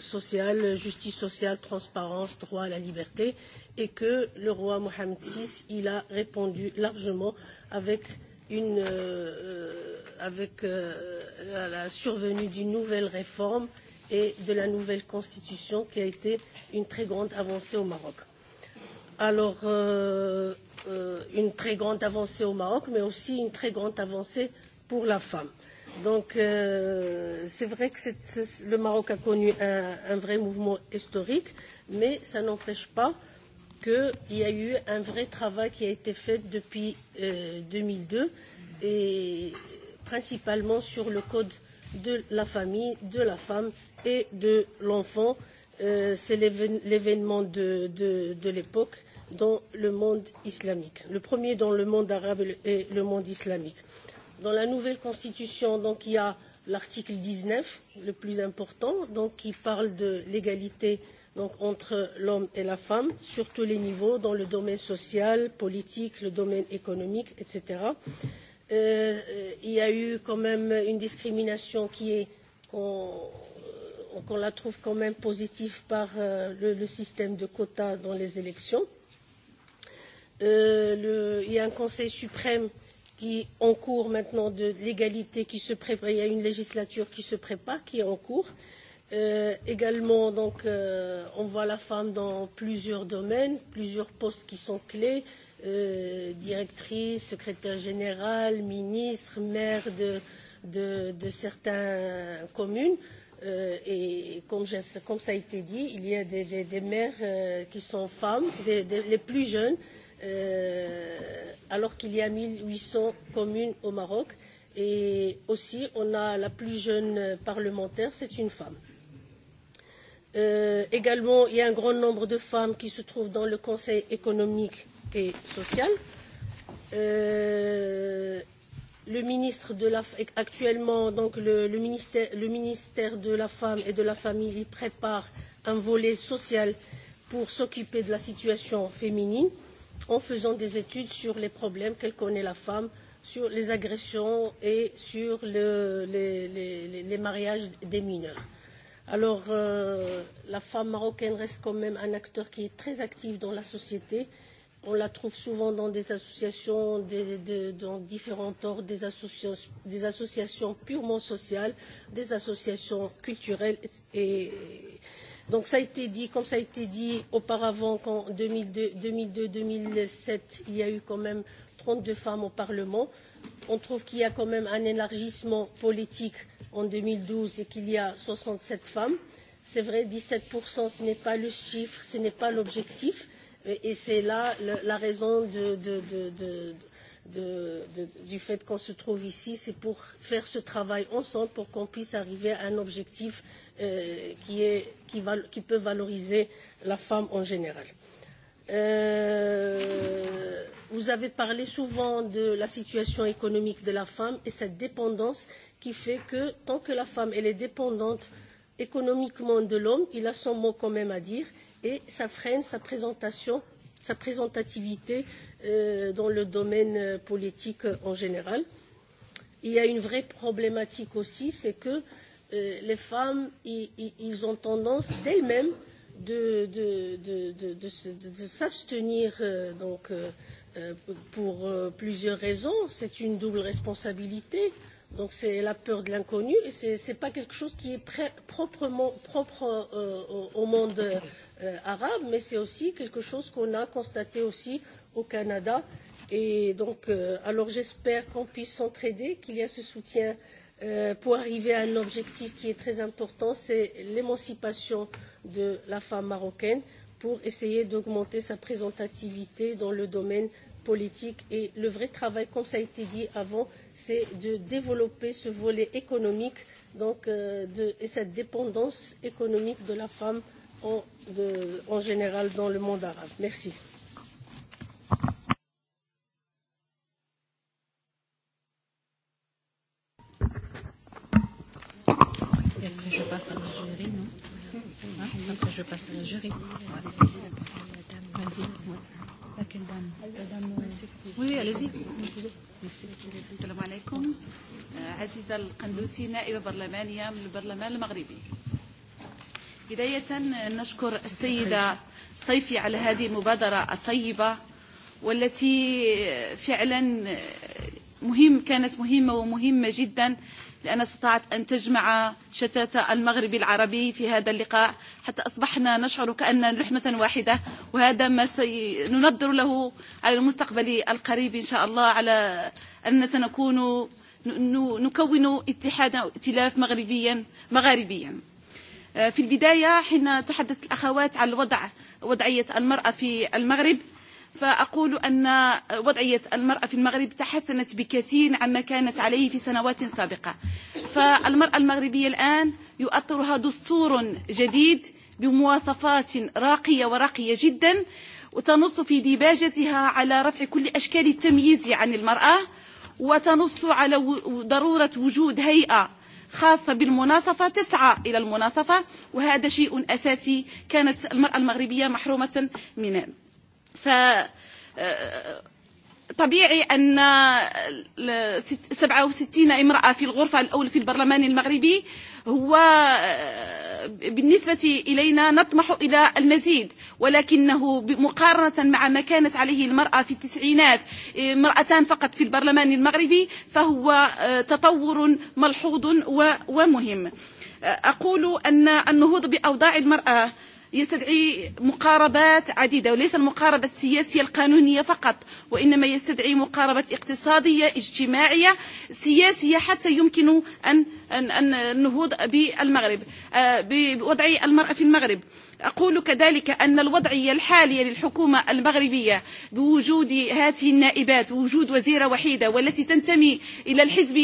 sociale, justice sociale, transparence, droit à la liberté, et que le roi Mohamed VI, il a répondu largement avec la survenue d'une nouvelle réforme et de la nouvelle constitution qui a été une très grande avancée au Maroc. Alors, une très grande avancée au Maroc, mais aussi une très grande avancée pour la femme. Donc, c'est vrai que le Maroc a connu un vrai mouvement historique, mais ça n'empêche pas qu'il y a eu un vrai travail qui a été fait depuis 2002, et principalement sur le code de la famille, de la femme et de l'enfant. C'est l'événement de l'époque dans le monde islamique, le premier dans le monde arabe et le monde islamique dans la nouvelle constitution donc il y a l'article 19 le plus important donc qui parle de l'égalité donc entre l'homme et la femme sur tous les niveaux dans le domaine social politique le domaine économique etc. il y a eu quand même une discrimination qui est qu'on la trouve quand même positive par le système de quotas dans les élections. il y a un conseil suprême qui est en cours maintenant de l'égalité qui se prépare, il y a une législature qui se prépare, qui est en cours. Également, donc, on voit la femme dans plusieurs domaines, plusieurs postes qui sont clés, directrice, secrétaire générale, ministre, maire de certaines communes. Et comme ça a été dit, il y a des maires qui sont femmes, les plus jeunes alors qu'il y a 1800 communes au Maroc. Et aussi, on a la plus jeune parlementaire, c'est une femme. Également, il y a un grand nombre de femmes qui se trouvent dans le Conseil économique et social. Le ministre de la actuellement, donc le ministère de la Femme et de la Famille prépare un volet social pour s'occuper de la situation féminine en faisant des études sur les problèmes qu'elle connaît la femme, sur les agressions et sur les mariages des mineurs. Alors, la femme marocaine reste quand même un acteur qui est très actif dans la société. On la trouve souvent dans des associations, dans différents ordres, des associations purement sociales, des associations culturelles et Donc ça a été dit, comme ça a été dit auparavant, qu'en 2002-2007, il y a eu quand même 32 femmes au Parlement. On trouve qu'il y a quand même un élargissement politique en 2012 et qu'il y a 67 femmes. C'est vrai, 17%, ce n'est pas le chiffre, ce n'est pas l'objectif. Et c'est là la raison de du fait qu'on se trouve ici, c'est pour faire ce travail ensemble pour qu'on puisse arriver à un objectif qui peut valoriser la femme en général. Vous avez parlé souvent de la situation économique de la femme et cette dépendance qui fait que tant que la femme est dépendante économiquement de l'homme, il a son mot quand même à dire et ça freine sa présentation sa présentativité dans le domaine politique en général. Il y a une vraie problématique aussi, c'est que les femmes, ils ont tendance d'elles-mêmes de s'abstenir donc pour plusieurs raisons. C'est une double responsabilité. Donc c'est la peur de l'inconnu et ce n'est pas quelque chose qui est proprement propre au monde arabe, mais c'est aussi quelque chose qu'on a constaté aussi au Canada. Et donc, alors j'espère qu'on puisse s'entraider, qu'il y a ce soutien pour arriver à un objectif qui est très important, c'est l'émancipation de la femme marocaine pour essayer d'augmenter sa présentativité dans le domaine politique. Et le vrai travail, comme ça a été dit avant, c'est de développer ce volet économique et cette dépendance économique de la femme en général dans le monde arabe. Merci. Après je passe à la non je passe à la jury. Vas-y. Oui, allez-y. السلام عليكم عزيزة القندوسي نائبة برلمانية من البرلمان المغربي بداية نشكر السيدة صيفي على هذه المبادرة الطيبة والتي فعلا مهم كانت مهمة ومهمة جدا لأن استطاعت أن تجمع شتات المغرب العربي في هذا اللقاء حتى أصبحنا نشعر كأننا لحمة واحدة وهذا ما سننظر له على المستقبل القريب إن شاء الله على أن سنكون نكون اتحادا ائتلاف مغربيا مغاربيا في البداية حين تحدث الأخوات عن الوضع وضعية المرأة في المغرب فأقول أن وضعية المرأة في المغرب تحسنت بكثير عما كانت عليه في سنوات سابقة فالمرأة المغربية الآن يؤطرها دستور جديد بمواصفات راقية وراقية جدا وتنص في ديباجتها على رفع كل أشكال التمييز عن المرأة وتنص على ضرورة وجود هيئة خاصة بالمناصفة تسعى إلى المناصفة وهذا شيء أساسي كانت المرأة المغربية محرومة منه ف طبيعي أن 67 امرأة في الغرفة الأول في البرلمان المغربي هو بالنسبة إلينا نطمح إلى المزيد ولكنه مقارنة مع ما كانت عليه المرأة في التسعينات مرأتان فقط في البرلمان المغربي فهو تطور ملحوظ ومهم أقول أن النهوض بأوضاع المرأة يستدعي مقاربات عديدة وليس المقاربة السياسية القانونية فقط وإنما يستدعي مقاربة اقتصادية اجتماعية سياسية حتى يمكن أن النهوض بالمغرب بوضع المرأة في المغرب أقول كذلك أن الوضعية الحالية للحكومة المغربية بوجود هذه النائبات وجود وزيرة وحيدة والتي تنتمي إلى الحزب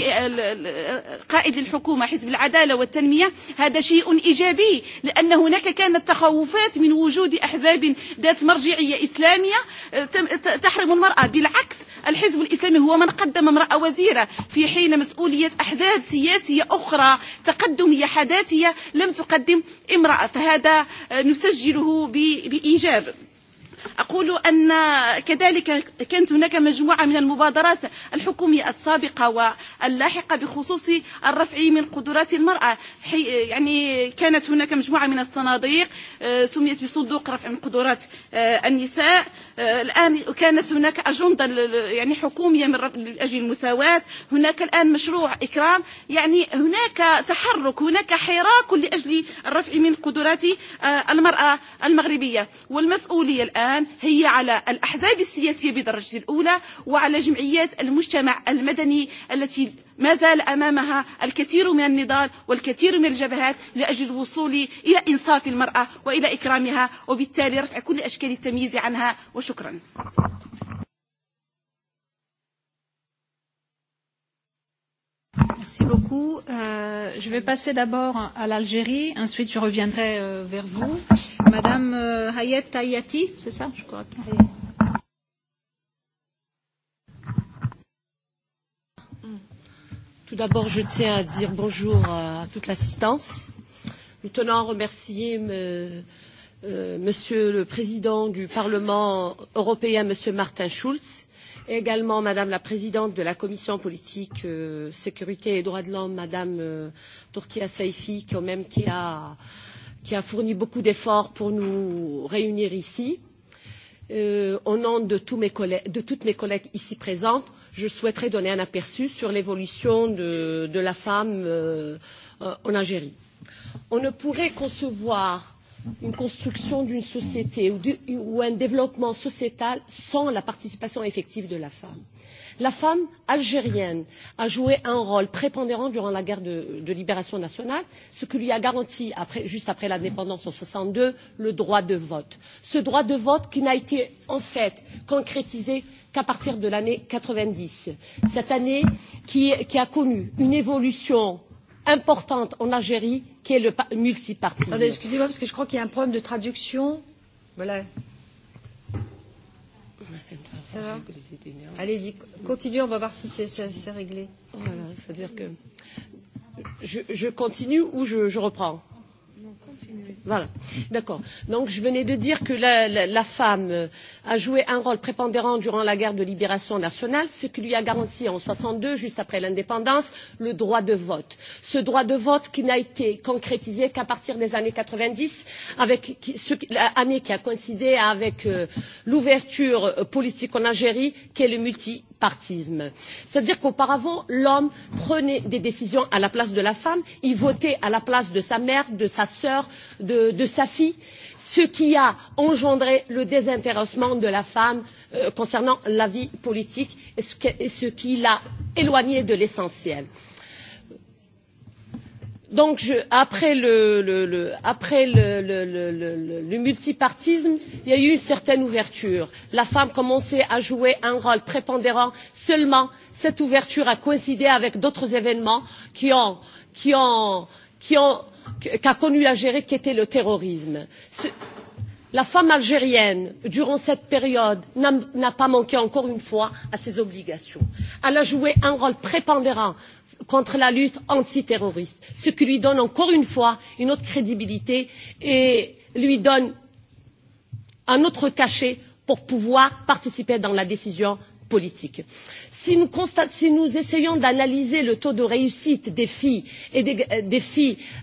قائد الحكومة حزب العدالة والتنمية هذا شيء إيجابي لأن هناك كانت تخوفات من وجود أحزاب ذات مرجعية إسلامية تحرم المرأة بالعكس الحزب الإسلامي هو من قدم امرأة وزيرة في حين مسؤولية أحزاب سياسية أخرى تقدمية حداثية لم تقدم امرأة فهذا نسجله بإيجاب أقول أن كذلك كانت هناك مجموعة من المبادرات الحكومية السابقة واللاحقة بخصوص الرفع من قدرات المرأة يعني كانت هناك مجموعة من الصناديق سميت بصندوق رفع من قدرات النساء الآن كانت هناك أجندة يعني حكومية من أجل المساواة هناك الآن مشروع إكرام يعني هناك تحرك هناك حراك لأجل الرفع من قدرات المرأة المغربية والمسؤولية الآن الآن هي على الأحزاب السياسيه بدرجة الأولى وعلى جمعيات المجتمع المدني التي ما زال أمامها الكثير من النضال والكثير من الجبهات لأجل الوصول إلى إنصاف المرأة وإلى إكرامها وبالتالي رفع كل أشكال التمييز عنها وشكرا Merci beaucoup. Euh, je vais passer d'abord à l'Algérie, ensuite je reviendrai vers vous. Madame euh, Hayet Hayati, c'est ça, je crois. Tout d'abord, je tiens à dire bonjour à toute l'assistance. Nous tenons à remercier me, Monsieur le Président du Parlement européen, Monsieur Martin Schulz, et également Madame la Présidente de la Commission politique, sécurité et droits de l'homme, Madame Turkia Saifi, quand même, qui a fourni beaucoup d'efforts pour nous réunir ici. Au nom de toutes mes collègues ici présentes, je souhaiterais donner un aperçu sur l'évolution de la femme en Algérie. On ne pourrait concevoir une construction d'une société ou un développement sociétal sans la participation effective de la femme. La femme algérienne a joué un rôle prépondérant durant la guerre de libération nationale, ce qui lui a garanti, juste après l'indépendance en deux, le droit de vote. Ce droit de vote qui n'a été en fait concrétisé qu'à partir de l'année quatre quatre-vingt dix, Cette année qui a connu une évolution importante en Algérie, qui est le multipartisme. Attendez, excusez-moi, parce que je crois qu'il y a un problème de traduction. Voilà. Allez-y, continuez, on va voir si c'est réglé. Voilà, c'est-à-dire que je continue ou je reprends Voilà, d'accord. Donc je venais de dire que la femme a joué un rôle prépondérant durant la guerre de libération nationale, ce qui lui a garanti en 62, juste après l'indépendance, le droit de vote. Ce droit de vote qui n'a été concrétisé qu'à partir des années 90, avec l'année qui a coïncidé avec l'ouverture politique en Algérie, qui est le multi bipartisme. C'est-à-dire qu'auparavant, l'homme prenait des décisions à la place de la femme, il votait à la place de sa mère, de sa sœur, de sa fille, ce qui a engendré le désintéressement de la femme concernant la vie politique et ce qui l'a éloignée de l'essentiel donc après le multipartisme il y a eu une certaine ouverture la femme commençait à jouer un rôle prépondérant seulement cette ouverture a coïncidé avec d'autres événements qu'a connus l'algérie qui était le terrorisme. la femme algérienne durant cette période n'a pas manqué encore une fois à ses obligations. elle a joué un rôle prépondérant contre la lutte antiterroriste, ce qui lui donne encore une fois une autre crédibilité et lui donne un autre cachet pour pouvoir participer dans la décision politique. Si nous essayons d'analyser le taux de réussite des filles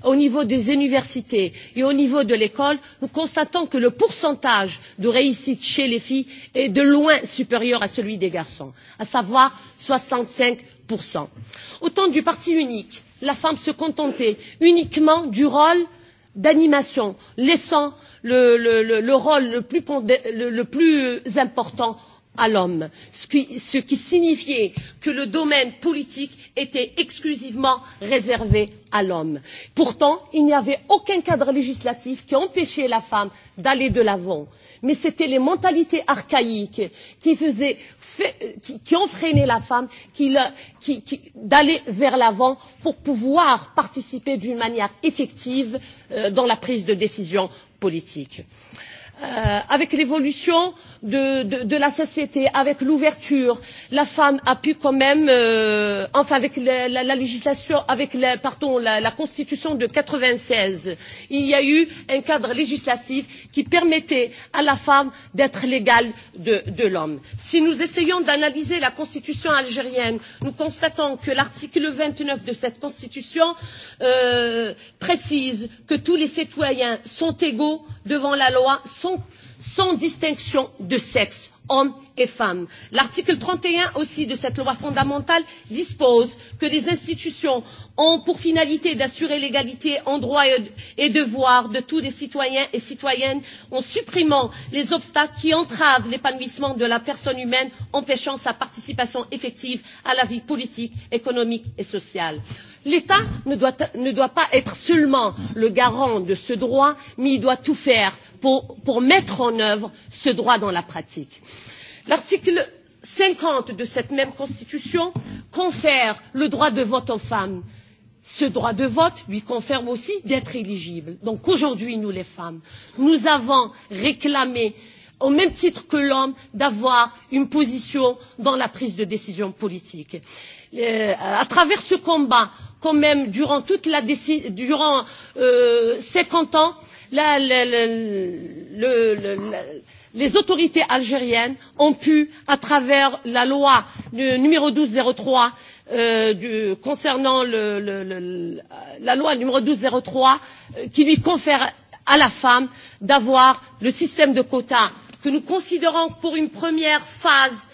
au niveau des universités et au niveau de l'école, nous constatons que le pourcentage de réussite chez les filles est de loin supérieur à celui des garçons, à savoir soixante cinq Au temps du parti unique, la femme se contentait uniquement du rôle d'animation, laissant le rôle le plus important à l'homme, ce qui signifiait que le domaine politique était exclusivement réservé à l'homme. Pourtant, il n'y avait aucun cadre législatif qui empêchait la femme d'aller de l'avant mais c'était les mentalités archaïques qui faisaient qui ont freiné la femme qui, qui, d'aller vers l'avant pour pouvoir participer d'une manière effective dans la prise de décision politique. Euh, avec l'évolution de de, de la société, avec l'ouverture, la femme a pu quand même, enfin avec la législation, avec pardon, la constitution de 96, il y a eu un cadre législatif qui permettait à la femme d'être l'égale de l'homme. Si nous essayons d'analyser la constitution algérienne, nous constatons que l'article 29 de cette constitution précise que tous les citoyens sont égaux devant la loi, sont sans distinction de sexe hommes et femmes. L'article 31 aussi de cette loi fondamentale dispose que les institutions ont pour finalité d'assurer l'égalité en droits et devoirs de tous les citoyens et citoyennes en supprimant les obstacles qui entravent l'épanouissement de la personne humaine, empêchant sa participation effective à la vie politique, économique et sociale. L'État ne doit pas être seulement le garant de ce droit, mais il doit tout faire pour mettre en œuvre ce droit dans la pratique. L'article 50 de cette même Constitution confère le droit de vote aux femmes. Ce droit de vote lui confère aussi d'être éligible. Donc aujourd'hui, nous les femmes, nous avons réclamé, au même titre que l'homme, d'avoir une position dans la prise de décision politique. À travers ce combat, quand même, durant toute la durant 50 ans, la, les autorités algériennes ont pu, à travers la loi numéro 1203 concernant la loi numéro 1203 qui lui confère à la femme d'avoir le système de quotas que nous considérons pour une première phase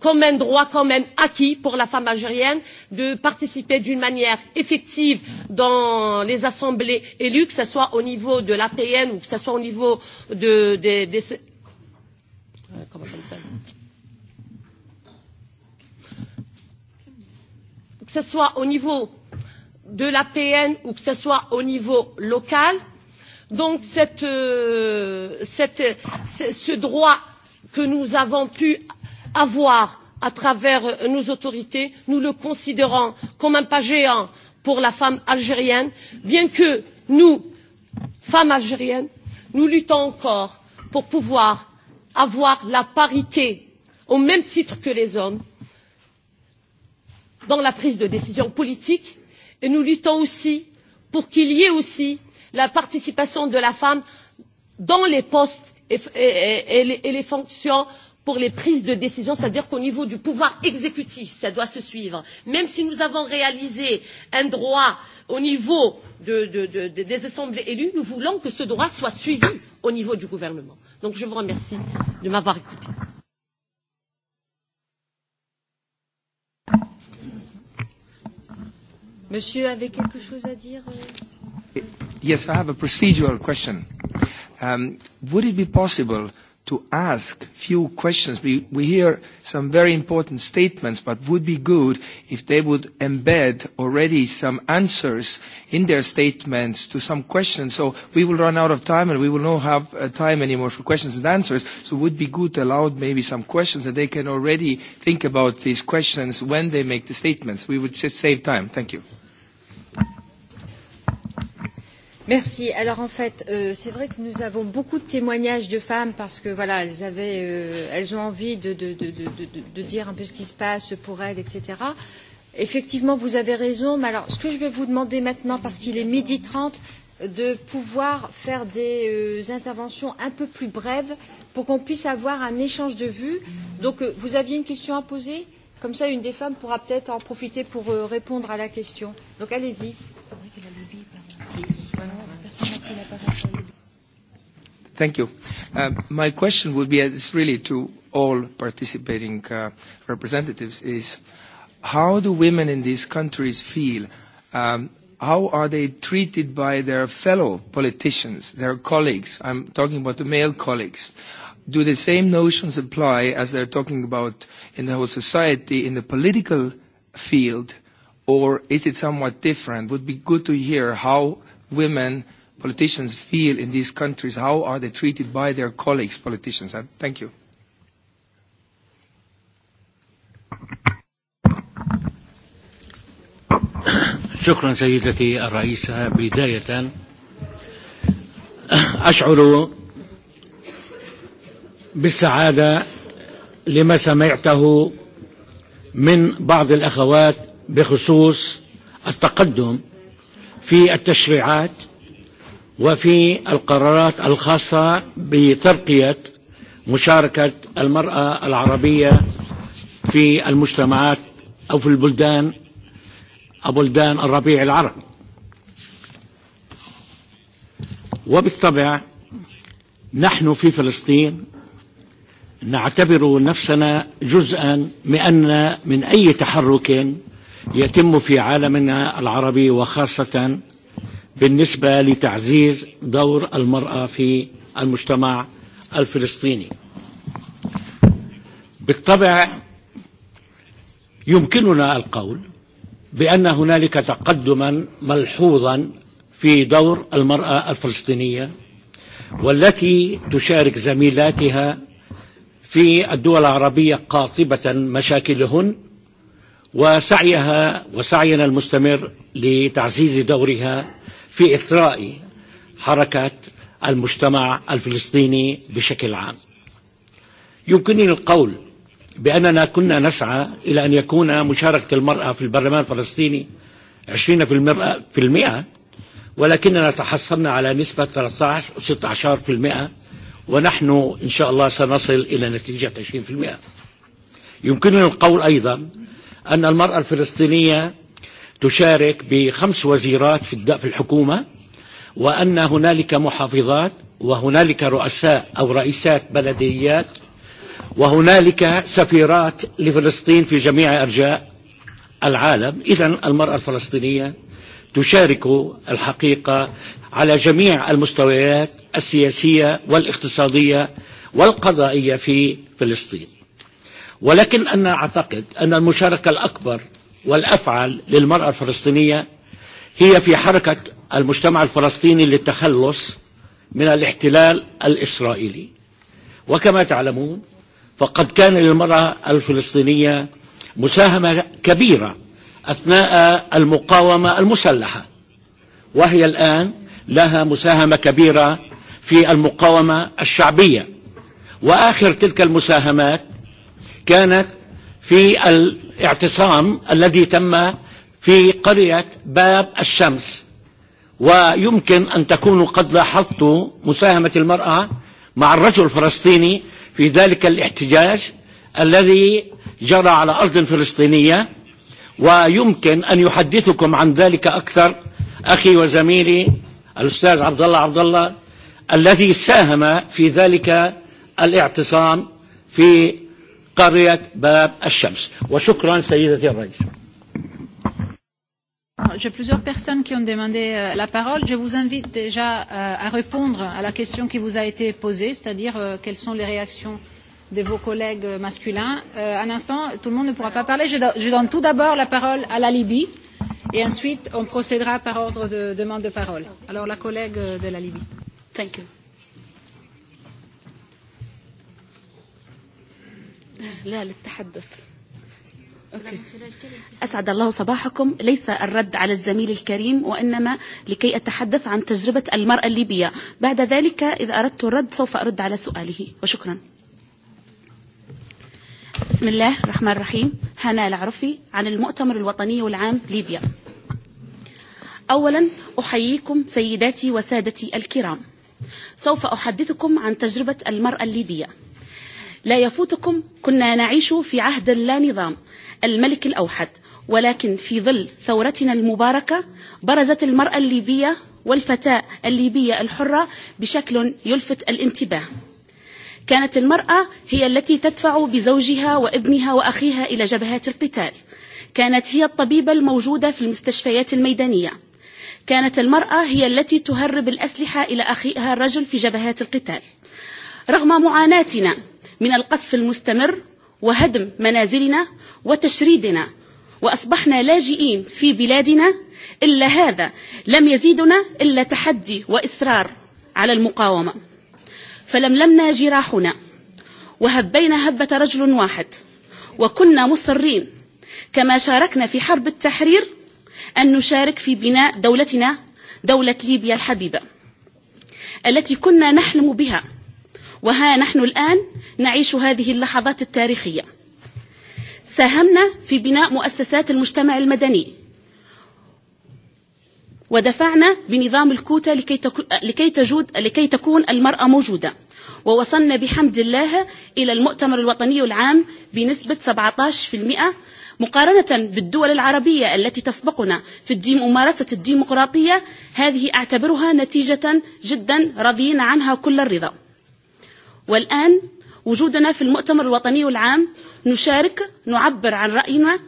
comme un droit quand même acquis pour la femme algérienne de participer d'une manière effective dans les assemblées élues, que ce soit au niveau de l'APN ou que ce soit au niveau de des comment ça s'appelle que ce soit au niveau de l'APN ou que ce soit au niveau local. Donc ce droit que nous avons pu avoir à travers nos autorités, nous le considérons comme un pas géant pour la femme algérienne, bien que nous, femmes algériennes, nous luttons encore pour pouvoir avoir la parité au même titre que les hommes dans la prise de décision politique et nous luttons aussi pour qu'il y ait aussi la participation de la femme dans les postes et les fonctions pour les prises de décision, c'est-à-dire qu'au niveau du pouvoir exécutif, ça doit se suivre. Même si nous avons réalisé un droit au niveau des assemblées élues, nous voulons que ce droit soit suivi au niveau du gouvernement. Donc je vous remercie de m'avoir écouté. Monsieur avait quelque chose à dire Yes, I have a procedural question. Would it be possible to ask few questions? We hear some very important statements, but would be good if they would embed already some answers in their statements to some questions. So we will run out of time and we will not have time anymore for questions and answers. So it would be good to allow maybe some questions that they can already think about these questions when they make the statements. We would just save time. Thank you. Merci. Alors en fait, c'est vrai que nous avons beaucoup de témoignages de femmes parce que voilà, elles avaient, elles ont envie de de dire un peu ce qui se passe pour elles, etc. Effectivement, vous avez raison. Mais alors, ce que je vais vous demander maintenant, parce qu'il est midi 30 de pouvoir faire des interventions un peu plus brèves pour qu'on puisse avoir un échange de vues. Donc, vous aviez une question à poser. Comme ça, une des femmes pourra peut-être en profiter pour répondre à la question. Donc, allez-y. Thank you. My question would be, it's really to all participating representatives, is how do women in these countries feel? How are they treated by their fellow politicians, their colleagues? I'm talking about the male colleagues. Do the same notions apply as they're talking about in the whole society, in the political field, or is it somewhat different? Would be good to hear how women politicians feel in these countries, how are they treated by their colleagues, politicians. Thank you. شكرا سيدتي الرئيسة بداية أشعر بالسعادة لما سمعته من بعض الأخوات بخصوص التقدم في التشريعات وفي القرارات الخاصة بترقية مشاركة المرأة العربية في المجتمعات أو في البلدان أو بلدان الربيع العربي وبالطبع نحن في فلسطين نعتبر نفسنا جزءا من من أي تحرك يتم في عالمنا العربي وخاصه بالنسبة لتعزيز دور المرأة في المجتمع الفلسطيني بالطبع يمكننا القول بأن هنالك تقدما ملحوظا في دور المرأة الفلسطينية والتي تشارك زميلاتها في الدول العربية قاطبة مشاكلهن وسعيها وسعينا المستمر لتعزيز دورها في إثراء حركة المجتمع الفلسطيني بشكل عام يمكنني القول بأننا كنا نسعى إلى أن يكون مشاركة المرأة في البرلمان الفلسطيني 20% ولكننا تحصلنا على نسبة 13 و 16% ونحن إن شاء الله سنصل إلى نتيجة 20% يمكنني القول أيضا أن المرأة الفلسطينية تشارك بخمس وزيرات في الحكومة وأن هنالك محافظات وهنالك رؤساء أو رئيسات بلديات وهنالك سفيرات لفلسطين في جميع أرجاء العالم إذا المرأة الفلسطينية تشارك الحقيقة على جميع المستويات السياسية والاقتصادية والقضائية في فلسطين ولكن أنا أعتقد أن المشاركة الأكبر والأفعل للمرأة الفلسطينية هي في حركة المجتمع الفلسطيني للتخلص من الاحتلال الإسرائيلي وكما تعلمون فقد كان للمرأة الفلسطينية مساهمة كبيرة أثناء المقاومة المسلحة وهي الآن لها مساهمة كبيرة في المقاومة الشعبية وآخر تلك المساهمات كانت في الاعتصام الذي تم في قرية باب الشمس ويمكن أن تكونوا قد لاحظتوا مساهمة المرأة مع الرجل الفلسطيني في ذلك الاحتجاج الذي جرى على أرض فلسطينية ويمكن أن يحدثكم عن ذلك أكثر أخي وزميلي الأستاذ عبد الله عبد الله الذي ساهم في ذلك الاعتصام في قرية باب الشمس وشكرا سيدتي الرئيس J'ai plusieurs personnes qui ont demandé la parole. Je vous invite déjà à répondre à la question qui vous a été posée, c'est-à-dire quelles sont les réactions de vos collègues masculins. Un instant, tout le monde ne pourra pas parler. Je donne tout d'abord la parole à la Libye et ensuite on procédera par ordre de demande de parole. Alors la collègue de la Libye. Thank you. لا للتحدث أوكي. أسعد الله صباحكم ليس الرد على الزميل الكريم وإنما لكي أتحدث عن تجربة المرأة الليبية بعد ذلك إذا أردت الرد سوف أرد على سؤاله وشكرا بسم الله الرحمن الرحيم هنا العرفي عن المؤتمر الوطني والعام ليبيا أولا أحييكم سيداتي وسادتي الكرام سوف أحدثكم عن تجربة المرأة الليبية لا يفوتكم كنا نعيش في عهد لا نظام الملك الأوحد ولكن في ظل ثورتنا المباركة برزت المرأة الليبية والفتاة الليبية الحرة بشكل يلفت الانتباه كانت المرأة هي التي تدفع بزوجها وابنها وأخيها إلى جبهات القتال كانت هي الطبيبة الموجودة في المستشفيات الميدانية كانت المرأة هي التي تهرب الأسلحة إلى أخيها الرجل في جبهات القتال رغم معاناتنا من القصف المستمر وهدم منازلنا وتشريدنا وأصبحنا لاجئين في بلادنا إلا هذا لم يزيدنا إلا تحدي وإصرار على المقاومة لمنا جراحنا وهبينا هبة رجل واحد وكنا مصرين كما شاركنا في حرب التحرير أن نشارك في بناء دولتنا دولة ليبيا الحبيبة التي كنا نحلم بها وها نحن الآن نعيش هذه اللحظات التاريخية ساهمنا في بناء مؤسسات المجتمع المدني ودفعنا بنظام الكوتا لكي, تجود... لكي تكون المرأة موجودة ووصلنا بحمد الله إلى المؤتمر الوطني العام بنسبة 17% مقارنة بالدول العربية التي تسبقنا في الديم... ممارسة الديمقراطية هذه أعتبرها نتيجة جدا رضينا عنها كل الرضا والآن وجودنا في المؤتمر الوطني العام نشارك نعبر عن رأينا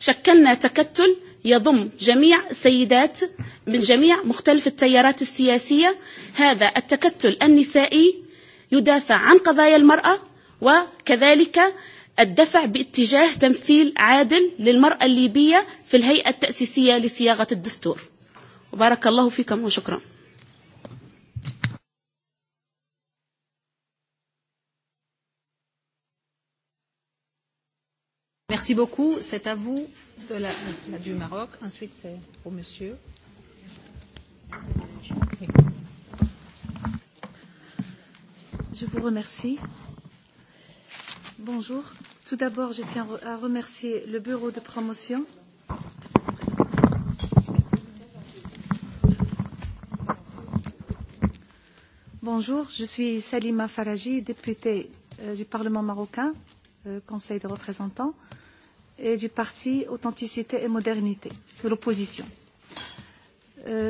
شكلنا تكتل يضم جميع سيدات من جميع مختلف التيارات السياسية هذا التكتل النسائي يدافع عن قضايا المرأة وكذلك الدفع باتجاه تمثيل عادل للمرأة الليبية في الهيئة التأسيسية لصياغة الدستور وبارك الله فيكم وشكرا Merci beaucoup. C'est à vous de la, du Maroc. Ensuite, c'est au monsieur. Je vous remercie. Bonjour. Tout d'abord, je tiens à remercier le bureau de promotion Bonjour, je suis Salima Faraji, députée du Parlement marocain, Conseil des représentants et du parti Authenticité et Modernité, de l'opposition.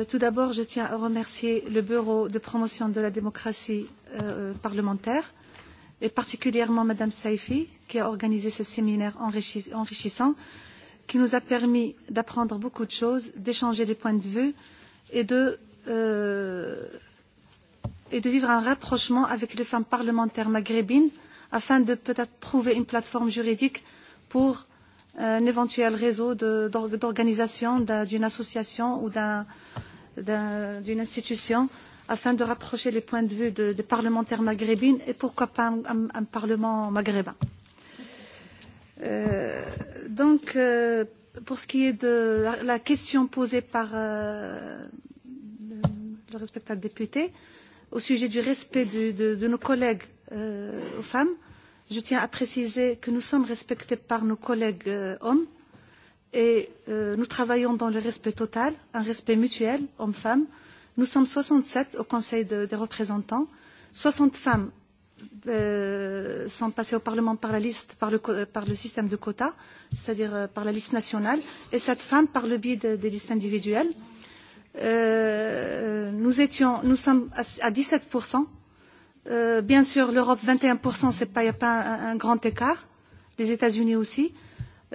Tout d'abord, je tiens à remercier le Bureau de promotion de la démocratie parlementaire et particulièrement Mme Saifi qui a organisé ce séminaire enrichissant qui nous a permis d'apprendre beaucoup de choses, d'échanger des points de vue et de vivre un rapprochement avec les femmes parlementaires maghrébines afin de peut-être trouver une plateforme juridique pour un éventuel réseau d'organisation d'une association ou d'une institution afin de rapprocher les points de vue des parlementaires maghrébines et pourquoi pas un parlement maghrébin. Donc, pour ce qui est de la question posée par le respectable député au sujet du respect de nos collègues aux femmes, Je tiens à préciser que nous sommes respectés par nos collègues hommes et nous travaillons dans le respect total, un respect mutuel, hommes-femmes. Nous sommes 67 au Conseil des représentants. 60 femmes sont passées au Parlement par la liste, par le système de quotas, c'est-à-dire par la liste nationale, et 7 femmes par le biais des listes individuelles. Nous sommes à 17% Bien sûr, l'Europe, 21%, ce n'est pas un grand écart. Les États-Unis aussi.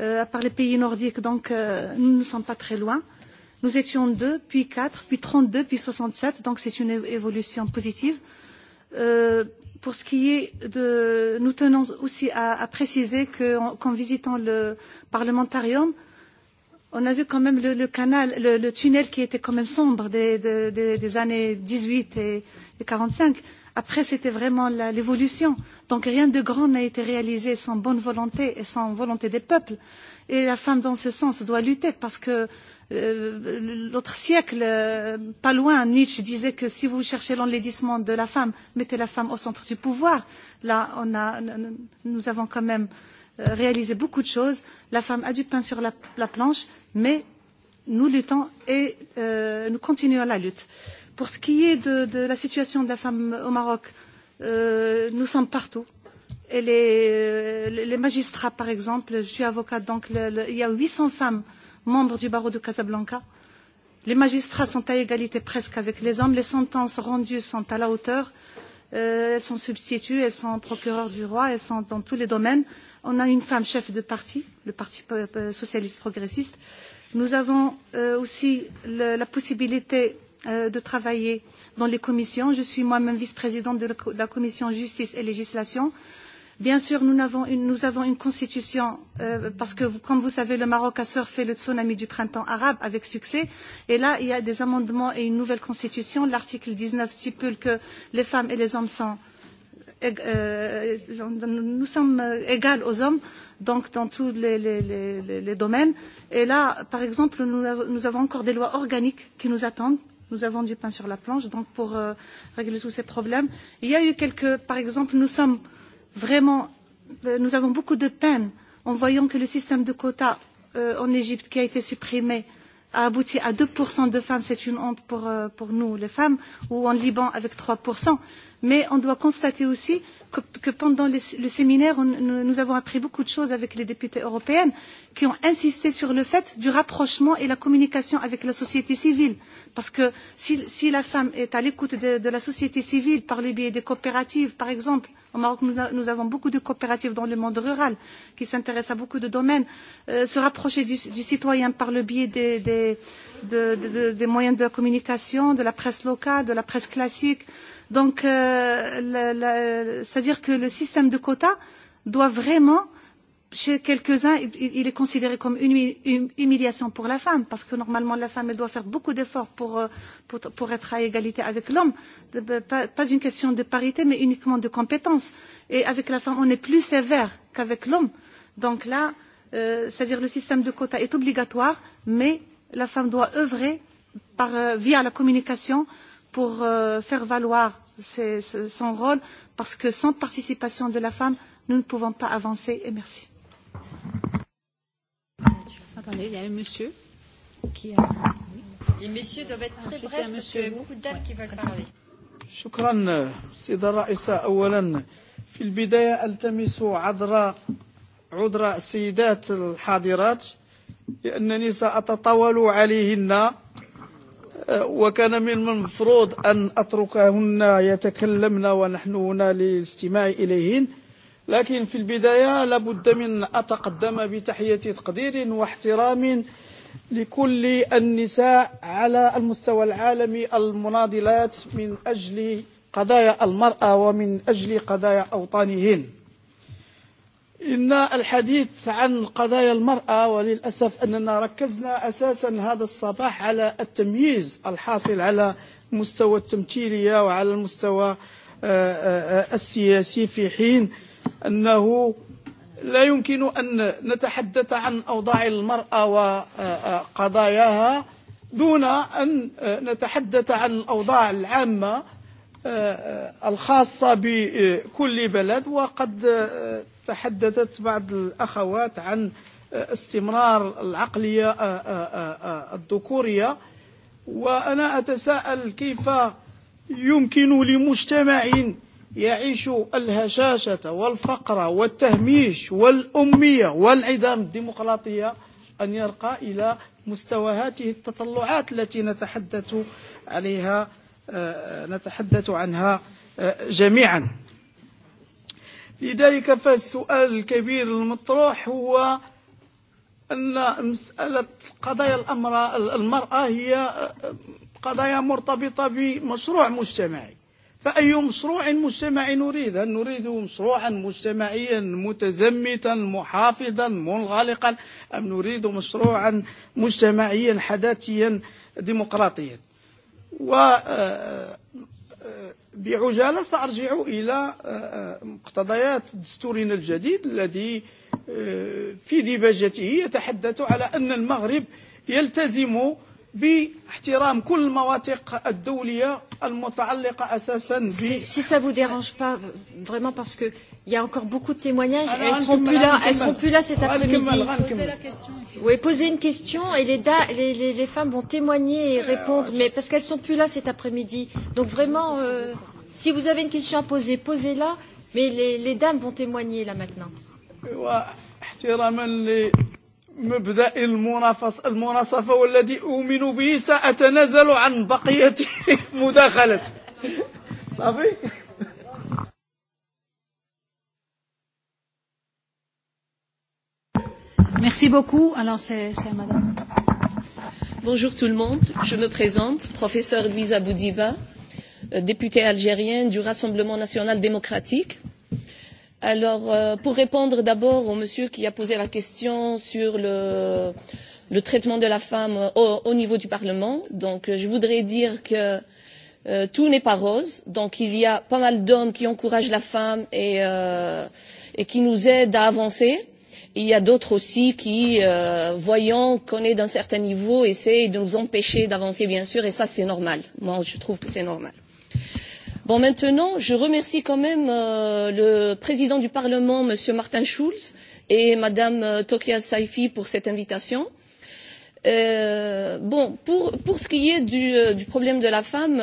À part les pays nordiques, donc nous ne sommes pas très loin. Nous étions 2, puis 4, puis 32, puis 67. Donc c'est une évolution positive. Pour ce qui est de... Nous tenons aussi à préciser qu'en visitant le parlementarium, on a vu quand même le canal, le tunnel qui était quand même sombre des années 18 et 45 Après, c'était vraiment l'évolution. Donc rien de grand n'a été réalisé sans bonne volonté et sans volonté des peuples. Et la femme, dans ce sens, doit lutter parce que l'autre siècle, pas loin, Nietzsche disait que si vous cherchez l'enlaidissement de la femme, mettez la femme au centre du pouvoir. Là, nous avons quand même réalisé beaucoup de choses. La femme a du pain sur la planche, mais nous luttons et nous continuons la lutte. Pour ce qui est de la situation de la femme au Maroc, nous sommes partout. Et les magistrats, par exemple, je suis avocate, donc il y a 800 femmes membres du barreau de Casablanca. Les magistrats sont à égalité presque avec les hommes. Les sentences rendues sont à la hauteur. Elles sont substituées, elles sont procureurs du roi, elles sont dans tous les domaines. On a une femme chef de parti, le Parti socialiste progressiste. Nous avons aussi la possibilité de travailler dans les commissions. Je suis moi-même vice-présidente de la commission justice et législation. Bien sûr, nous avons une constitution parce que, comme vous savez, le Maroc a surfé le tsunami du printemps arabe avec succès. Et là, il y a des amendements et une nouvelle constitution. L'article 19 stipule que les femmes et les hommes sont nous sommes égales aux hommes donc dans tous les domaines. Et là, par exemple, nous avons encore des lois organiques qui nous attendent Nous avons du pain sur la planche, donc pour régler tous ces problèmes. Il y a eu quelques, par exemple, nous sommes vraiment, nous avons beaucoup de peine en voyant que le système de quotas en Égypte qui a été supprimé a abouti à 2% de femmes. C'est une honte pour nous, les femmes, ou en Liban avec 3%. Mais on doit constater aussi que pendant le séminaire, nous avons appris beaucoup de choses avec les députées européennes qui ont insisté sur le fait du rapprochement et de la communication avec la société civile. Parce que si la femme est à l'écoute de la société civile par le biais des coopératives, par exemple, Au Maroc, nous avons beaucoup de coopératives dans le monde rural qui s'intéressent à beaucoup de domaines. Se rapprocher du citoyen par le biais des moyens de communication, de la presse locale, de la presse classique. Donc, c'est-à-dire que le système de quotas doit vraiment chez quelques-uns, il est considéré comme une humiliation pour la femme, parce que normalement, la femme, doit faire beaucoup d'efforts pour être à égalité avec l'homme. Pas une question de parité, mais uniquement de compétence. Et avec la femme, on est plus sévère qu'avec l'homme. Donc là, c'est-à-dire le système de quotas est obligatoire, mais la femme doit œuvrer via la communication pour faire valoir son rôle, parce que sans participation de la femme, nous ne pouvons pas avancer. Et merci. Attendez, il y a un monsieur qui a... Les messieurs doivent être très brefs شكرا سيدة الرئيسة أولا في البداية ألتمس عذر عذر السيدات الحاضرات لأنني سأتطاول عليهن وكان من المفروض أن أتركهن يتكلمن ونحن هنا للاستماع إليهن لكن في البداية لابد من أتقدم بتحية تقدير واحترام لكل النساء على المستوى العالمي المناضلات من أجل قضايا المرأة ومن أجل قضايا أوطانهن إن الحديث عن قضايا المرأة وللأسف أننا ركزنا أساسا هذا الصباح على التمييز الحاصل على مستوى التمثيلية وعلى المستوى السياسي في حين أنه لا يمكن أن نتحدث عن أوضاع المراه وقضاياها دون أن نتحدث عن الأوضاع العامه الخاصة بكل بلد وقد تحدثت بعض الأخوات عن استمرار العقلية الذكوريه وأنا أتساءل كيف يمكن لمجتمع يعيش الهشاشة والفقر والتهميش والأمية والعدام الديمقراطية أن يرقى إلى مستوى هذه التطلعات التي نتحدث عليها نتحدث عنها جميعا لذلك فالسؤال الكبير المطروح هو أن مسألة قضايا الأمر المرأة هي قضايا مرتبطة بمشروع مجتمعي فأي مشروع مجتمعي نريد هل نريد مشروعا مجتمعيا متزمتا محافظا منغلقا أم نريد مشروعا مجتمعيا حداثيا ديمقراطيا و بعجاله سارجع الى مقتضيات دستورنا الجديد الذي في ديباجته يتحدث على ان المغرب يلتزم باحترام كل المواثيق أساسا ب Si ça vous dérange pas vraiment parce que il y a encore beaucoup de témoignages, elles seront plus là, elles seront plus là cet après-midi. Oui, posez une question et les, les, les, les femmes vont témoigner et répondre, mais parce qu'elles sont plus là cet après-midi. Donc vraiment, euh, si vous avez une question à poser, posez-la, mais les, les dames vont témoigner là maintenant. مبدا المناصفه والذي اؤمن به ساتنازل عن بقيه مداخلتي صافي Merci beaucoup. Alors, c'est madame. Bonjour tout le monde. Je me présente, professeur Louisa Boudiba, députée algérienne du Rassemblement national démocratique Alors, pour répondre d'abord au monsieur qui a posé la question sur le traitement de la femme au niveau du Parlement, je voudrais dire que tout n'est pas rose, donc il y a pas mal d'hommes qui encouragent la femme et qui nous aident à avancer. Il y a d'autres aussi qui, voyant qu'on est d'un certain niveau, essayent de nous empêcher d'avancer, bien sûr, et ça c'est normal. Moi, je trouve que c'est normal. Bon, maintenant, je remercie quand même le président du Parlement, M. Martin Schulz, et Mme Tokia Saifi pour cette invitation. Bon, pour ce qui est du problème de la femme,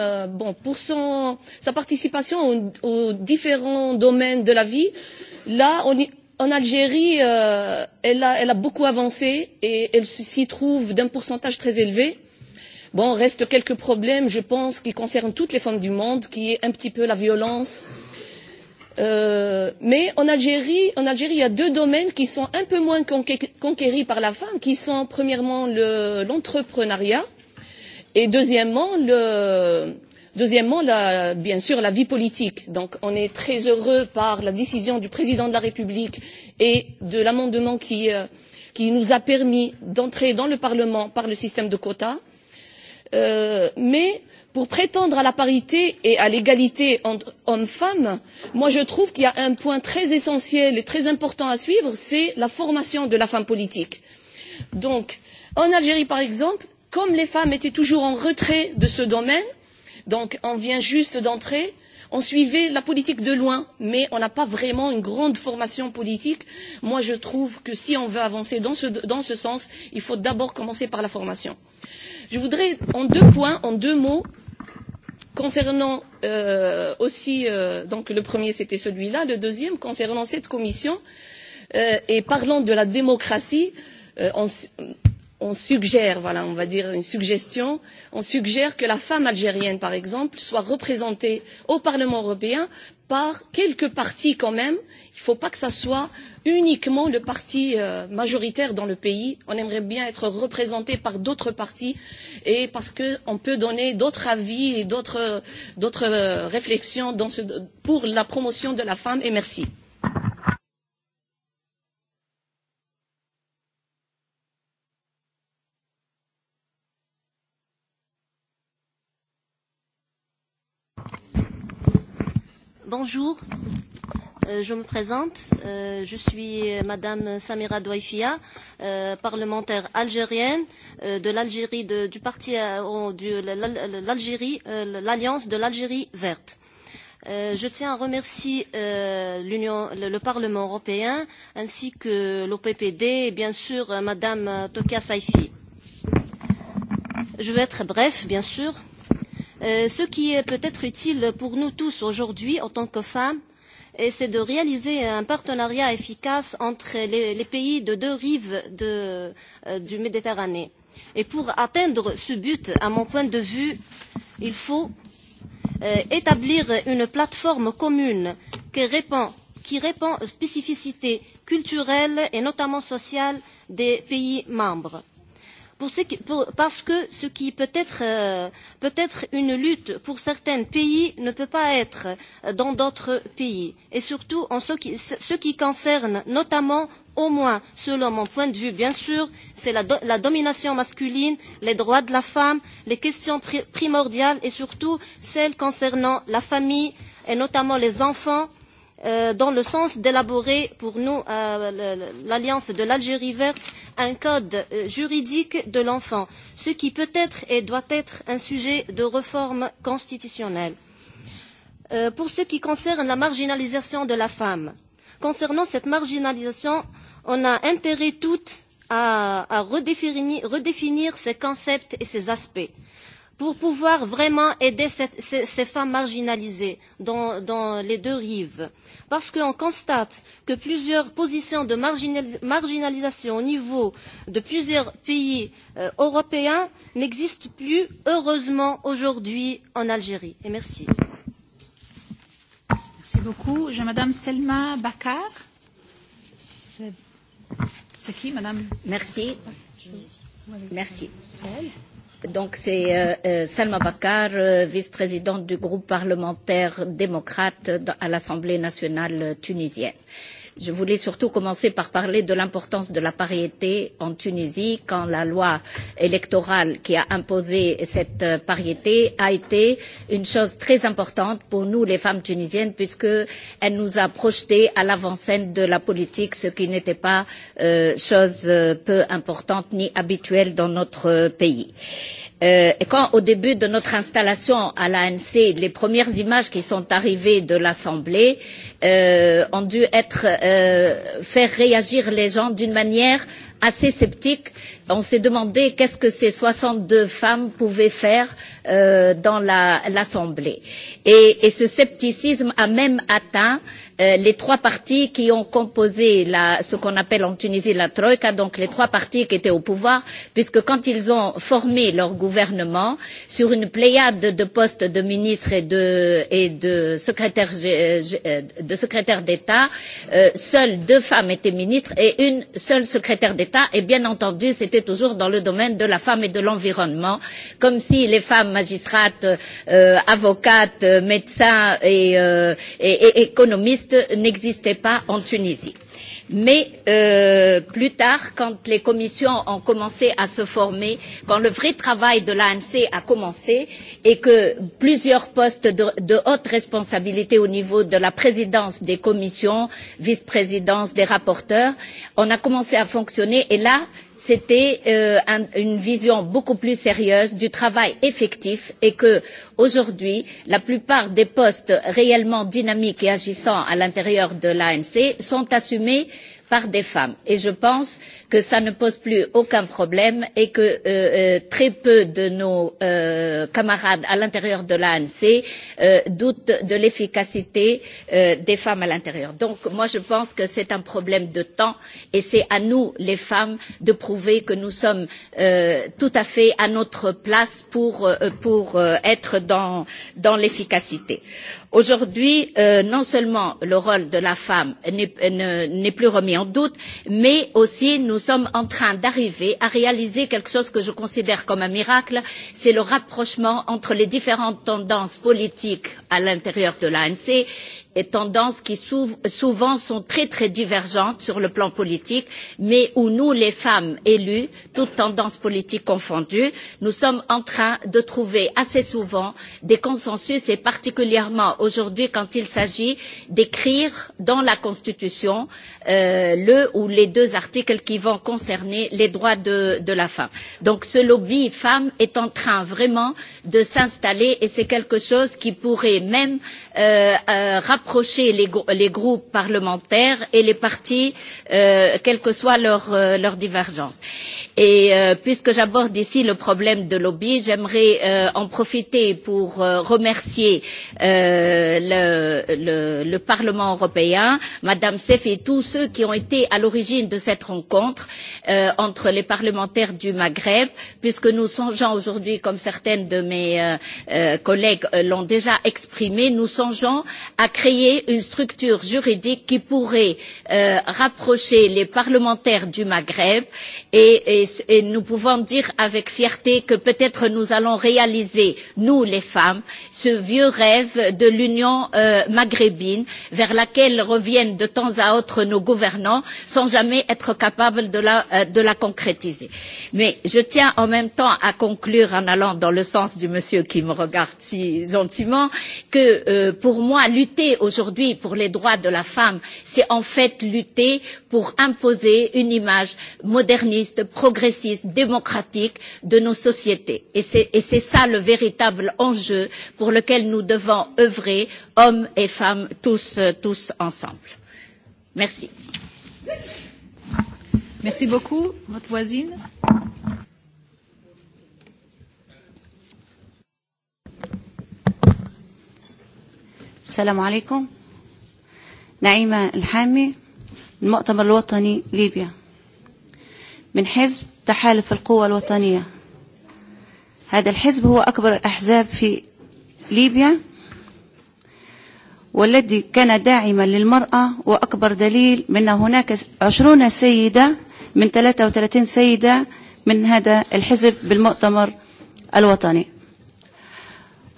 pour sa participation aux différents domaines de la vie, là, en Algérie, elle a beaucoup avancé et elle s'y trouve d'un pourcentage très élevé Bon, reste quelques problèmes, je pense, qui concernent toutes les femmes du monde, qui est un petit peu la violence. Mais en Algérie, il y a deux domaines qui sont un peu moins conquéris par la femme, qui sont premièrement l'entrepreneuriat et deuxièmement, deuxièmement, bien sûr, la vie politique. Donc on est très heureux par la décision du président de la République et de l'amendement qui nous a permis d'entrer dans le Parlement par le système de quotas mais pour prétendre à la parité et à l'égalité entre hommes femmes je trouve qu'il y a un point très essentiel et très important à suivre c'est la formation de la femme politique. en algérie par exemple comme les femmes étaient toujours en retrait de ce domaine on vient juste d'entrer on suivait la politique de loin mais on n'a pas vraiment une grande formation politique. moi je trouve que si on veut avancer dans ce sens il faut d'abord commencer par la formation. je voudrais en deux points en deux mots concernant aussi donc le premier c'était celui là le deuxième concernant cette commission et parlant de la démocratie on suggère voilà on va dire une suggestion on suggère que la femme algérienne par exemple soit représentée au parlement européen par quelques partis quand même il ne faut pas que ce soit uniquement le parti majoritaire dans le pays on aimerait bien être représenté par d'autres partis et parce qu'on peut donner d'autres avis et d'autres réflexions pour la promotion de la femme et merci. Bonjour, je me présente. Je suis Madame Samira Douaifia, parlementaire algérienne de l'Algérie, du parti de l'Algérie, l'Alliance de l'Algérie verte. Je tiens à remercier le Parlement européen ainsi que l'OPPD et bien sûr Madame Tokia Saifi. Je vais être bref, bien sûr ce qui est peut être utile pour nous tous aujourd'hui en tant que femmes c'est de réaliser un partenariat efficace entre les pays de deux rives de, du méditerranée. et pour atteindre ce but à mon point de vue il faut établir une plateforme commune qui répond aux spécificités culturelles et notamment sociales des pays membres parce que ce qui peut être une lutte pour certains pays ne peut pas être dans d'autres pays et surtout en ce qui concerne notamment au moins selon mon point de vue bien sûr c'est la domination masculine les droits de la femme les questions primordiales et surtout celles concernant la famille et notamment les enfants dans le sens d'élaborer pour nous l'alliance de l'Algérie verte un code juridique de l'enfant, ce qui peut être et doit être un sujet de réforme constitutionnelle. Pour ce qui concerne la marginalisation de la femme, concernant cette marginalisation, on a intérêt toutes à redéfinir ces concepts et ces aspects pour pouvoir vraiment aider ces femmes marginalisées dans les deux rives. Parce qu'on constate que plusieurs positions de marginalisation au niveau de plusieurs pays européens n'existent plus, heureusement, aujourd'hui en Algérie. Et merci. Merci beaucoup. Madame Selma Bakar. C'est qui, Madame Merci. Donc c'est Salma Bakar, vice-présidente du groupe parlementaire démocrate à l'Assemblée nationale tunisienne. Je voulais surtout commencer par parler de l'importance de la parité en Tunisie quand la loi électorale qui a imposé cette parité a été une chose très importante pour nous, les femmes tunisiennes, puisqu'elle nous a projetés à l'avant-scène de la politique, ce qui n'était pas chose peu importante ni habituelle dans notre pays. Et quand, au début de notre installation à l'ANC, les premières images qui sont arrivées de l'Assemblée ont dû faire réagir les gens d'une manière assez sceptique. On s'est demandé qu'est-ce que ces 62 femmes pouvaient faire dans l'Assemblée. Et ce scepticisme a même atteint les trois partis qui ont composé ce qu'on appelle en Tunisie la Troïka, donc les trois partis qui étaient au pouvoir, puisque quand ils ont formé leur gouvernement sur une pléiade de postes de ministres et de secrétaires d'État, seules deux femmes étaient ministres et une seule secrétaire d'État et bien entendu c'était toujours dans le domaine de la femme et de l'environnement comme si les femmes magistrates, avocates, médecins et économistes n'existaient pas en Tunisie mais plus tard, quand les commissions ont commencé à se former, quand le vrai travail de l'ANC a commencé et que plusieurs postes de haute responsabilité au niveau de la présidence des commissions, vice-présidence, des rapporteurs, on a commencé à fonctionner et là, c'était une vision beaucoup plus sérieuse du travail effectif et que aujourd'hui la plupart des postes réellement dynamiques et agissants à l'intérieur de l'anc sont assumés par des femmes. Et je pense que ça ne pose plus aucun problème et que très peu de nos camarades à l'intérieur de l'ANC doutent de l'efficacité des femmes à l'intérieur. Donc moi je pense que c'est un problème de temps et c'est à nous les femmes de prouver que nous sommes tout à fait à notre place pour être dans l'efficacité. Aujourd'hui, non seulement le rôle de la femme n'est plus remis en doute, mais aussi nous sommes en train d'arriver à réaliser quelque chose que je considère comme un miracle, c'est le rapprochement entre les différentes tendances politiques à l'intérieur de l'ANC tendances qui souvent sont très très divergentes sur le plan politique mais où nous les femmes élues toutes tendances politiques confondues nous sommes en train de trouver assez souvent des consensus et particulièrement aujourd'hui quand il s'agit d'écrire dans la constitution le ou les deux articles qui vont concerner les droits de la femme. donc ce lobby femmes est en train vraiment de s'installer et c'est quelque chose qui pourrait même rapprocher les groupes parlementaires et les partis, quelles que soient leurs divergences. Et puisque j'aborde ici le problème de lobby, j'aimerais en profiter pour remercier le Parlement européen, Madame Seff et tous ceux qui ont été à l'origine de cette rencontre entre les parlementaires du Maghreb, puisque nous songeons aujourd'hui, comme certaines de mes collègues l'ont déjà exprimé, nous songeons à créer une structure juridique qui pourrait rapprocher les parlementaires du Maghreb et nous pouvons dire avec fierté que peut-être nous allons réaliser, nous les femmes, ce vieux rêve de l'Union maghrébine vers laquelle reviennent de temps à autre nos gouvernants sans jamais être capables de la concrétiser. Mais je tiens en même temps à conclure en allant dans le sens du monsieur qui me regarde si gentiment que pour moi, lutter aujourd'hui pour les droits de la femme, c'est en fait lutter pour imposer une image moderniste, progressiste, démocratique de nos sociétés. Et c'est ça le véritable enjeu pour lequel nous devons œuvrer, hommes et femmes, tous ensemble. Merci. Merci beaucoup. Votre voisine. السلام عليكم نعيمة الحامي المؤتمر الوطني ليبيا من حزب تحالف القوى الوطنية هذا الحزب هو أكبر الأحزاب في ليبيا والذي كان داعما للمرأة وأكبر دليل من هناك عشرون سيدة من 33 سيدة من هذا الحزب بالمؤتمر الوطني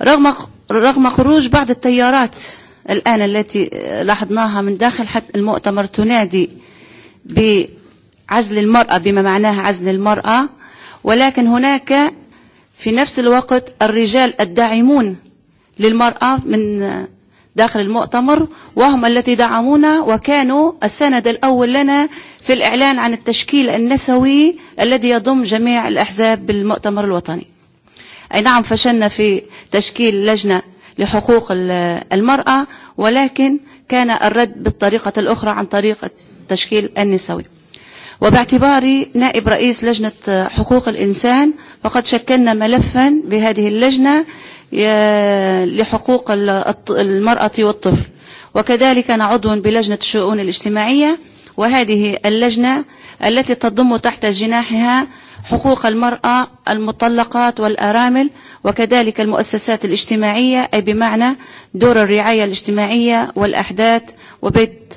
رغم رغم خروج بعض التيارات الآن التي لاحظناها من داخل المؤتمر تنادي بعزل المرأة بما معناه عزل المرأة ولكن هناك في نفس الوقت الرجال الداعمون للمرأة من داخل المؤتمر وهم التي دعمونا وكانوا السند الأول لنا في الإعلان عن التشكيل النسوي الذي يضم جميع الأحزاب بالمؤتمر الوطني أي نعم فشلنا في تشكيل لجنة لحقوق المرأة ولكن كان الرد بالطريقة الأخرى عن طريق التشكيل النسوي وباعتباري نائب رئيس لجنة حقوق الإنسان فقد شكلنا ملفا بهذه اللجنة لحقوق المرأة والطفل وكذلك أنا عضو بلجنة الشؤون الاجتماعية وهذه اللجنة التي تضم تحت جناحها حقوق المرأة المطلقات والأرامل وكذلك المؤسسات الاجتماعية أي بمعنى دور الرعاية الاجتماعية والأحداث وبيت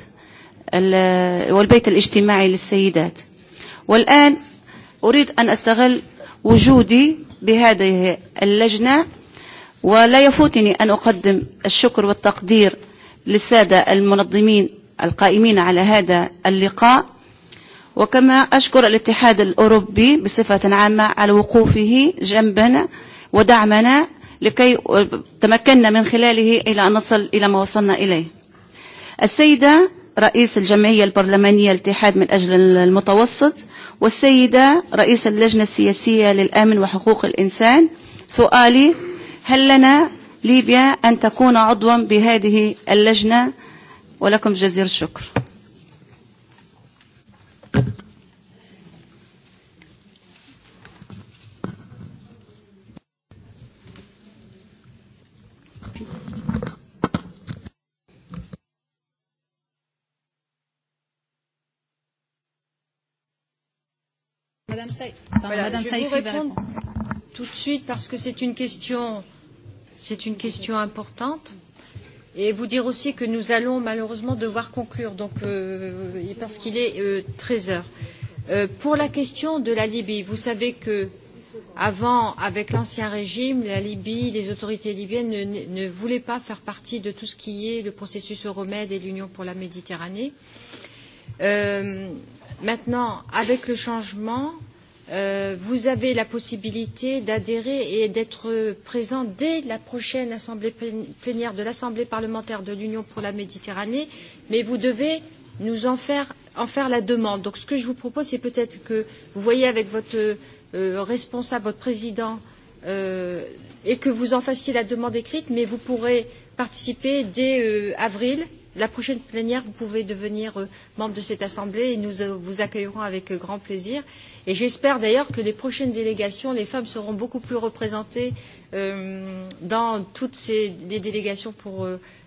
والبيت الاجتماعي للسيدات والآن أريد أن أستغل وجودي بهذه اللجنة ولا يفوتني أن أقدم الشكر والتقدير للسادة المنظمين القائمين على هذا اللقاء وكما أشكر الاتحاد الأوروبي بصفة عامة على وقوفه جنبنا ودعمنا لكي تمكننا من خلاله إلى أن نصل إلى ما وصلنا إليه السيدة رئيس الجمعية البرلمانية الاتحاد من أجل المتوسط والسيدة رئيس اللجنة السياسية للآمن وحقوق الإنسان سؤالي هل لنا ليبيا أن تكون عضوا بهذه اللجنة ولكم جزيل الشكر Madame Saïfi, je vais répondre tout de suite parce que c'est une question, c'est une question importante. Et vous dire aussi que nous allons malheureusement devoir conclure, donc, euh, parce qu'il est 13 heures. Euh, pour la question de la Libye, vous savez que avant, avec l'ancien régime, la Libye, les autorités libyennes ne, ne voulaient pas faire partie de tout ce qui est le processus Euromède et l'Union pour la Méditerranée. Euh, Maintenant, avec le changement, vous avez la possibilité d'adhérer et d'être présent dès la prochaine assemblée plénière de l'Assemblée parlementaire de l'Union pour la Méditerranée, mais vous devez nous en faire la demande. Donc ce que je vous propose, c'est peut-être que vous voyez avec votre responsable, votre président, et que vous en fassiez la demande écrite, mais vous pourrez participer dès avril la prochaine plénière, vous pouvez devenir membre de cette assemblée et nous vous accueillerons avec grand plaisir. Et j'espère d'ailleurs que les prochaines délégations, les femmes seront beaucoup plus représentées dans toutes ces, les délégations pour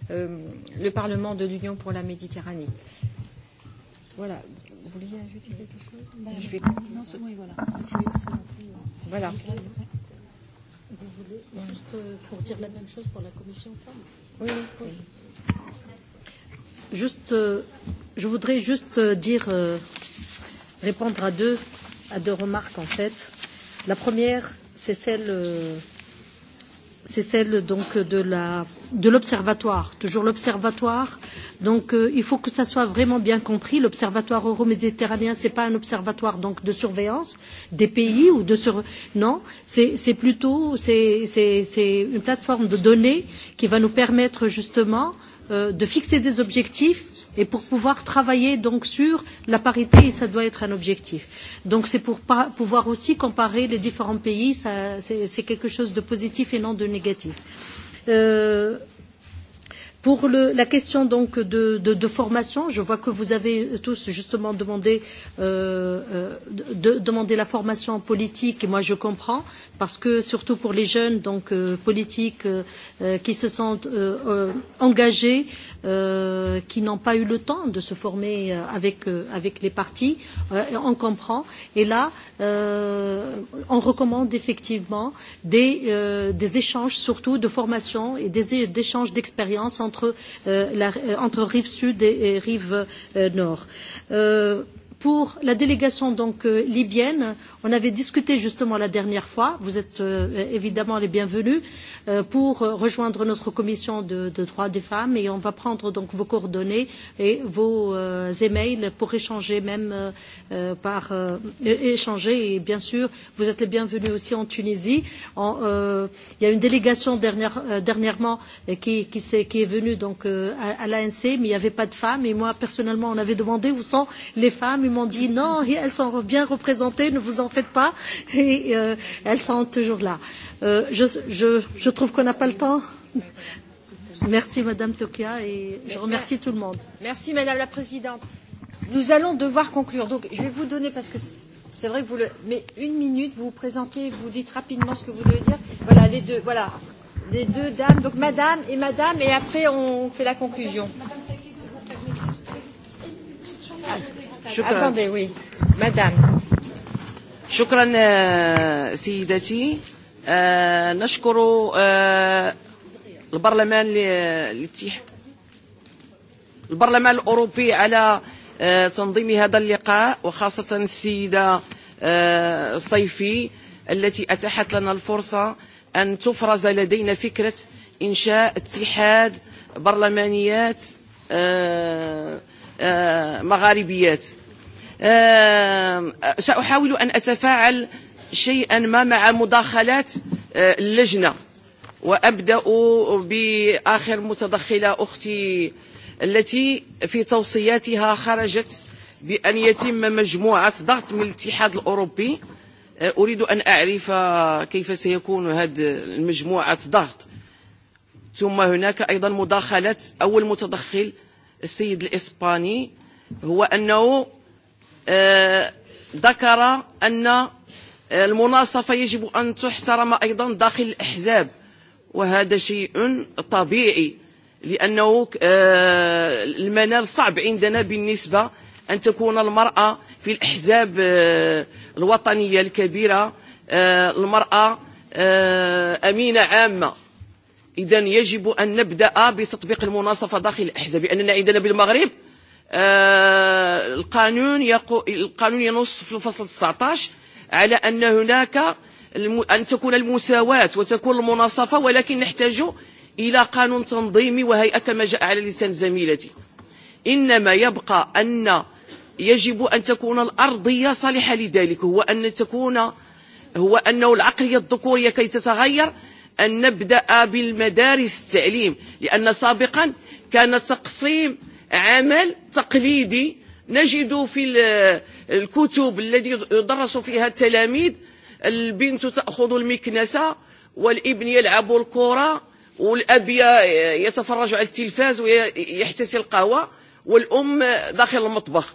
le Parlement de l'Union pour la Méditerranée. Voilà. Vous vouliez ajouter quelque chose voulez juste pour dire la même chose pour la commission femmes Juste, je voudrais juste dire, répondre à deux, à deux remarques en fait. La première, c'est celle, c'est celle donc de la, de l'observatoire, toujours l'observatoire. Donc il faut que ça soit vraiment bien compris. L'observatoire euro-méditerranéen, ce n'est pas un observatoire donc de surveillance des pays ou de sur... Non, c'est plutôt c'est une plateforme de données qui va nous permettre justement de fixer des objectifs et pour pouvoir travailler donc sur la parité et ça doit être un objectif. Donc c'est pour pouvoir aussi comparer les différents pays, c'est quelque chose de positif et non de négatif. Pour la question donc de formation, je vois que vous avez tous justement demandé de la formation politique et moi je comprends parce que surtout pour les jeunes donc politiques qui se sont engagés, qui n'ont pas eu le temps de se former avec les partis, on comprend et là on recommande effectivement des échanges surtout de formation et des échanges d'expérience entre rive sud et rive nord. Pour la délégation libyenne, on avait discuté justement la dernière fois, vous êtes évidemment les bienvenus, pour rejoindre notre commission de droits des femmes et on va prendre donc vos coordonnées et vos emails pour échanger même par échanger et bien sûr vous êtes les bienvenus aussi en Tunisie. Il y a une délégation dernièrement qui est venue à l'ANC mais il n'y avait pas de femmes et moi personnellement on avait demandé où sont les femmes m'ont dit non, elles sont bien représentées, ne vous en faites pas, et elles sont toujours là. Je trouve qu'on n'a pas le temps. Merci Madame Tokia et je remercie tout le monde. Merci Madame la Présidente. Nous allons devoir conclure. Donc je vais vous donner, parce que c'est vrai que vous le. Mais une minute, vous vous présentez, vous dites rapidement ce que vous devez dire. Voilà, les deux, voilà, les deux dames. Donc Madame et Madame, et après on fait la conclusion. Attendez, oui. شكرا سيدتي نشكر البرلمان البرلمان الأوروبي على تنظيم هذا اللقاء وخاصه السيده صيفي التي أتاحت لنا الفرصه أن تفرز لدينا فكره إنشاء اتحاد برلمانيات مغاربيات سأحاول أن أتفاعل شيئا ما مع مداخلات اللجنة وأبدأ بآخر متدخلة أختي التي في توصياتها خرجت بأن يتم مجموعة ضغط من الاتحاد الأوروبي أريد أن أعرف كيف سيكون هذه المجموعة ضغط ثم هناك أيضا مداخلة أول متدخل السيد الإسباني هو أنه ذكر أن المناصفة يجب أن تحترم أيضا داخل الأحزاب وهذا شيء طبيعي لأنه المنال صعب عندنا بالنسبة أن تكون المرأة في الأحزاب الوطنية الكبيرة المرأة أمينة عامة إذا يجب أن نبدأ بتطبيق المناصفة داخل الأحزاب لأننا عندنا بالمغرب القانون القانون ينص في الفصل 19 على أن هناك أن تكون المساواة وتكون المناصفة ولكن نحتاج إلى قانون تنظيمي وهيئة كما جاء على لسان زميلتي إنما يبقى أن يجب أن تكون الأرضية صالحة لذلك هو أن تكون هو أنه العقلية الذكورية كي تتغير أن نبدأ بالمدارس التعليم لأن سابقا كان تقسيم عمل تقليدي نجد في الكتب الذي يدرس فيها التلاميذ البنت تأخذ المكنسة والابن يلعب الكرة والأب يتفرج على التلفاز ويحتسي القهوة والأم داخل المطبخ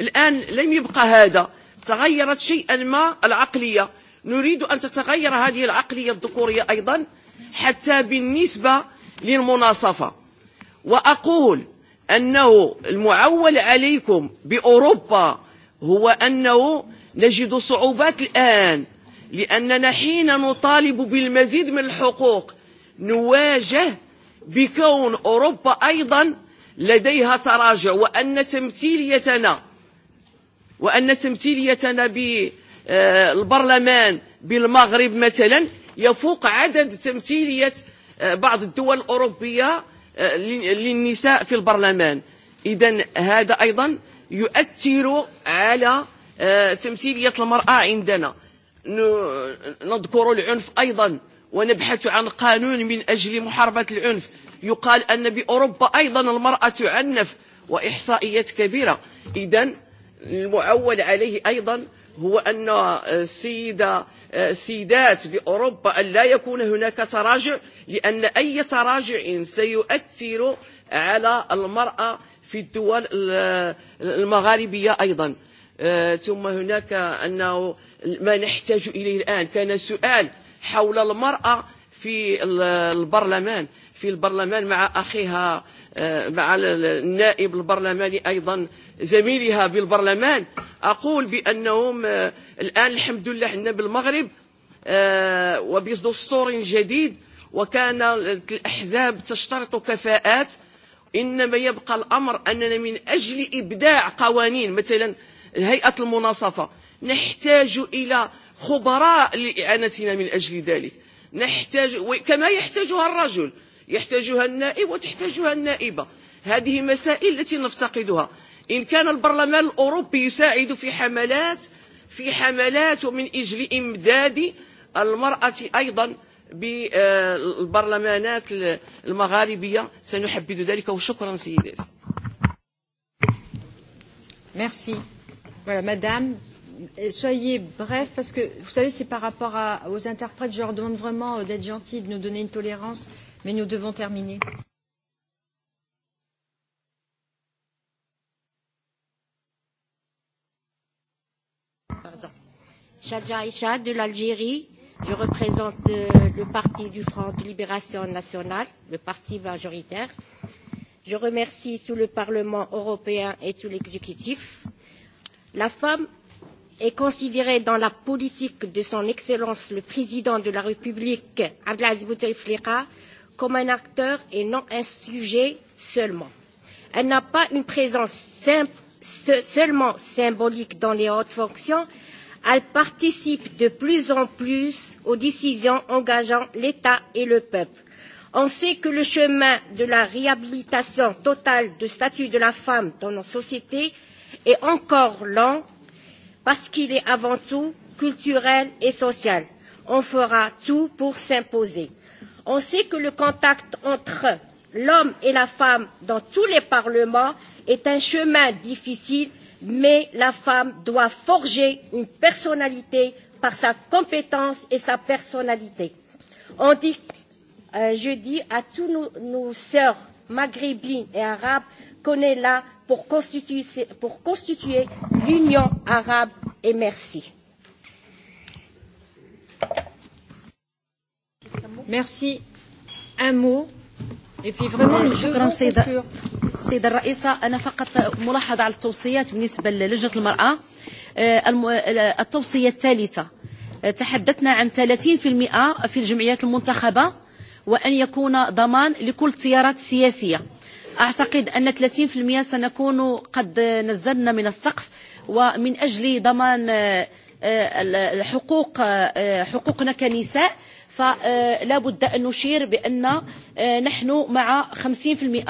الآن لم يبقى هذا تغيرت شيئا ما العقلية نريد أن تتغير هذه العقلية الذكورية أيضا حتى بالنسبة للمناصفة وأقول أنه المعول عليكم بأوروبا هو أنه نجد صعوبات الآن لأننا حين نطالب بالمزيد من الحقوق نواجه بكون أوروبا أيضا لديها تراجع وأن تمثيليتنا وأن تمثيليتنا البرلمان بالمغرب مثلا يفوق عدد تمثيلية بعض الدول الأوروبية للنساء في البرلمان إذا هذا أيضا يؤثر على تمثيلية المرأة عندنا نذكر العنف أيضا ونبحث عن قانون من أجل محاربة العنف يقال أن بأوروبا أيضا المرأة تعنف وإحصائيات كبيرة إذا المعول عليه أيضا هو أن السيدة سيدات بأوروبا أن لا يكون هناك تراجع لأن أي تراجع سيؤثر على المرأة في الدول المغاربية أيضا ثم هناك أنه ما نحتاج إليه الآن كان سؤال حول المرأة في البرلمان في البرلمان مع أخيها مع النائب البرلماني أيضا زميلها بالبرلمان أقول بأنهم الآن الحمد لله حنا بالمغرب وبدستور جديد وكان الأحزاب تشترط كفاءات إنما يبقى الأمر أننا من أجل إبداع قوانين مثلا هيئة المناصفة نحتاج إلى خبراء لإعانتنا من أجل ذلك نحتاج كما يحتاجها الرجل يحتاجها النائب وتحتاجها النائبة هذه مسائل التي نفتقدها إن كان البرلمان الأوروبي يساعد في حملات في حملات من أجل إمداد المرأة أيضا بالبرلمانات المغاربية سنحبذ ذلك وشكرا سيداتي Merci. Voilà, Madame, soyez bref parce que vous savez, c'est par rapport aux interprètes, je leur demande vraiment d'être gentils, de nous donner une tolérance, mais nous devons terminer. Chadja Isha de l'Algérie. Je représente le parti du Front de Libération Nationale, le parti majoritaire. Je remercie tout le Parlement européen et tout l'exécutif. La femme est considérée dans la politique de son Excellence le Président de la République, Abdelaziz Bouteflika, comme un acteur et non un sujet seulement. Elle n'a pas une présence seulement symbolique dans les hautes fonctions, elle participe de plus en plus aux décisions engageant l'état et le peuple. on sait que le chemin de la réhabilitation totale du statut de la femme dans nos sociétés est encore long parce qu'il est avant tout culturel et social. on fera tout pour s'imposer. on sait que le contact entre l'homme et la femme dans tous les parlements est un chemin difficile mais la femme doit forger une personnalité par sa compétence et sa personnalité. je dis à tous nos, sœurs maghrébines et arabes qu'on est là pour constituer, pour constituer l'Union arabe et merci. Merci. Un mot شكرا سيدة السيدة الرئيسة أنا فقط ملاحظة على التوصيات بالنسبة للجنة المرأة التوصية الثالثة تحدثنا عن 30% في الجمعيات المنتخبة وأن يكون ضمان لكل التيارات السياسية أعتقد أن 30% سنكون قد نزلنا من السقف ومن أجل ضمان حقوق حقوقنا كنساء فلا بد أن نشير بأن نحن مع 50%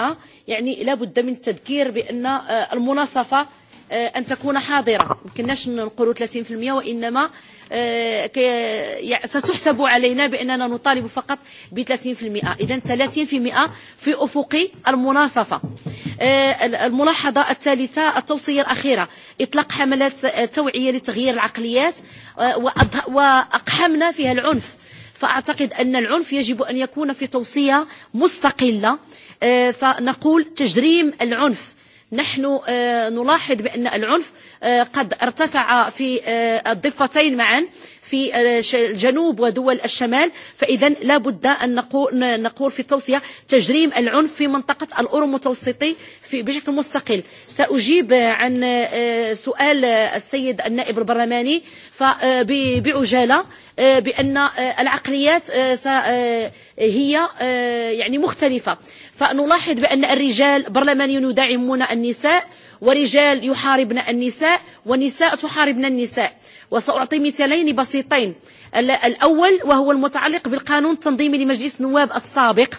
يعني لا بد من التذكير بأن المناصفة أن تكون حاضرة يمكنناش نقولوا 30% وإنما ستحسب علينا بأننا نطالب فقط ب 30% إذا 30% في أفق المناصفة الملاحظة الثالثة التوصية الأخيرة إطلاق حملات توعية لتغيير العقليات وأقحمنا فيها العنف فأعتقد أن العنف يجب أن يكون في توصية مستقلة فنقول تجريم العنف نحن نلاحظ بأن العنف قد ارتفع في الضفتين معا في الجنوب ودول الشمال فإذا لا بد أن نقول في التوصية تجريم العنف في منطقة الأورو المتوسطي بشكل مستقل سأجيب عن سؤال السيد النائب البرلماني فبعجالة بأن العقليات هي يعني مختلفة فنلاحظ بأن الرجال برلمانيون يدعمون النساء ورجال يحاربن النساء ونساء تحاربن النساء وسأعطي مثالين بسيطين الأول وهو المتعلق بالقانون التنظيمي لمجلس النواب السابق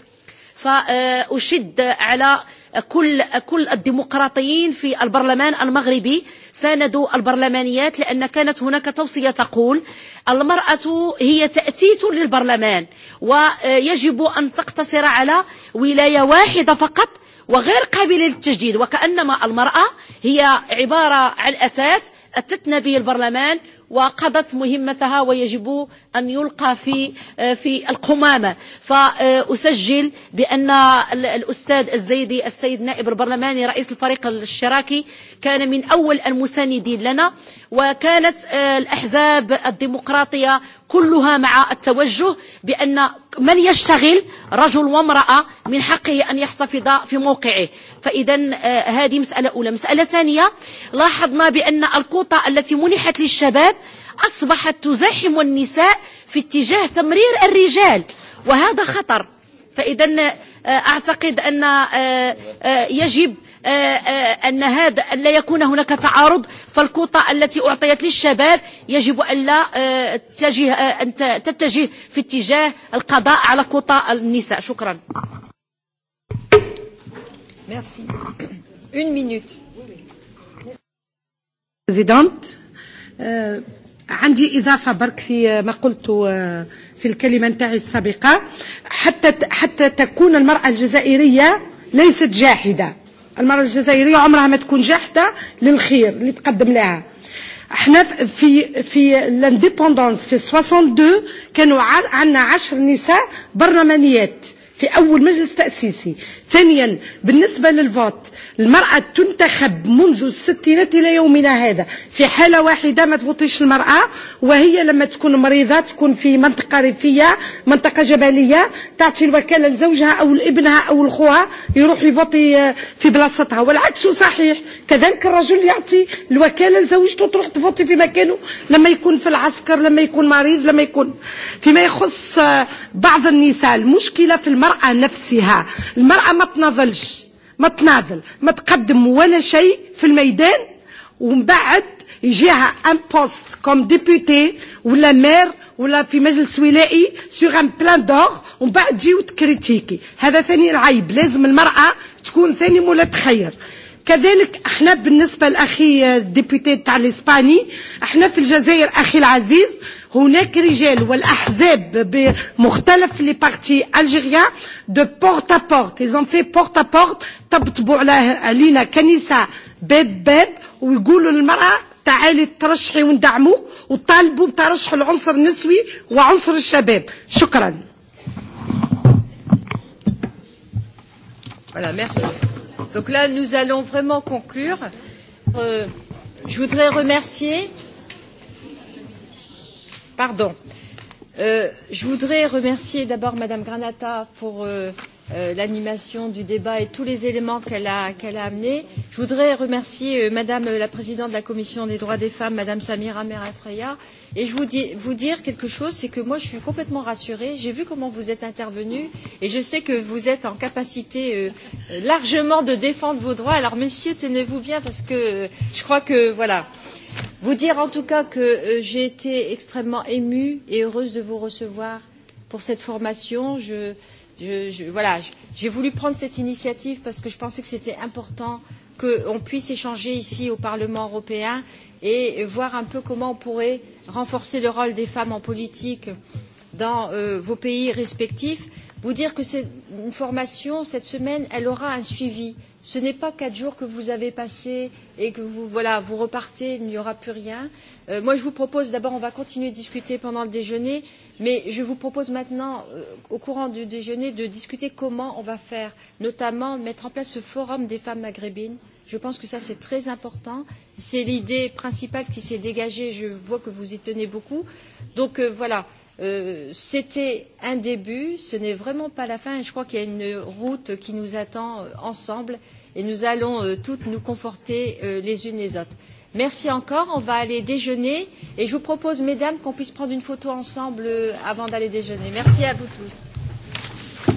فأشد على كل كل الديمقراطيين في البرلمان المغربي ساندوا البرلمانيات لان كانت هناك توصيه تقول المراه هي تاتيت للبرلمان ويجب ان تقتصر على ولايه واحده فقط وغير قابل للتجديد وكانما المراه هي عباره عن اتات اتتنا به البرلمان وقضت مهمتها ويجب أن يلقى في في القمامة فأسجل بأن الأستاذ الزيدي السيد نائب البرلماني رئيس الفريق الشراكي كان من أول المساندين لنا وكانت الأحزاب الديمقراطية كلها مع التوجه بأن من يشتغل رجل وامرأة من حقه أن يحتفظ في موقعه فإذا هذه مسألة أولى مسألة ثانية لاحظنا بأن الكوطة التي منحت للشباب أصبحت تزاحم النساء في اتجاه تمرير الرجال وهذا خطر فإذا أعتقد أن يجب أن هذا لا يكون هناك تعارض فالكوطة التي أعطيت للشباب يجب أن لا تتجه, تتجه في اتجاه القضاء على كوطة النساء شكرا Merci. Une minute. Présidente, عندي اضافه برك في ما قلت في الكلمه نتاعي السابقه حتى حتى تكون المراه الجزائريه ليست جاحده المراه الجزائريه عمرها ما تكون جاحده للخير اللي تقدم لها احنا في في لانديبوندونس في 62 كانوا عندنا عشر نساء برلمانيات في أول مجلس تأسيسي ثانيا بالنسبة للفوت المرأة تنتخب منذ الستينات إلى يومنا هذا في حالة واحدة ما تفوتيش المرأة وهي لما تكون مريضة تكون في منطقة ريفية منطقة جبلية تعطي الوكالة لزوجها أو لابنها أو لخوها يروح يفوتي في بلاصتها والعكس صحيح كذلك الرجل يعطي الوكالة لزوجته تروح تفوتي في مكانه لما يكون في العسكر لما يكون مريض لما يكون فيما يخص بعض النساء المشكلة في المرأة نفسها المرأة ما تناضلش ما تناضل ما تقدم ولا شيء في الميدان ومن بعد يجيها ان بوست كوم ديبوتي ولا مير ولا في مجلس ولائي سوغ ان بلان دور ومن بعد تجي وتكريتيكي هذا ثاني العيب لازم المراه تكون ثاني مولا تخير كذلك احنا بالنسبه لأخي الديبوتي تاع الإسباني احنا في الجزائر أخي العزيز هناك رجال والأحزاب بمختلف لي بارتي الجيريا دو بورت ا بورت ايزون في بورت ا بورت طبطبوا على علينا كنيسه باب باب ويقولوا للمراه تعالي ترشحي وندعموك وطالبوا بترشح العنصر النسوي وعنصر الشباب شكرا Voilà, merci. Donc là, nous allons vraiment conclure. Euh, je voudrais remercier euh, Pardon. Je voudrais remercier d'abord Madame Granata pour l'animation du débat et tous les éléments qu'elle a amenés. Je voudrais remercier Madame la Présidente de la Commission des droits des femmes, Madame Samira Merafreya, Et je vous dire quelque chose, c'est que moi je suis complètement rassurée. J'ai vu comment vous êtes intervenu et je sais que vous êtes en capacité largement de défendre vos droits. Alors messieurs, tenez-vous bien parce que je crois que voilà. Vous dire en tout cas que j'ai été extrêmement émue et heureuse de vous recevoir pour cette formation. J'ai voulu prendre cette initiative parce que je pensais que c'était important qu'on puisse échanger ici au Parlement européen et voir un peu comment on pourrait renforcer le rôle des femmes en politique dans vos pays respectifs, vous dire que cette formation, cette semaine, elle aura un suivi. Ce n'est pas quatre jours que vous avez passé et que vous, voilà, vous repartez, il n'y aura plus rien. Moi, je vous propose, d'abord, on va continuer de discuter pendant le déjeuner, mais je vous propose maintenant, au courant du déjeuner, de discuter comment on va faire, notamment mettre en place ce forum des femmes maghrébines Je pense que ça, c'est très important. C'est l'idée principale qui s'est dégagée. Je vois que vous y tenez beaucoup. Donc, voilà. C'était un début. Ce n'est vraiment pas la fin. Je crois qu'il y a une route qui nous attend ensemble et nous allons toutes nous conforter les unes les autres. Merci encore. On va aller déjeuner et je vous propose, mesdames, qu'on puisse prendre une photo ensemble avant d'aller déjeuner. Merci à vous tous.